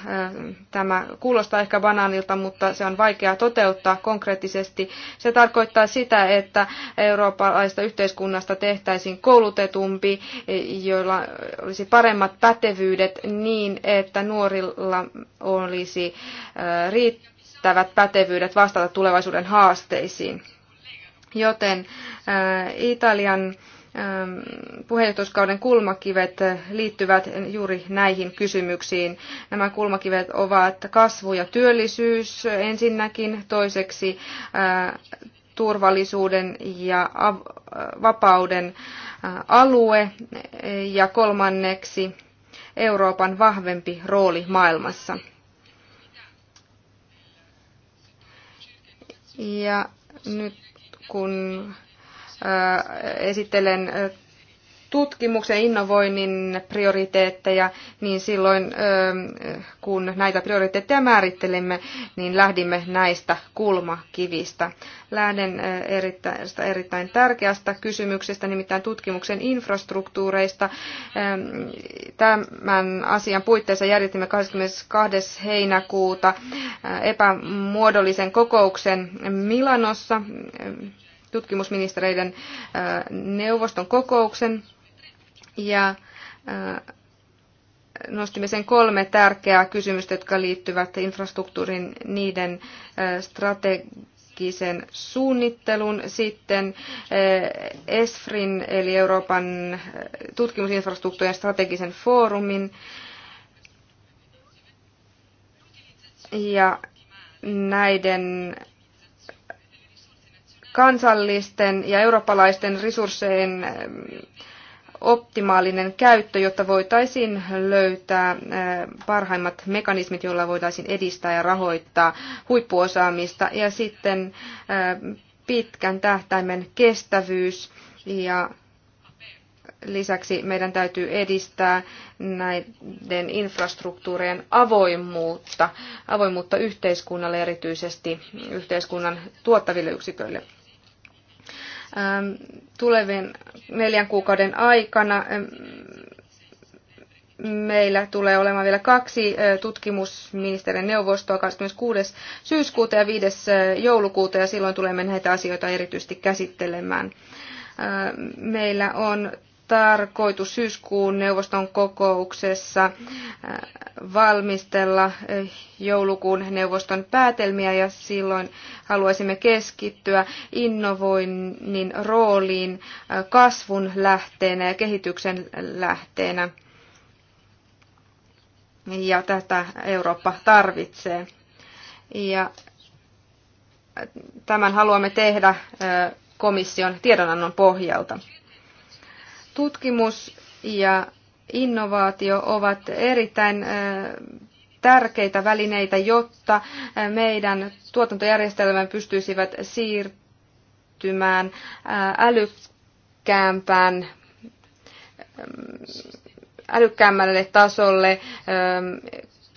tämä kuulostaa ehkä banaanilta, mutta se on vaikea toteuttaa konkreettisesti. Se tarkoittaa sitä, että eurooppalaista yhteiskunnasta tehtäisiin koulutetumpi, e, joilla olisi paremmat pätevyydet niin, että nuorilla olisi riittävät pätevyydet vastata tulevaisuuden haasteisiin. Joten Italian puheenjohtajuuskauden kulmakivet liittyvät juuri näihin kysymyksiin. Nämä kulmakivet ovat kasvu ja työllisyys ensinnäkin, toiseksi turvallisuuden ja vapauden alue ja kolmanneksi Euroopan vahvempi rooli maailmassa. Ja nyt kun esittelen tutkimuksen innovoinnin prioriteetteja, niin silloin ähm, kun näitä prioriteetteja määrittelimme, niin lähdimme näistä kulmakivistä. Lähden äh, erittäin, erittäin tärkeästä kysymyksestä, nimittäin tutkimuksen infrastruktuureista. Ähm, tämän asian puitteissa järjestimme 22. heinäkuuta äh, epämuodollisen kokouksen Milanossa äh, tutkimusministereiden neuvoston kokouksen ja nostimme sen kolme tärkeää kysymystä, jotka liittyvät infrastruktuurin niiden strategisen suunnittelun, sitten ESFRin eli Euroopan tutkimusinfrastruktuurin strategisen foorumin ja näiden kansallisten ja eurooppalaisten resurssien optimaalinen käyttö, jotta voitaisiin löytää äh, parhaimmat mekanismit, joilla voitaisiin edistää ja rahoittaa huippuosaamista ja sitten äh, pitkän tähtäimen kestävyys ja lisäksi meidän täytyy edistää näiden infrastruktuurien avoimuutta, avoimuutta yhteiskunnalle erityisesti yhteiskunnan tuottaville yksiköille. Ähm, tulevien neljän kuukauden aikana ähm, meillä tulee olemaan vielä kaksi äh, tutkimusministerin neuvostoa 26. syyskuuta ja 5. Äh, joulukuuta ja silloin tulemme näitä asioita erityisesti käsittelemään. Äh, meillä on tarkoitus syyskuun neuvoston kokouksessa äh, valmistella äh, joulukuun neuvoston päätelmiä ja silloin haluaisimme keskittyä innovoinnin rooliin äh, kasvun lähteenä ja kehityksen lähteenä. Ja tätä Eurooppa tarvitsee. Ja tämän haluamme tehdä komission tiedonannon pohjalta. Tutkimus ja innovaatio ovat erittäin tärkeitä välineitä, jotta meidän tuotantojärjestelmämme pystyisivät siirtymään älykkäämpään älykkäämmälle tasolle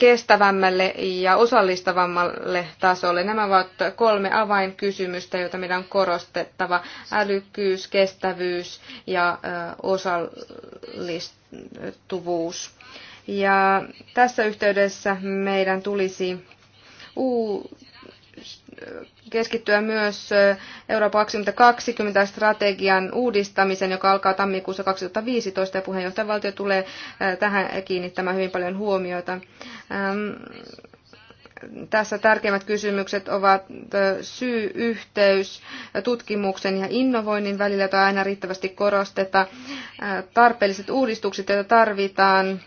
kestävämmälle ja osallistavammalle tasolle. Nämä ovat kolme avainkysymystä, joita meidän on korostettava. Älykkyys, kestävyys ja osallistuvuus. Ja tässä yhteydessä meidän tulisi keskittyä myös Euroopan 2020 strategian uudistamiseen, joka alkaa tammikuussa 2015 ja puheenjohtajavaltio tulee tähän kiinnittämään hyvin paljon huomiota. Tässä tärkeimmät kysymykset ovat syy-yhteys tutkimuksen ja innovoinnin välillä, jota aina riittävästi korosteta, tarpeelliset uudistukset, joita tarvitaan,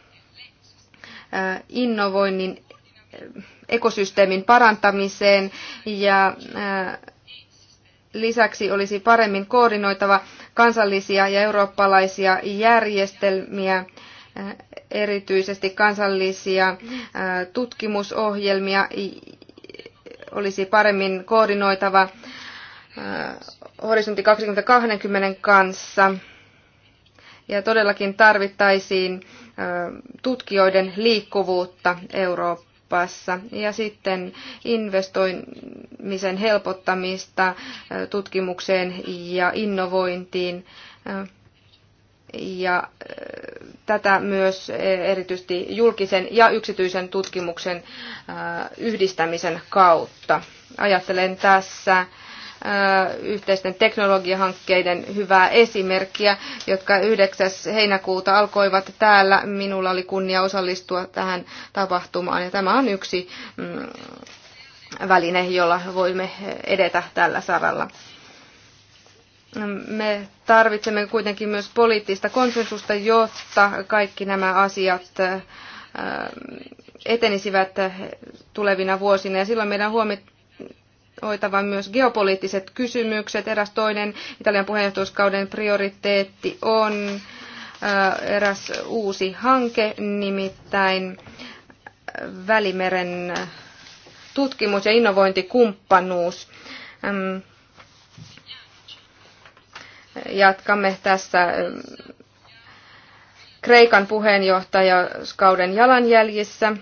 innovoinnin ekosysteemin parantamiseen ja äh, lisäksi olisi paremmin koordinoitava kansallisia ja eurooppalaisia järjestelmiä, äh, erityisesti kansallisia äh, tutkimusohjelmia olisi paremmin koordinoitava horisontti 2020 kanssa. Ja todellakin tarvittaisiin tutkijoiden liikkuvuutta Eurooppaan. Euroopassa ja sitten investoimisen helpottamista tutkimukseen ja innovointiin. Ja tätä myös e, erityisesti julkisen ja yksityisen tutkimuksen yhdistämisen kautta. Ajattelen tässä yhteisten teknologiahankkeiden hyvää esimerkkiä, jotka 9. heinäkuuta alkoivat täällä. Minulla oli kunnia osallistua tähän tapahtumaan ja tämä on yksi mm, väline, jolla voimme edetä tällä saralla. Me tarvitsemme kuitenkin myös poliittista konsensusta, jotta kaikki nämä asiat etenisivät tulevina vuosina. Ja silloin meidän on hoitava myös geopoliittiset kysymykset. Eräs toinen Italian puheenjohtajuuskauden prioriteetti on eräs uusi hanke, nimittäin Välimeren tutkimus- ja innovointikumppanuus. Jatkamme tässä Kreikan puheenjohtajaskauden jalanjäljissä.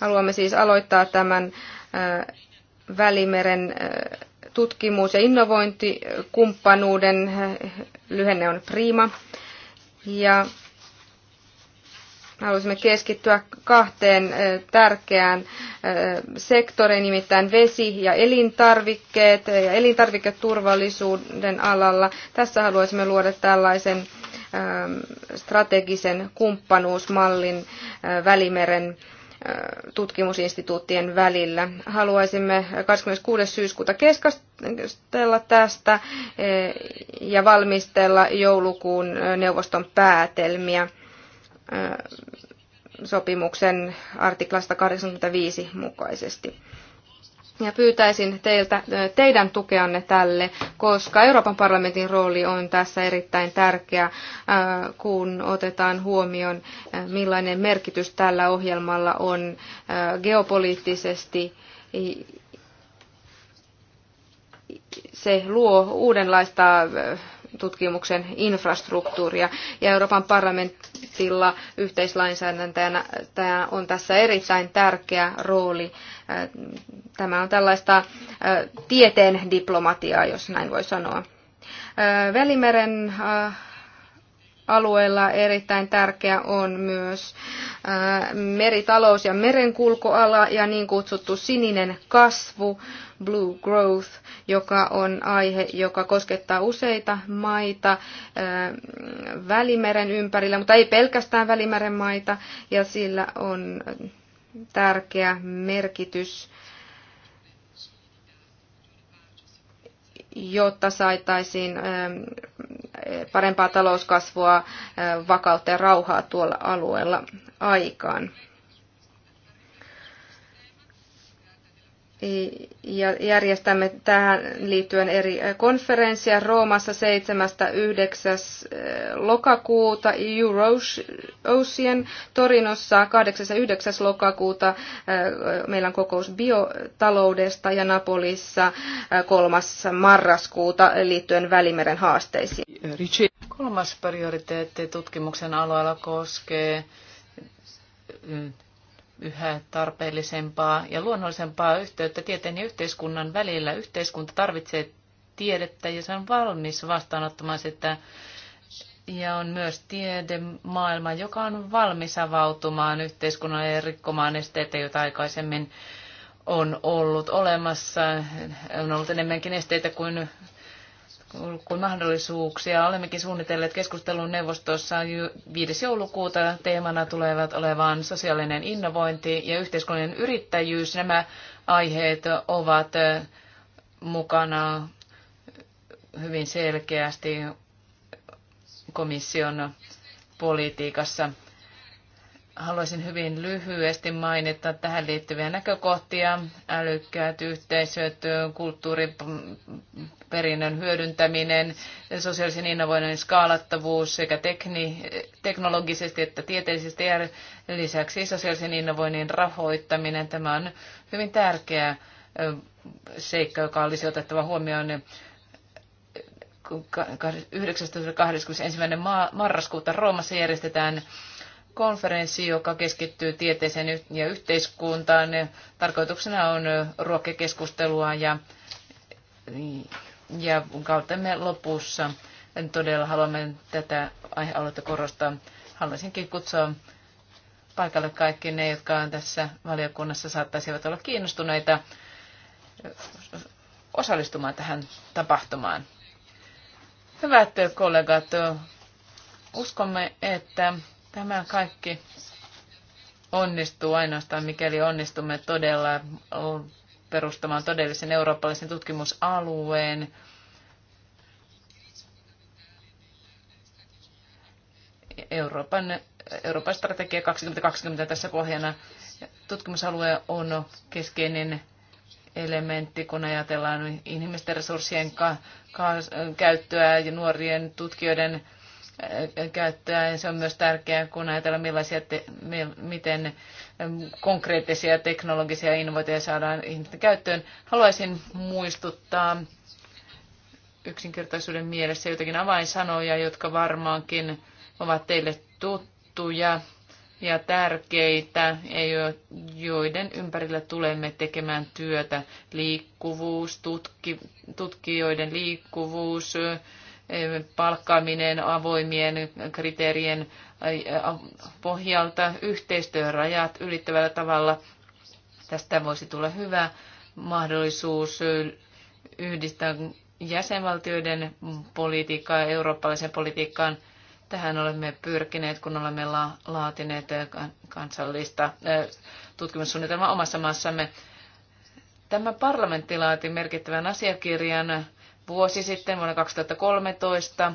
Haluamme siis aloittaa tämän Välimeren tutkimus- ja innovointikumppanuuden, lyhenne on PRIMA, ja haluaisimme keskittyä kahteen tärkeään sektoriin, nimittäin vesi- ja elintarvikkeet ja elintarviketurvallisuuden alalla. Tässä haluaisimme luoda tällaisen strategisen kumppanuusmallin Välimeren tutkimusinstituuttien välillä. Haluaisimme 26. syyskuuta keskustella tästä eh, ja valmistella joulukuun eh, neuvoston päätelmiä eh, sopimuksen artiklasta 85 mukaisesti. Ja pyytäisin teiltä, teidän tukeanne tälle, koska Euroopan parlamentin rooli on tässä erittäin tärkeä, kun otetaan huomioon, millainen merkitys tällä ohjelmalla on geopoliittisesti. Se luo uudenlaista tutkimuksen infrastruktuuria. Ja Euroopan parlamentilla yhteislainsäädäntäjänä tämä on tässä erittäin tärkeä rooli. Äh, tämä on tällaista äh, tieteen diplomatiaa, jos näin voi sanoa. Äh, Välimeren alueella erittäin tärkeä on myös meritalous ja merenkulkuala ja niin kutsuttu sininen kasvu. Blue Growth, joka on aihe, joka koskettaa useita maita Välimeren ympärillä, mutta ei pelkästään Välimeren maita, ja sillä on tärkeä merkitys, jotta saitaisiin parempaa talouskasvua, vakautta ja rauhaa tuolla alueella aikaan. ja järjestämme tähän liittyen eri konferenssia Roomassa 7.9. Eh, lokakuuta, Euro-Ocean Torinossa 8. 9. lokakuuta eh, meillä on kokous biotaloudesta ja Napolissa 3. Eh, marraskuuta liittyen Välimeren haasteisiin. Kolmas prioriteetti tutkimuksen alueella koskee mm, yhä tarpeellisempaa ja luonnollisempaa yhteyttä tieteen ja yhteiskunnan välillä. Yhteiskunta tarvitsee tiedettä ja se on valmis vastaanottamaan sitä. Ja on myös tiedemaailma, joka on valmis avautumaan yhteiskunnalle ja rikkomaan esteitä, joita aikaisemmin on ollut olemassa. On ollut enemmänkin esteitä kuin kuin mahdollisuuksia. Olemmekin suunnitelleet keskustelun neuvostossa 5. joulukuuta. Teemana tulevat olevaan sosiaalinen innovointi ja yhteiskunnallinen yrittäjyys. Nämä aiheet ovat mukana hyvin selkeästi komission politiikassa. Haluaisin hyvin lyhyesti mainita tähän liittyviä näkökohtia. Älykkäät yhteisöt, kulttuuriperinnön hyödyntäminen, sosiaalisen innovoinnin skaalattavuus sekä tekni, teknologisesti että tieteellisesti ja lisäksi sosiaalisen innovoinnin rahoittaminen. Tämä on hyvin tärkeä seikka, joka olisi otettava huomioon 19.21. marraskuuta Roomassa järjestetään konferenssi, joka keskittyy tieteeseen ja yhteiskuntaan. Tarkoituksena on ruokkekeskustelua ja, ja kautemme lopussa En todella haluamme tätä aihealuetta korostaa. Haluaisinkin kutsua paikalle kaikki ne, jotka on tässä valiokunnassa saattaisivat olla kiinnostuneita osallistumaan tähän tapahtumaan. Hyvät kollegat, uskomme, että Tämä kaikki onnistuu ainoastaan, mikäli onnistumme todella perustamaan todellisen eurooppalaisen tutkimusalueen. Euroopan, Euroopan strategia 2020 tässä pohjana. Tutkimusalue on keskeinen elementti, kun ajatellaan ihmisten resurssien ka- ka- käyttöä ja nuorien tutkijoiden käyttöä. Se on myös tärkeää, kun ajatellaan millaisia te, miten konkreettisia teknologisia innovaatioita saadaan ihmisten käyttöön. Haluaisin muistuttaa yksinkertaisuuden mielessä jotakin avainsanoja, jotka varmaankin ovat teille tuttuja ja tärkeitä, joiden ympärillä tulemme tekemään työtä. Liikkuvuus, tutki, tutkijoiden liikkuvuus, palkkaaminen avoimien kriteerien pohjalta yhteistyön rajat ylittävällä tavalla. Tästä voisi tulla hyvä mahdollisuus yhdistää jäsenvaltioiden politiikkaa eurooppalaisen politiikkaan. Tähän olemme pyrkineet, kun olemme laatineet kansallista tutkimussuunnitelmaa omassa maassamme. Tämä parlamentti laati merkittävän asiakirjan vuosi sitten, vuonna 2013.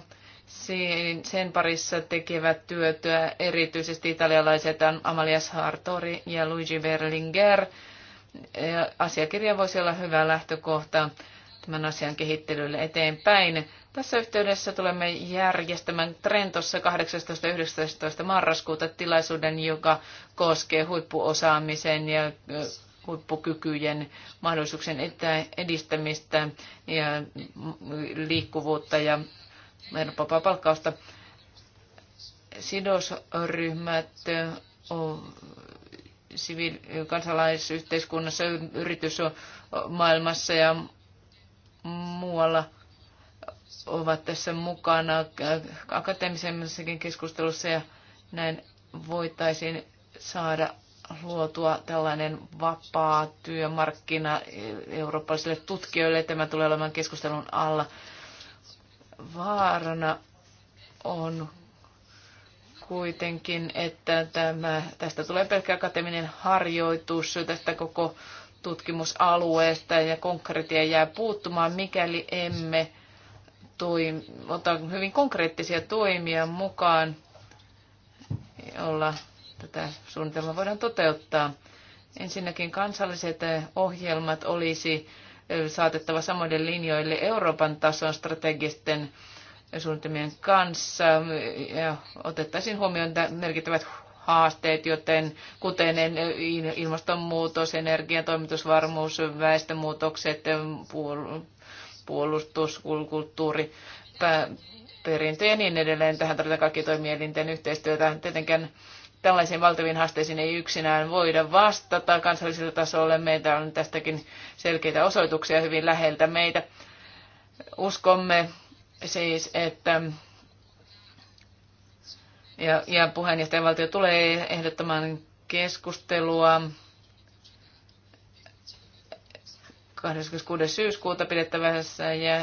Sen parissa tekevät työtä erityisesti italialaiset Amalia Sartori ja Luigi Berlinger. Asiakirja voisi olla hyvä lähtökohta tämän asian kehittelylle eteenpäin. Tässä yhteydessä tulemme järjestämään Trentossa 18.–19. marraskuuta tilaisuuden, joka koskee huippuosaamisen ja huippukykyjen mahdollisuuksien edistämistä ja liikkuvuutta ja vapaa palkkausta. Sidosryhmät kansalaisyhteiskunnassa, yritysmaailmassa ja muualla ovat tässä mukana akateemisemmassakin keskustelussa ja näin voitaisiin saada luotua tällainen vapaa työmarkkina eurooppalaisille tutkijoille. Tämä tulee olemaan keskustelun alla. Vaarana on kuitenkin, että tämä, tästä tulee pelkkä akateeminen harjoitus tästä koko tutkimusalueesta ja konkreettia jää puuttumaan, mikäli emme toimi, ota hyvin konkreettisia toimia mukaan, olla tätä suunnitelmaa voidaan toteuttaa. Ensinnäkin kansalliset ohjelmat olisi saatettava samoille linjoille Euroopan tason strategisten suunnitelmien kanssa ja otettaisiin huomioon merkittävät haasteet, joten kuten ilmastonmuutos, energian toimitusvarmuus, väestönmuutokset, puolustus, kulttuuri, perintö ja niin edelleen. Tähän tarvitaan kaikki toimielinten yhteistyötä. Tietenkään Tällaisiin valtaviin haasteisiin ei yksinään voida vastata kansallisella tasolla. Meitä on tästäkin selkeitä osoituksia hyvin läheltä meitä. Uskomme siis, että ja, ja puheenjohtajavaltio tulee ehdottamaan keskustelua 26. syyskuuta pidettävässä ja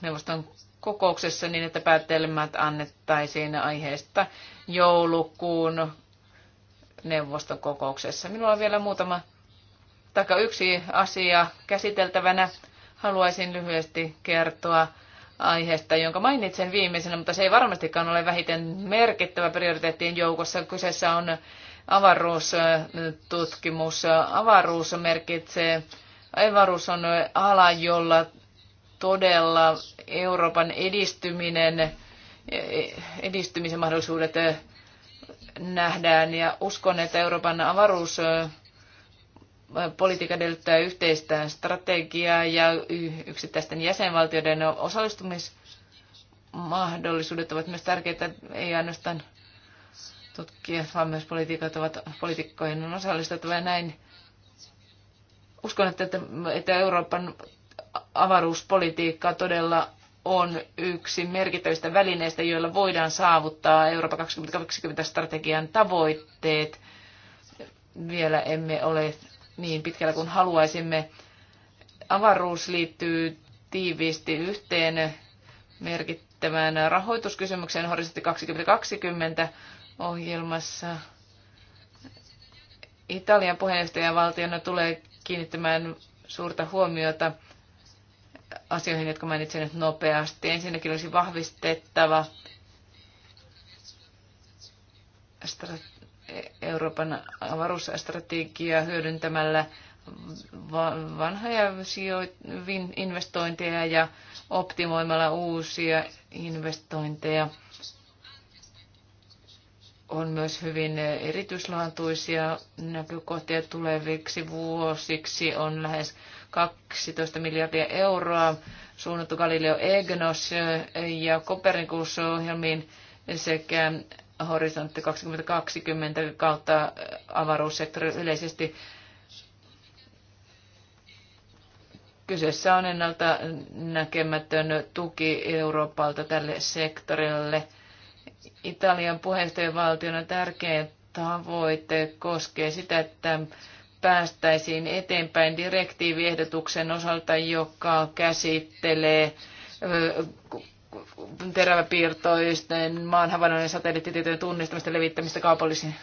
neuvoston kokouksessa niin, että päätelmät annettaisiin aiheesta joulukuun neuvoston kokouksessa. Minulla on vielä muutama taka yksi asia käsiteltävänä. Haluaisin lyhyesti kertoa aiheesta, jonka mainitsen viimeisenä, mutta se ei varmastikaan ole vähiten merkittävä prioriteettien joukossa. Kyseessä on avaruustutkimus. Avaruus merkitsee, avaruus on ala, jolla todella Euroopan edistyminen, edistymisen mahdollisuudet nähdään ja uskon, että Euroopan avaruus politiikka edellyttää yhteistä strategiaa ja yksittäisten jäsenvaltioiden osallistumismahdollisuudet ovat myös tärkeitä, ei ainoastaan tutkijat, vaan myös poliitikot ovat poliitikkoihin on osallistuttava ja näin. Uskon, että, että Euroopan avaruuspolitiikka todella on yksi merkittävistä välineistä, joilla voidaan saavuttaa Eurooppa 2020 strategian tavoitteet. Vielä emme ole niin pitkällä kuin haluaisimme. Avaruus liittyy tiiviisti yhteen merkittävään rahoituskysymykseen Horisontti 2020 ohjelmassa. Italian puheenjohtajavaltiona tulee kiinnittämään suurta huomiota – asioihin, jotka mainitsin nyt nopeasti. Ensinnäkin olisi vahvistettava Euroopan avaruusstrategia hyödyntämällä vanhoja investointeja ja optimoimalla uusia investointeja. On myös hyvin erityislaatuisia näkökohtia tuleviksi vuosiksi. On lähes 12 miljardia euroa suunnattu Galileo Egnos ja Copernicus-ohjelmiin sekä Horisontti 2020 kautta avaruussektori yleisesti. Kyseessä on ennalta näkemätön tuki Euroopalta tälle sektorille. Italian puheenjohtajavaltiona tärkeä tavoite koskee sitä, että päästäisiin eteenpäin direktiiviehdotuksen osalta, joka käsittelee teräväpiirtoisten ja satelliittitietojen tunnistamista ja levittämistä kaupallisiin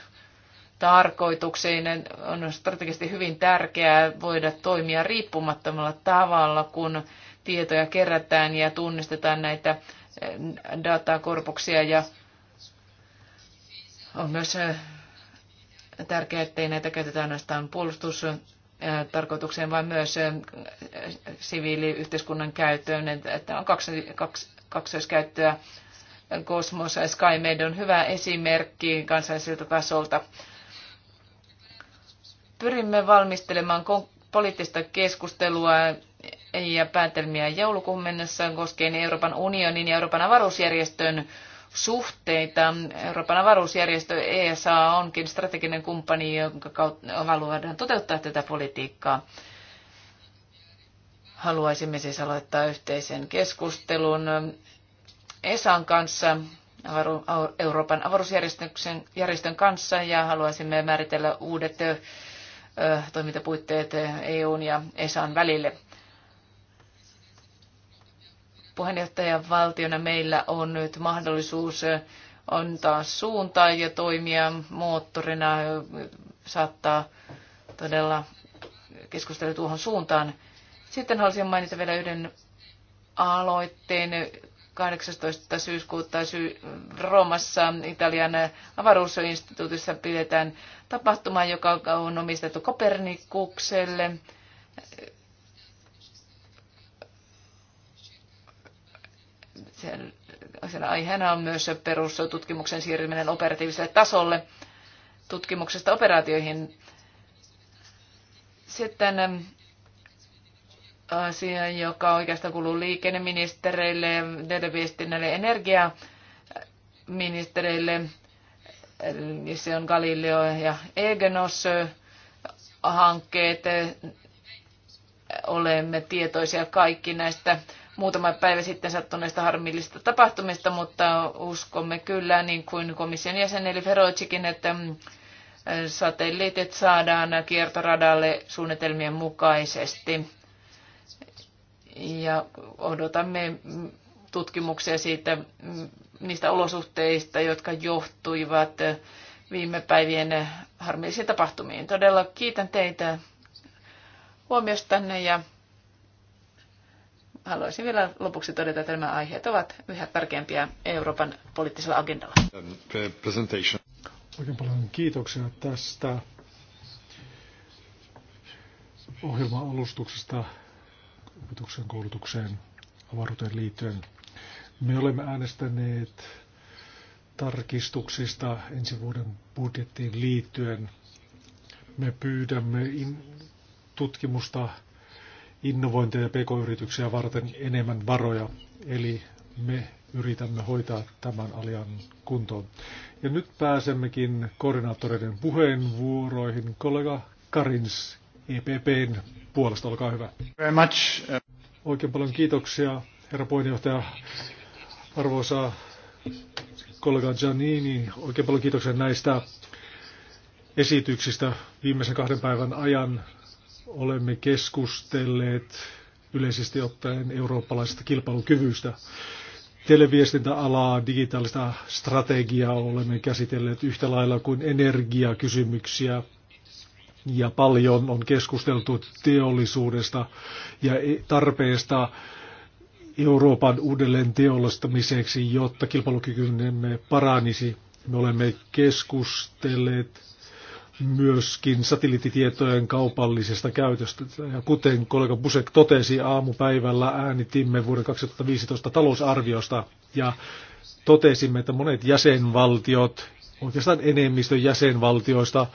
tarkoituksiin. On strategisesti hyvin tärkeää voida toimia riippumattomalla tavalla, kun tietoja kerätään ja tunnistetaan näitä datakorpuksia ja on myös tärkeää, ettei näitä käytetä ainoastaan puolustustarkoitukseen, vaan myös siviiliyhteiskunnan käyttöön. Että on kaksi, kaksi, kaksoiskäyttöä. Cosmos ja SkyMed on hyvä esimerkki kansalliselta tasolta. Pyrimme valmistelemaan poliittista keskustelua ja päätelmiä joulukuun mennessä koskien Euroopan unionin ja Euroopan avaruusjärjestön suhteita. Euroopan avaruusjärjestö ESA onkin strateginen kumppani, jonka kautta haluamme toteuttaa tätä politiikkaa. Haluaisimme siis aloittaa yhteisen keskustelun ESAn kanssa, Euroopan avaruusjärjestön kanssa, ja haluaisimme määritellä uudet toimintapuitteet EUn ja ESAn välille. Puheenjohtajan valtiona meillä on nyt mahdollisuus antaa suuntaa ja toimia moottorina, saattaa todella keskustelu tuohon suuntaan. Sitten haluaisin mainita vielä yhden aloitteen 18. syyskuuta Roomassa Italian avaruusinstituutissa pidetään tapahtuma, joka on omistettu Kopernikukselle. sen aiheena on myös perustutkimuksen siirtyminen operatiiviselle tasolle tutkimuksesta operaatioihin. Sitten ähm, asia, joka oikeastaan kuuluu liikenneministereille, televiestinnälle, energiaministereille. Se on Galileo ja Egenos äh, hankkeet. Olemme tietoisia kaikki näistä muutama päivä sitten sattuneista harmillista tapahtumista, mutta uskomme kyllä, niin kuin komission jäsen eli Feroitsikin, että mm, satelliitit saadaan kiertoradalle suunnitelmien mukaisesti. Ja odotamme mm, tutkimuksia siitä, mm, niistä olosuhteista, jotka johtuivat viime päivien harmillisiin tapahtumiin. Todella kiitän teitä huomiostanne ja haluaisin vielä lopuksi todeta, että nämä aiheet ovat yhä tärkeämpiä Euroopan poliittisella agendalla. Um, Oikein paljon kiitoksia tästä ohjelma-alustuksesta opetuksen, koulutukseen, avaruuteen liittyen. Me olemme äänestäneet tarkistuksista ensi vuoden budjettiin liittyen. Me pyydämme tutkimusta innovointeja ja pk-yrityksiä varten enemmän varoja. Eli me yritämme hoitaa tämän alian kuntoon. Ja nyt pääsemmekin koordinaattoreiden puheenvuoroihin. Kollega Karins EPPn puolesta, olkaa hyvä. Very much. Oikein paljon kiitoksia, herra puheenjohtaja. Arvoisa kollega Giannini, oikein paljon kiitoksia näistä esityksistä viimeisen kahden päivän ajan olemme keskustelleet yleisesti ottaen eurooppalaisesta kilpailukyvystä. Televiestintäalaa, digitaalista strategiaa olemme käsitelleet yhtä lailla kuin energiakysymyksiä. Ja paljon on keskusteltu teollisuudesta ja e- tarpeesta Euroopan uudelleen teollistamiseksi, jotta kilpailukykymme paranisi. Me olemme keskustelleet myöskin satelliittitietojen kaupallisesta käytöstä. Ja kuten kollega Busek totesi, aamupäivällä äänitimme vuoden 2015 talousarviosta ja totesimme, että monet jäsenvaltiot, oikeastaan enemmistö jäsenvaltioista,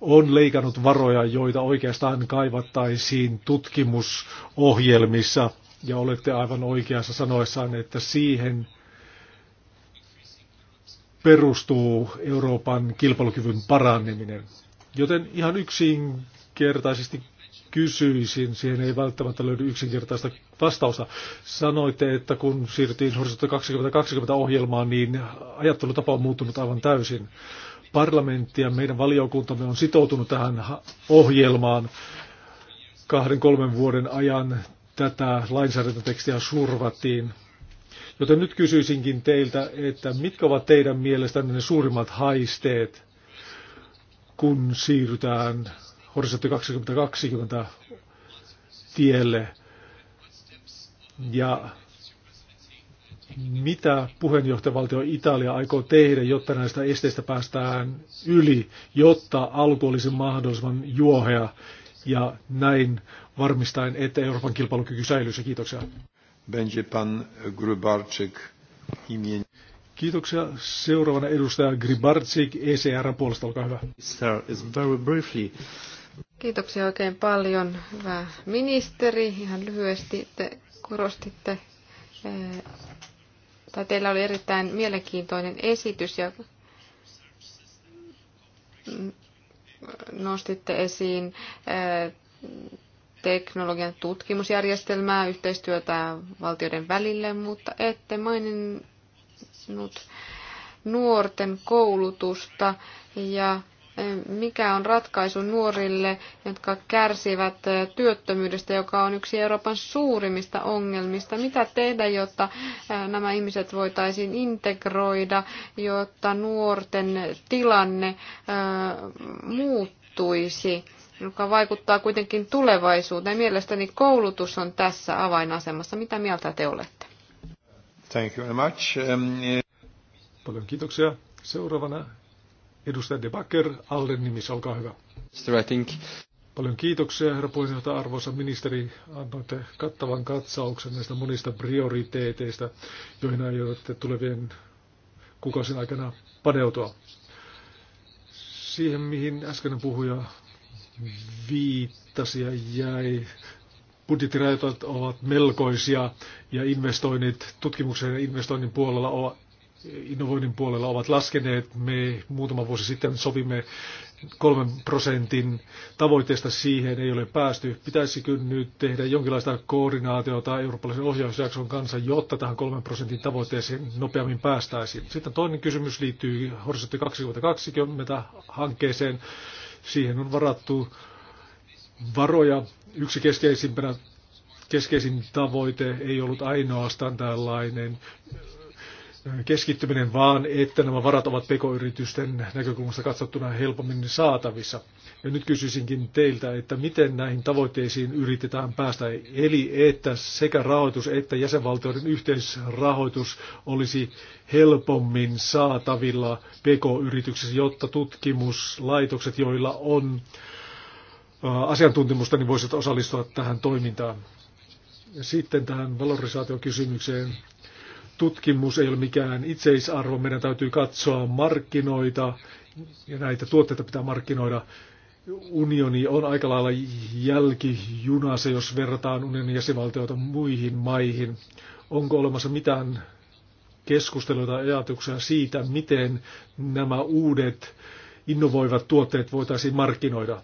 on leikannut varoja, joita oikeastaan kaivattaisiin tutkimusohjelmissa. Ja olette aivan oikeassa sanoissaan, että siihen perustuu Euroopan kilpailukyvyn paranneminen. Joten ihan yksinkertaisesti kysyisin, siihen ei välttämättä löydy yksinkertaista vastausta. Sanoitte, että kun siirryttiin Horisontti 2020 ohjelmaan, niin ajattelutapa on muuttunut aivan täysin. Parlamentti ja meidän valiokuntamme on sitoutunut tähän ohjelmaan kahden kolmen vuoden ajan tätä lainsäädäntötekstiä survattiin Joten nyt kysyisinkin teiltä, että mitkä ovat teidän mielestänne ne suurimmat haisteet, kun siirrytään horisontti 2020 tielle? Ja mitä puheenjohtajavaltio Italia aikoo tehdä, jotta näistä esteistä päästään yli, jotta alku olisi mahdollisimman juohea ja näin varmistaen, että Euroopan kilpailukyky säilyisi. Kiitoksia będzie pan Grubarczyk Kiitoksia. Seuraavana edustaja Gribarczyk ECRn puolesta, olkaa hyvä. Kiitoksia oikein paljon, hyvä ministeri. Ihan lyhyesti te korostitte, eh, tai teillä oli erittäin mielenkiintoinen esitys ja mm, nostitte esiin eh, teknologian tutkimusjärjestelmää, yhteistyötä valtioiden välille, mutta ette maininnut nuorten koulutusta ja e, mikä on ratkaisu nuorille, jotka kärsivät e, työttömyydestä, joka on yksi Euroopan suurimmista ongelmista. Mitä tehdä, jotta e, nämä ihmiset voitaisiin integroida, jotta nuorten tilanne muuttuisi? joka vaikuttaa kuitenkin tulevaisuuteen. Mielestäni koulutus on tässä avainasemassa. Mitä mieltä te olette? Thank you very much. Um, yeah. Paljon kiitoksia. Seuraavana edustaja De Backer, Alden nimis, olkaa hyvä. Mr. I think. Paljon kiitoksia, herra puheenjohtaja, arvoisa ministeri. Annoitte kattavan katsauksen näistä monista prioriteeteista, joihin aiotte tulevien kuukausien aikana paneutua. Siihen, mihin äskeinen puhuja viittasi ja jäi. Budjettirajoitot ovat melkoisia ja investoinnit tutkimuksen ja investoinnin puolella ovat innovoinnin puolella ovat laskeneet. Me muutama vuosi sitten sovimme kolmen prosentin tavoitteesta siihen ei ole päästy. Pitäisikö nyt tehdä jonkinlaista koordinaatiota eurooppalaisen ohjausjakson kanssa, jotta tähän kolmen prosentin tavoitteeseen nopeammin päästäisiin? Sitten toinen kysymys liittyy Horisontti 2020 hankkeeseen. Siihen on varattu varoja. Yksi keskeisimpänä keskeisin tavoite ei ollut ainoastaan tällainen keskittyminen, vaan että nämä varat ovat pekoyritysten yritysten näkökulmasta katsottuna helpommin saatavissa. Ja nyt kysyisinkin teiltä, että miten näihin tavoitteisiin yritetään päästä, eli että sekä rahoitus että jäsenvaltioiden yhteisrahoitus olisi helpommin saatavilla pekoyrityksissä, yrityksissä jotta tutkimuslaitokset, joilla on asiantuntemusta, niin voisivat osallistua tähän toimintaan. Sitten tähän valorisaatiokysymykseen tutkimus ei ole mikään itseisarvo. Meidän täytyy katsoa markkinoita ja näitä tuotteita pitää markkinoida. Unioni on aika lailla jälkijunassa, jos verrataan unionin jäsenvaltioita muihin maihin. Onko olemassa mitään keskusteluita ja ajatuksia siitä, miten nämä uudet innovoivat tuotteet voitaisiin markkinoida?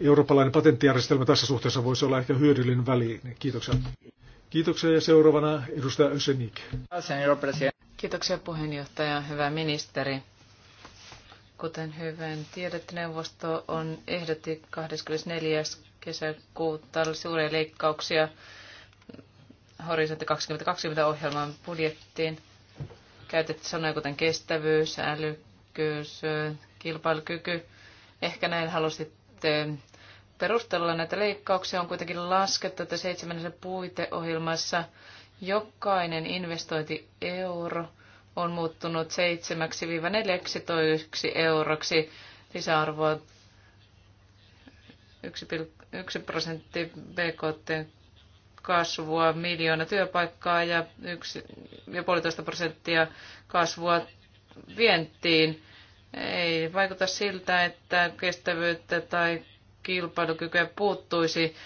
eurooppalainen patenttijärjestelmä tässä suhteessa voisi olla ehkä hyödyllinen väliin. Kiitoksia. Kiitoksia ja seuraavana edustaja Ösenik. Kiitoksia puheenjohtaja, hyvä ministeri. Kuten hyvän tiedätte, neuvosto on ehdotti 24. kesäkuuta suuria leikkauksia Horisontti 2020 ohjelman budjettiin. Käytetty sanoja kuten kestävyys, älykkyys, kilpailukyky. Ehkä näin halusitte perustella näitä leikkauksia on kuitenkin laskettu, että seitsemännessä puiteohjelmassa jokainen investointi euro on muuttunut 7-14 euroksi lisäarvoa 1 prosentti BKT kasvua, miljoona työpaikkaa ja, yksi, prosenttia kasvua vientiin. Ei vaikuta siltä, että kestävyyttä tai kilpailukykyä puuttuisi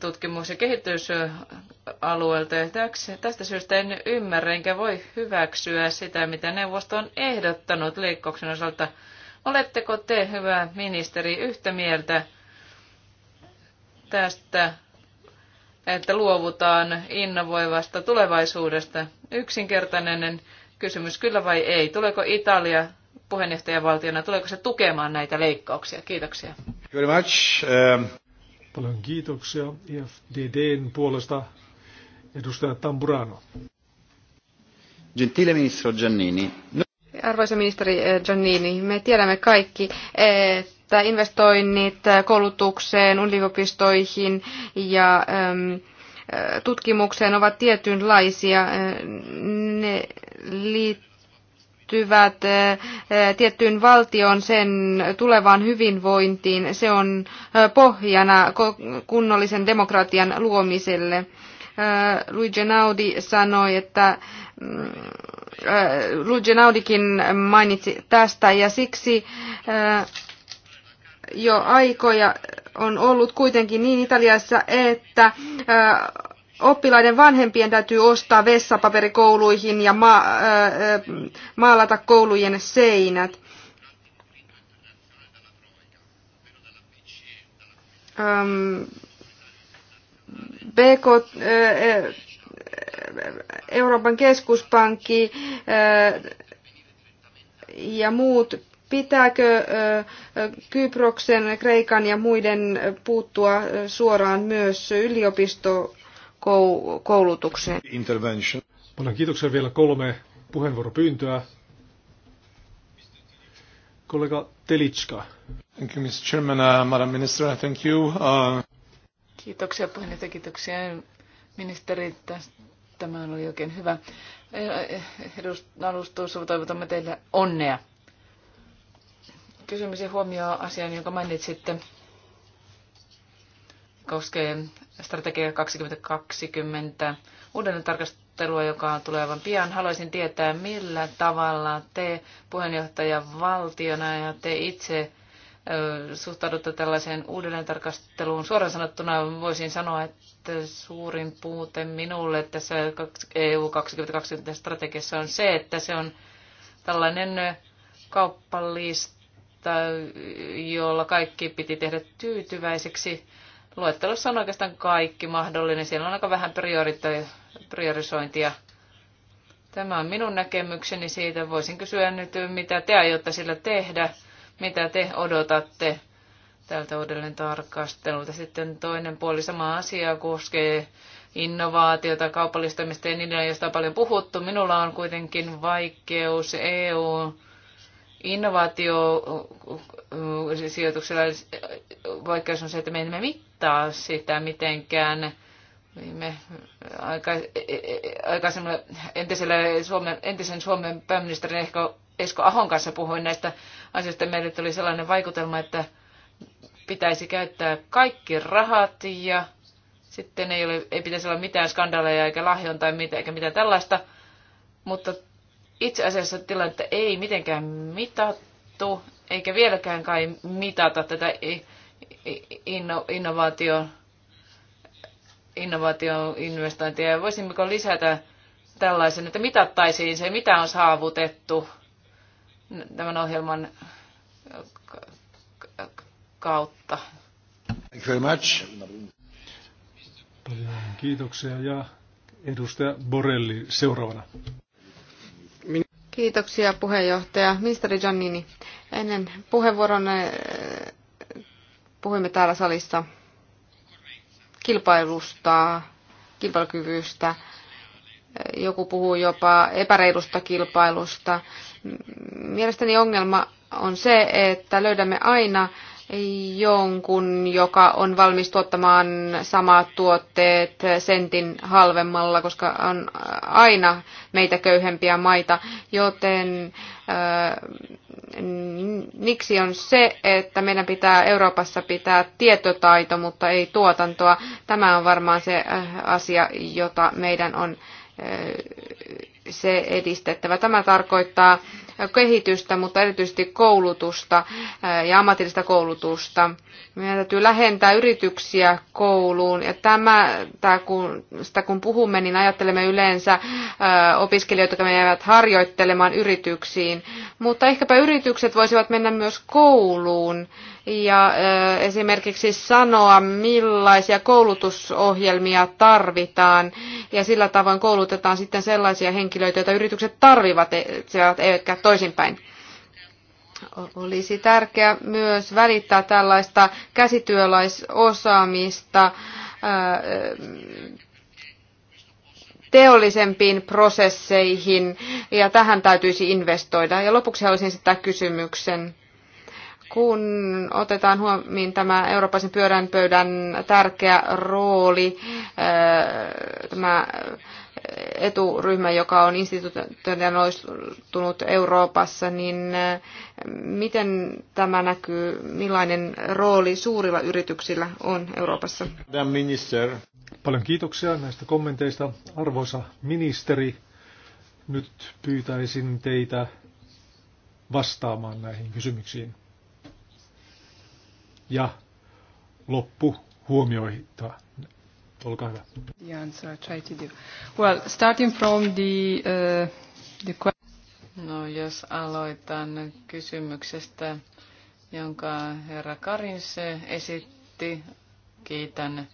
tutkimus- ja kehitysalueelta. Ja tästä syystä en ymmärrä enkä voi hyväksyä sitä, mitä neuvosto on ehdottanut leikkauksen osalta. Oletteko te, hyvä ministeri, yhtä mieltä tästä, että luovutaan innovoivasta tulevaisuudesta? Yksinkertainen kysymys, kyllä vai ei? Tuleeko Italia puheenjohtajavaltiona, tuleeko se tukemaan näitä leikkauksia? Kiitoksia. Very much. Um... Paljon kiitoksia IFDDn puolesta edustaja Tamburano. Gentile ministro Giannini. No... Arvoisa ministeri eh, Giannini, me tiedämme kaikki, että investoinnit eh, koulutukseen, yliopistoihin ja eh, tutkimukseen ovat tietynlaisia. Ne liittyvät liittyvät eh, eh, tiettyyn valtion sen tulevaan hyvinvointiin. Se on eh, pohjana kunnollisen demokratian luomiselle. Luigi Naudi sanoi, että mm, Luigi Naudikin mainitsi tästä ja siksi jo aikoja on ollut kuitenkin niin Italiassa, että oppilaiden vanhempien täytyy ostaa vessapaperi kouluihin ja ma- äh, äh, maalata koulujen seinät. Ähm, BK, äh, Euroopan keskuspankki ja muut, pitääkö Kyproksen, Kreikan ja muiden puuttua suoraan myös yliopisto koulutukseen. Intervention. kiitoksia vielä kolme puheenvuoropyyntöä. Kollega Telitska. Thank you, Mr. Chairman. Uh, Madam Minister, thank you. Uh... Kiitoksia puheenjohtaja, kiitoksia ministeri. Tämä oli oikein hyvä eh, eh, Alustuussa Toivotamme teille onnea. Kysymys ja huomio asian, jonka mainitsitte koskee strategia 2020 uudelleen tarkastelua, joka tulee aivan pian. Haluaisin tietää, millä tavalla te puheenjohtaja valtiona ja te itse suhtaudutte tällaiseen uudelleentarkasteluun. Suoraan sanottuna voisin sanoa, että suurin puute minulle tässä EU 2020 strategiassa on se, että se on tällainen kauppalista, jolla kaikki piti tehdä tyytyväiseksi. Luettelossa on oikeastaan kaikki mahdollinen. Siellä on aika vähän priorisointia. Tämä on minun näkemykseni siitä. Voisin kysyä nyt, mitä te aiotte sillä tehdä, mitä te odotatte tältä uudelleen tarkastelulta. Sitten toinen puoli sama asia koskee innovaatiota, kaupallistamista ja niiden, josta on paljon puhuttu. Minulla on kuitenkin vaikeus EU innovaatio sijoituksella vaikeus on se, että me emme vertaa sitä mitenkään viime aika, e, e, aika entisellä Suomen, entisen Suomen pääministerin ehkä Esko Ahon kanssa puhuin näistä asioista. Meille tuli sellainen vaikutelma, että pitäisi käyttää kaikki rahat ja sitten ei, ole, ei pitäisi olla mitään skandaaleja eikä tai mitään, eikä mitään tällaista. Mutta itse asiassa tilannetta ei mitenkään mitattu, eikä vieläkään kai mitata tätä ei, inno, innovaatio, ja Voisimmeko lisätä tällaisen, että mitattaisiin se, mitä on saavutettu tämän ohjelman kautta. Thank you very much. Paljon kiitoksia ja edustaja Borelli seuraavana. Kiitoksia puheenjohtaja. Ministeri Giannini, ennen puheenvuoron Puhuimme täällä salissa kilpailusta, kilpailukyvystä. Joku puhuu jopa epäreilusta kilpailusta. Mielestäni ongelma on se, että löydämme aina jonkun, joka on valmis tuottamaan samat tuotteet sentin halvemmalla, koska on aina meitä köyhempiä maita, joten miksi on se, että meidän pitää Euroopassa pitää tietotaito, mutta ei tuotantoa. Tämä on varmaan se äh, asia, jota meidän on äh, se edistettävä. Tämä tarkoittaa kehitystä, mutta erityisesti koulutusta ja ammatillista koulutusta. Meidän täytyy lähentää yrityksiä kouluun ja tämä, tämä kun, sitä kun puhumme, niin ajattelemme yleensä opiskelijoita, jotka menevät harjoittelemaan yrityksiin, mutta ehkäpä yritykset voisivat mennä myös kouluun ja esimerkiksi sanoa, millaisia koulutusohjelmia tarvitaan. Ja sillä tavoin koulutetaan sitten sellaisia henkilöitä, joita yritykset tarvivat, e, eivätkä toisinpäin. Olisi tärkeää myös välittää tällaista käsityölaisosaamista teollisempiin prosesseihin, ja tähän täytyisi investoida. Ja lopuksi haluaisin sitä kysymyksen kun otetaan huomioon tämä Euroopan pyörän pöydän tärkeä rooli, eh, tämä eturyhmä, joka on institutionaalistunut Euroopassa, niin eh, miten tämä näkyy, millainen rooli suurilla yrityksillä on Euroopassa? Minister. Paljon kiitoksia näistä kommenteista. Arvoisa ministeri, nyt pyytäisin teitä vastaamaan näihin kysymyksiin ja loppu huomioita. Olkaa hyvä. The answer I try to do. Well, starting from the, uh, the No jos aloitan kysymyksestä, jonka herra Karins esitti. Kiitän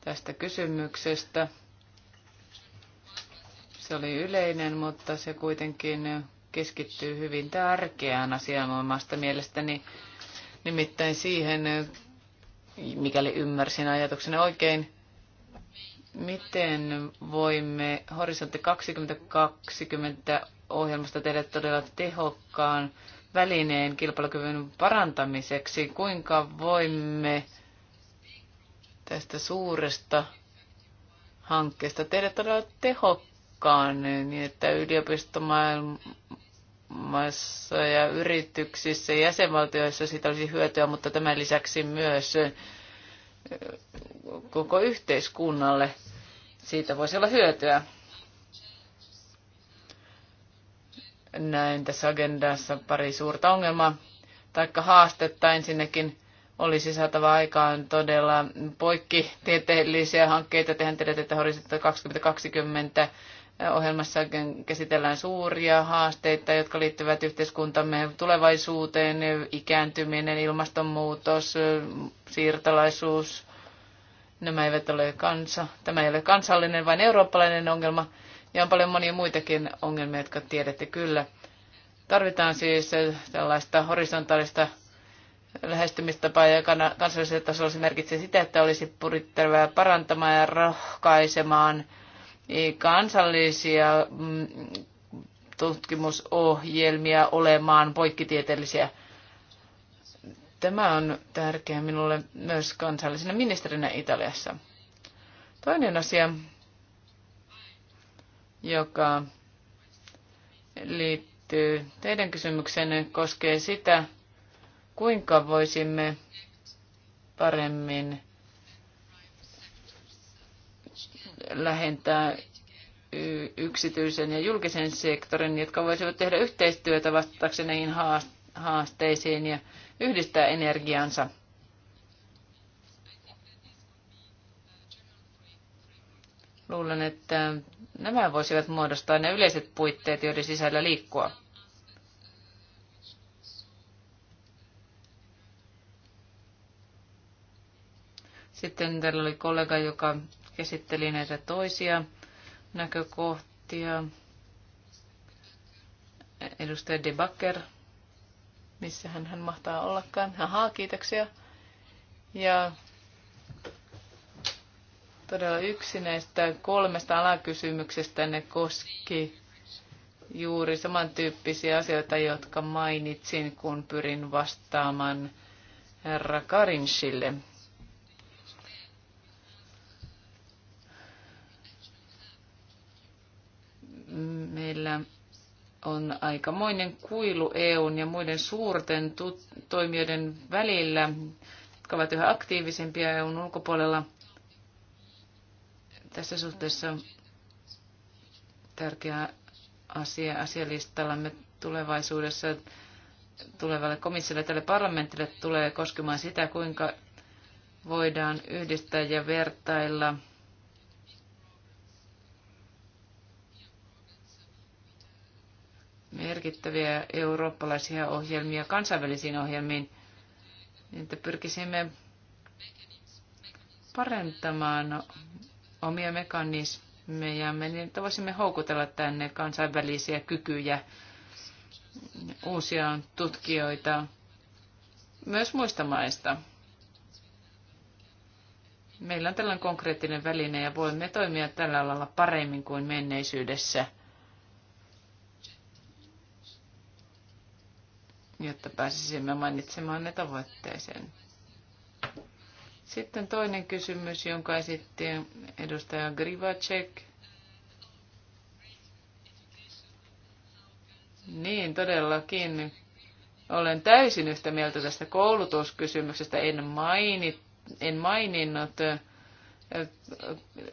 tästä kysymyksestä. Se oli yleinen, mutta se kuitenkin keskittyy hyvin tärkeään asiaan omasta mielestäni. Niin Nimittäin siihen, mikäli ymmärsin ajatuksena oikein, miten voimme Horisontti 2020 ohjelmasta tehdä todella tehokkaan välineen kilpailukyvyn parantamiseksi? Kuinka voimme tästä suuresta hankkeesta tehdä todella tehokkaan niin, että yliopistomaailma maissa ja yrityksissä ja jäsenvaltioissa siitä olisi hyötyä, mutta tämän lisäksi myös koko yhteiskunnalle siitä voisi olla hyötyä. Näin tässä agendassa pari suurta ongelmaa taikka haastetta ensinnäkin olisi saatava aikaan todella poikkitieteellisiä hankkeita. Tehän tiedät, että Horisontti 2020 Ohjelmassa käsitellään suuria haasteita, jotka liittyvät yhteiskuntamme tulevaisuuteen, ikääntyminen, ilmastonmuutos, siirtolaisuus. Nämä eivät ole kansa. Tämä ei ole kansallinen, vaan eurooppalainen ongelma. Ja on paljon monia muitakin ongelmia, jotka tiedätte kyllä. Tarvitaan siis tällaista horisontaalista lähestymistapaa joka kansallisella tasolla se merkitsee sitä, että olisi pyrittävää parantamaan ja rohkaisemaan – kansallisia mm, tutkimusohjelmia olemaan poikkitieteellisiä. Tämä on tärkeää minulle myös kansallisena ministerinä Italiassa. Toinen asia, joka liittyy teidän kysymykseenne, koskee sitä, kuinka voisimme paremmin lähentää yksityisen ja julkisen sektorin, jotka voisivat tehdä yhteistyötä vastatakseen näihin haasteisiin ja yhdistää energiansa. Luulen, että nämä voisivat muodostaa ne yleiset puitteet, joiden sisällä liikkua. Sitten täällä oli kollega, joka käsitteli näitä toisia näkökohtia. Edustaja Debacker, missä hän, hän mahtaa ollakaan. Ahaa, kiitoksia. Ja todella yksi näistä kolmesta alakysymyksestä ne koski juuri samantyyppisiä asioita, jotka mainitsin, kun pyrin vastaamaan herra Karinsille. meillä on aikamoinen kuilu EUn ja muiden suurten toimijoiden välillä, jotka ovat yhä aktiivisempia EUn ulkopuolella. Tässä suhteessa tärkeä asia asialistallamme tulevaisuudessa tulevalle komissiolle tälle parlamentille tulee koskemaan sitä, kuinka voidaan yhdistää ja vertailla – merkittäviä eurooppalaisia ohjelmia kansainvälisiin ohjelmiin, niin että pyrkisimme parantamaan omia mekanismejamme, niin että voisimme houkutella tänne kansainvälisiä kykyjä, uusia tutkijoita, myös muista maista. Meillä on tällainen konkreettinen väline ja voimme toimia tällä alalla paremmin kuin menneisyydessä – jotta pääsisimme mainitsemaan ne tavoitteeseen. Sitten toinen kysymys, jonka esitti edustaja Grivacek. Niin, todellakin. Olen täysin yhtä mieltä tästä koulutuskysymyksestä. En, maini, en maininnut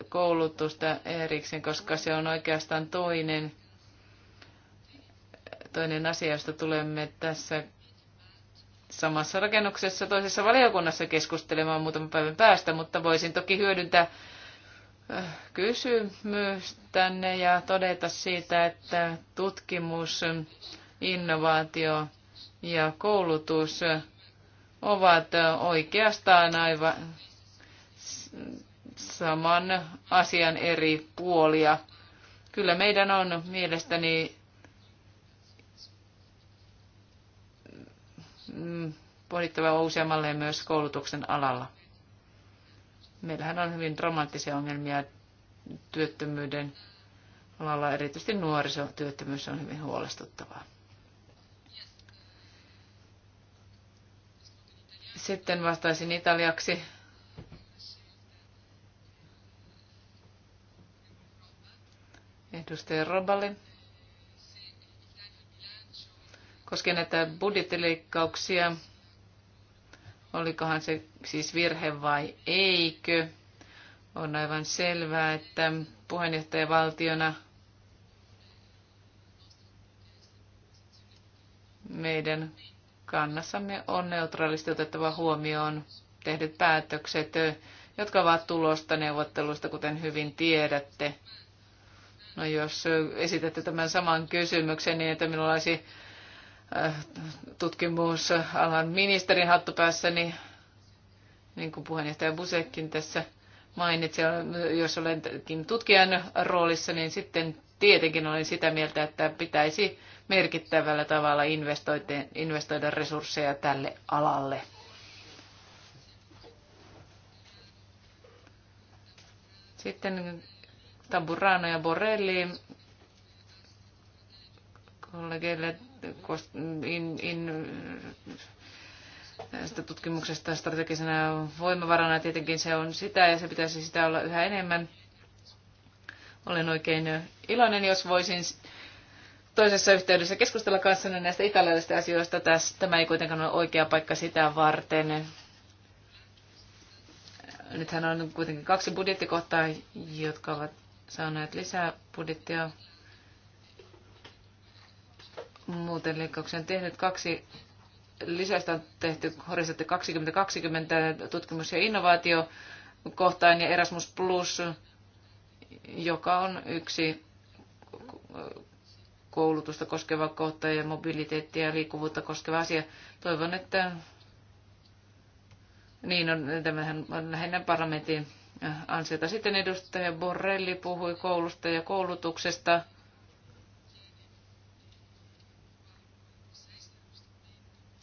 koulutusta erikseen, koska se on oikeastaan toinen toinen asia, josta tulemme tässä samassa rakennuksessa toisessa valiokunnassa keskustelemaan muutaman päivän päästä, mutta voisin toki hyödyntää äh, kysymystänne ja todeta siitä, että tutkimus, innovaatio ja koulutus ovat oikeastaan aivan saman asian eri puolia. Kyllä meidän on mielestäni Mm, pohdittava uusia myös koulutuksen alalla. Meillähän on hyvin dramaattisia ongelmia työttömyyden alalla, erityisesti nuorisotyöttömyys on hyvin huolestuttavaa. Sitten vastaisin italiaksi. Edustaja Robalin koskien näitä budjettileikkauksia. Olikohan se siis virhe vai eikö? On aivan selvää, että puheenjohtajavaltiona meidän kannassamme on neutraalisti otettava huomioon tehdyt päätökset, jotka ovat tulosta neuvotteluista, kuten hyvin tiedätte. No jos esitätte tämän saman kysymyksen niin, että minulla olisi Äh, tutkimusalan ministerin päässä, niin kuin puheenjohtaja Busekkin tässä mainitsi, jos olenkin tutkijan roolissa, niin sitten tietenkin olen sitä mieltä, että pitäisi merkittävällä tavalla investoida resursseja tälle alalle. Sitten Taburano ja Borrelli kollegeille in, in, tästä tutkimuksesta strategisena voimavarana. Tietenkin se on sitä ja se pitäisi sitä olla yhä enemmän. Olen oikein iloinen, jos voisin toisessa yhteydessä keskustella kanssanne näistä italialaisista asioista. Tämä ei kuitenkaan ole oikea paikka sitä varten. Nythän on kuitenkin kaksi budjettikohtaa, jotka ovat saaneet lisää budjettia muuten leikkauksia on tehnyt. Kaksi lisäystä on tehty Horisontti 2020 tutkimus- ja innovaatio kohtaan ja Erasmus Plus, joka on yksi koulutusta koskeva kohta ja mobiliteettia ja liikkuvuutta koskeva asia. Toivon, että niin on, tämähän lähinnä parlamentin ansiota. Sitten edustaja Borrelli puhui koulusta ja koulutuksesta.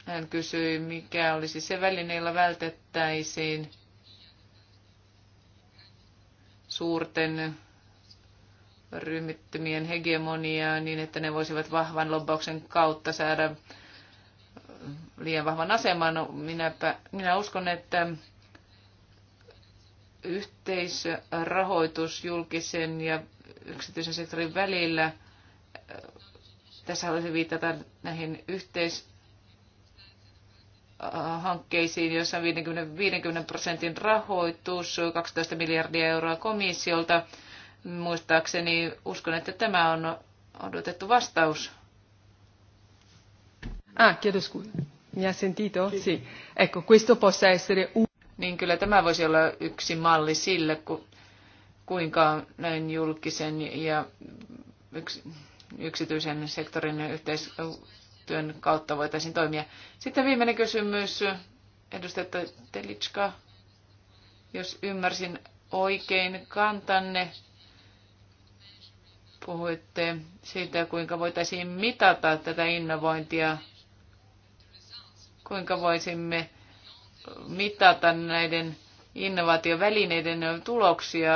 Hän kysyi, mikä olisi se väline, jolla vältettäisiin suurten ryhmittymien hegemoniaa niin, että ne voisivat vahvan lobbauksen kautta saada liian vahvan aseman. Minäpä, minä uskon, että yhteisrahoitus julkisen ja yksityisen sektorin välillä, tässä haluaisin viitata näihin yhteis, hankkeisiin, joissa on 50, prosentin rahoitus, 12 miljardia euroa komissiolta. Muistaakseni uskon, että tämä on odotettu vastaus. Ah, chiedo scusa. Mi ha sentito? Sì. Ecco, questo possa essere un... Niin kyllä tämä voisi olla yksi malli sille, ku, kuinka näin julkisen ja yks, yksityisen sektorin yhteis, yhteistyön kautta voitaisiin toimia. Sitten viimeinen kysymys, edustaja Telitska, jos ymmärsin oikein kantanne, puhuitte siitä, kuinka voitaisiin mitata tätä innovointia, kuinka voisimme mitata näiden innovaatiovälineiden tuloksia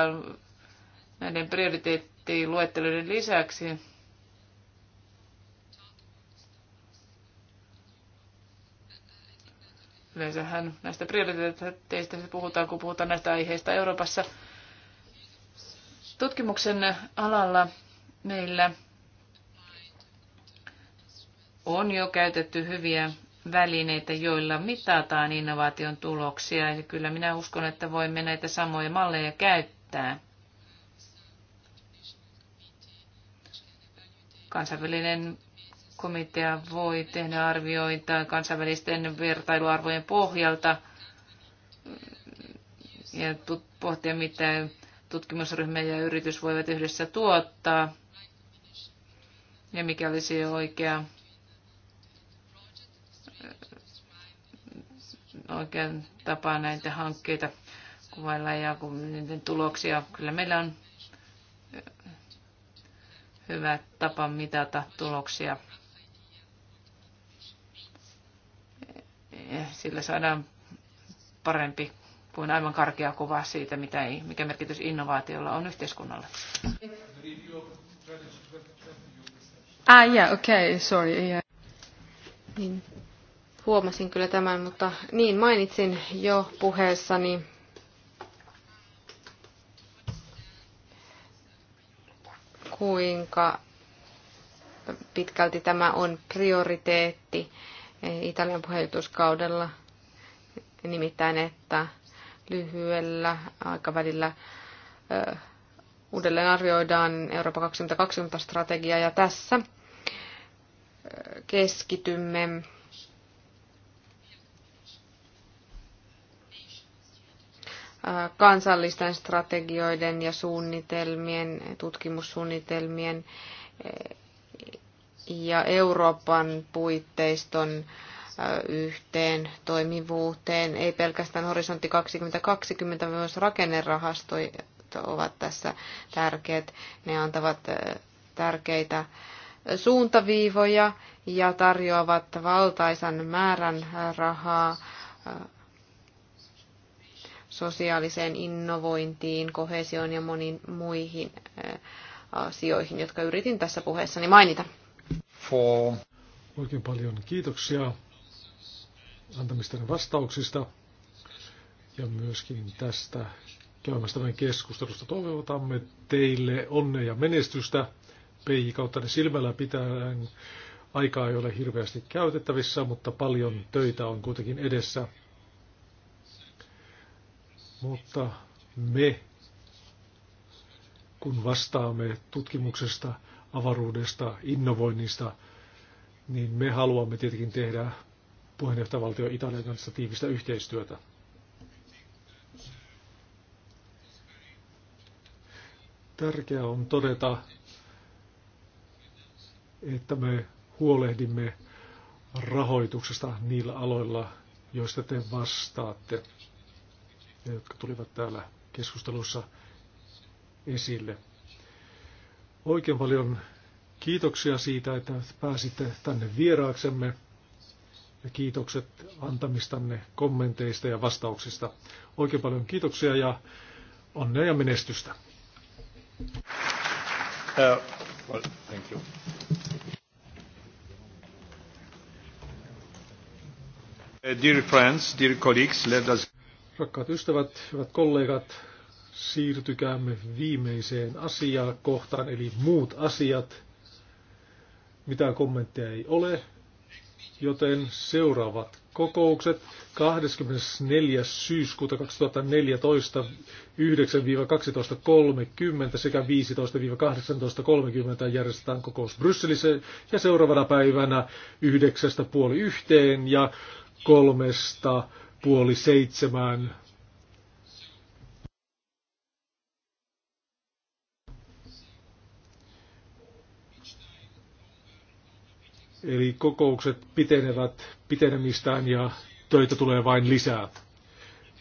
näiden prioriteettiluetteluiden lisäksi Yleensähän näistä prioriteetteista puhutaan, kun puhutaan näistä aiheista Euroopassa. Tutkimuksen alalla meillä on jo käytetty hyviä välineitä, joilla mitataan innovaation tuloksia. Ja kyllä minä uskon, että voimme näitä samoja malleja käyttää. Kansainvälinen komitea voi tehdä arvioita kansainvälisten vertailuarvojen pohjalta ja pohtia, mitä tutkimusryhmä ja yritys voivat yhdessä tuottaa ja mikä olisi oikea, oikea tapa näitä hankkeita kuvailla ja niiden tuloksia. Kyllä meillä on hyvä tapa mitata tuloksia. sillä saadaan parempi kuin aivan karkea kuva siitä, mitä ei, mikä merkitys innovaatiolla on yhteiskunnalle. Ah, yeah, okay, sorry. Yeah. Niin, huomasin kyllä tämän, mutta niin mainitsin jo puheessani. kuinka pitkälti tämä on prioriteetti Italian puheenjohtajuuskaudella, nimittäin että lyhyellä aikavälillä uudelleen arvioidaan Euroopan 2020-strategiaa ja tässä keskitymme kansallisten strategioiden ja suunnitelmien, tutkimussuunnitelmien ja Euroopan puitteiston yhteen toimivuuteen. Ei pelkästään horisontti 2020, vaan myös rakennerahastot ovat tässä tärkeät. Ne antavat tärkeitä suuntaviivoja ja tarjoavat valtaisan määrän rahaa sosiaaliseen innovointiin, kohesioon ja moniin muihin asioihin, jotka yritin tässä puheessani mainita. For... Oikein paljon kiitoksia antamisten vastauksista ja myöskin tästä käymästämme keskustelusta. Toivotamme teille onnea ja menestystä. PI kautta ne silmällä pitäen aikaa ei ole hirveästi käytettävissä, mutta paljon töitä on kuitenkin edessä. Mutta me, kun vastaamme tutkimuksesta, avaruudesta, innovoinnista, niin me haluamme tietenkin tehdä puheenjohtajavaltio Italian kanssa tiivistä yhteistyötä. Tärkeää on todeta, että me huolehdimme rahoituksesta niillä aloilla, joista te vastaatte, ja jotka tulivat täällä keskustelussa esille. Oikein paljon kiitoksia siitä, että pääsitte tänne vieraaksemme ja kiitokset antamistanne kommenteista ja vastauksista. Oikein paljon kiitoksia ja onnea ja menestystä. Uh, well, thank you. Uh, dear friends, dear colleagues, let us... Rakkaat ystävät, hyvät kollegat, siirtykäämme viimeiseen asiaan kohtaan, eli muut asiat. Mitään kommentteja ei ole, joten seuraavat kokoukset 24. syyskuuta 2014 9-12.30 sekä 15-18.30 järjestetään kokous Brysselissä ja seuraavana päivänä 9.30 ja kolmesta puoli seitsemään Eli kokoukset pitenevät pitenemistään ja töitä tulee vain lisää.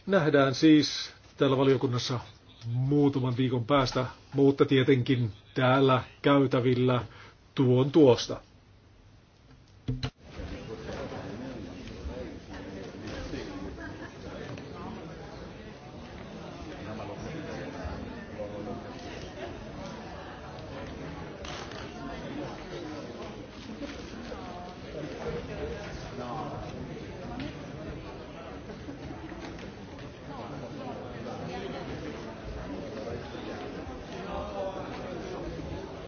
Nähdään siis täällä valiokunnassa muutaman viikon päästä, mutta tietenkin täällä käytävillä tuon tuosta.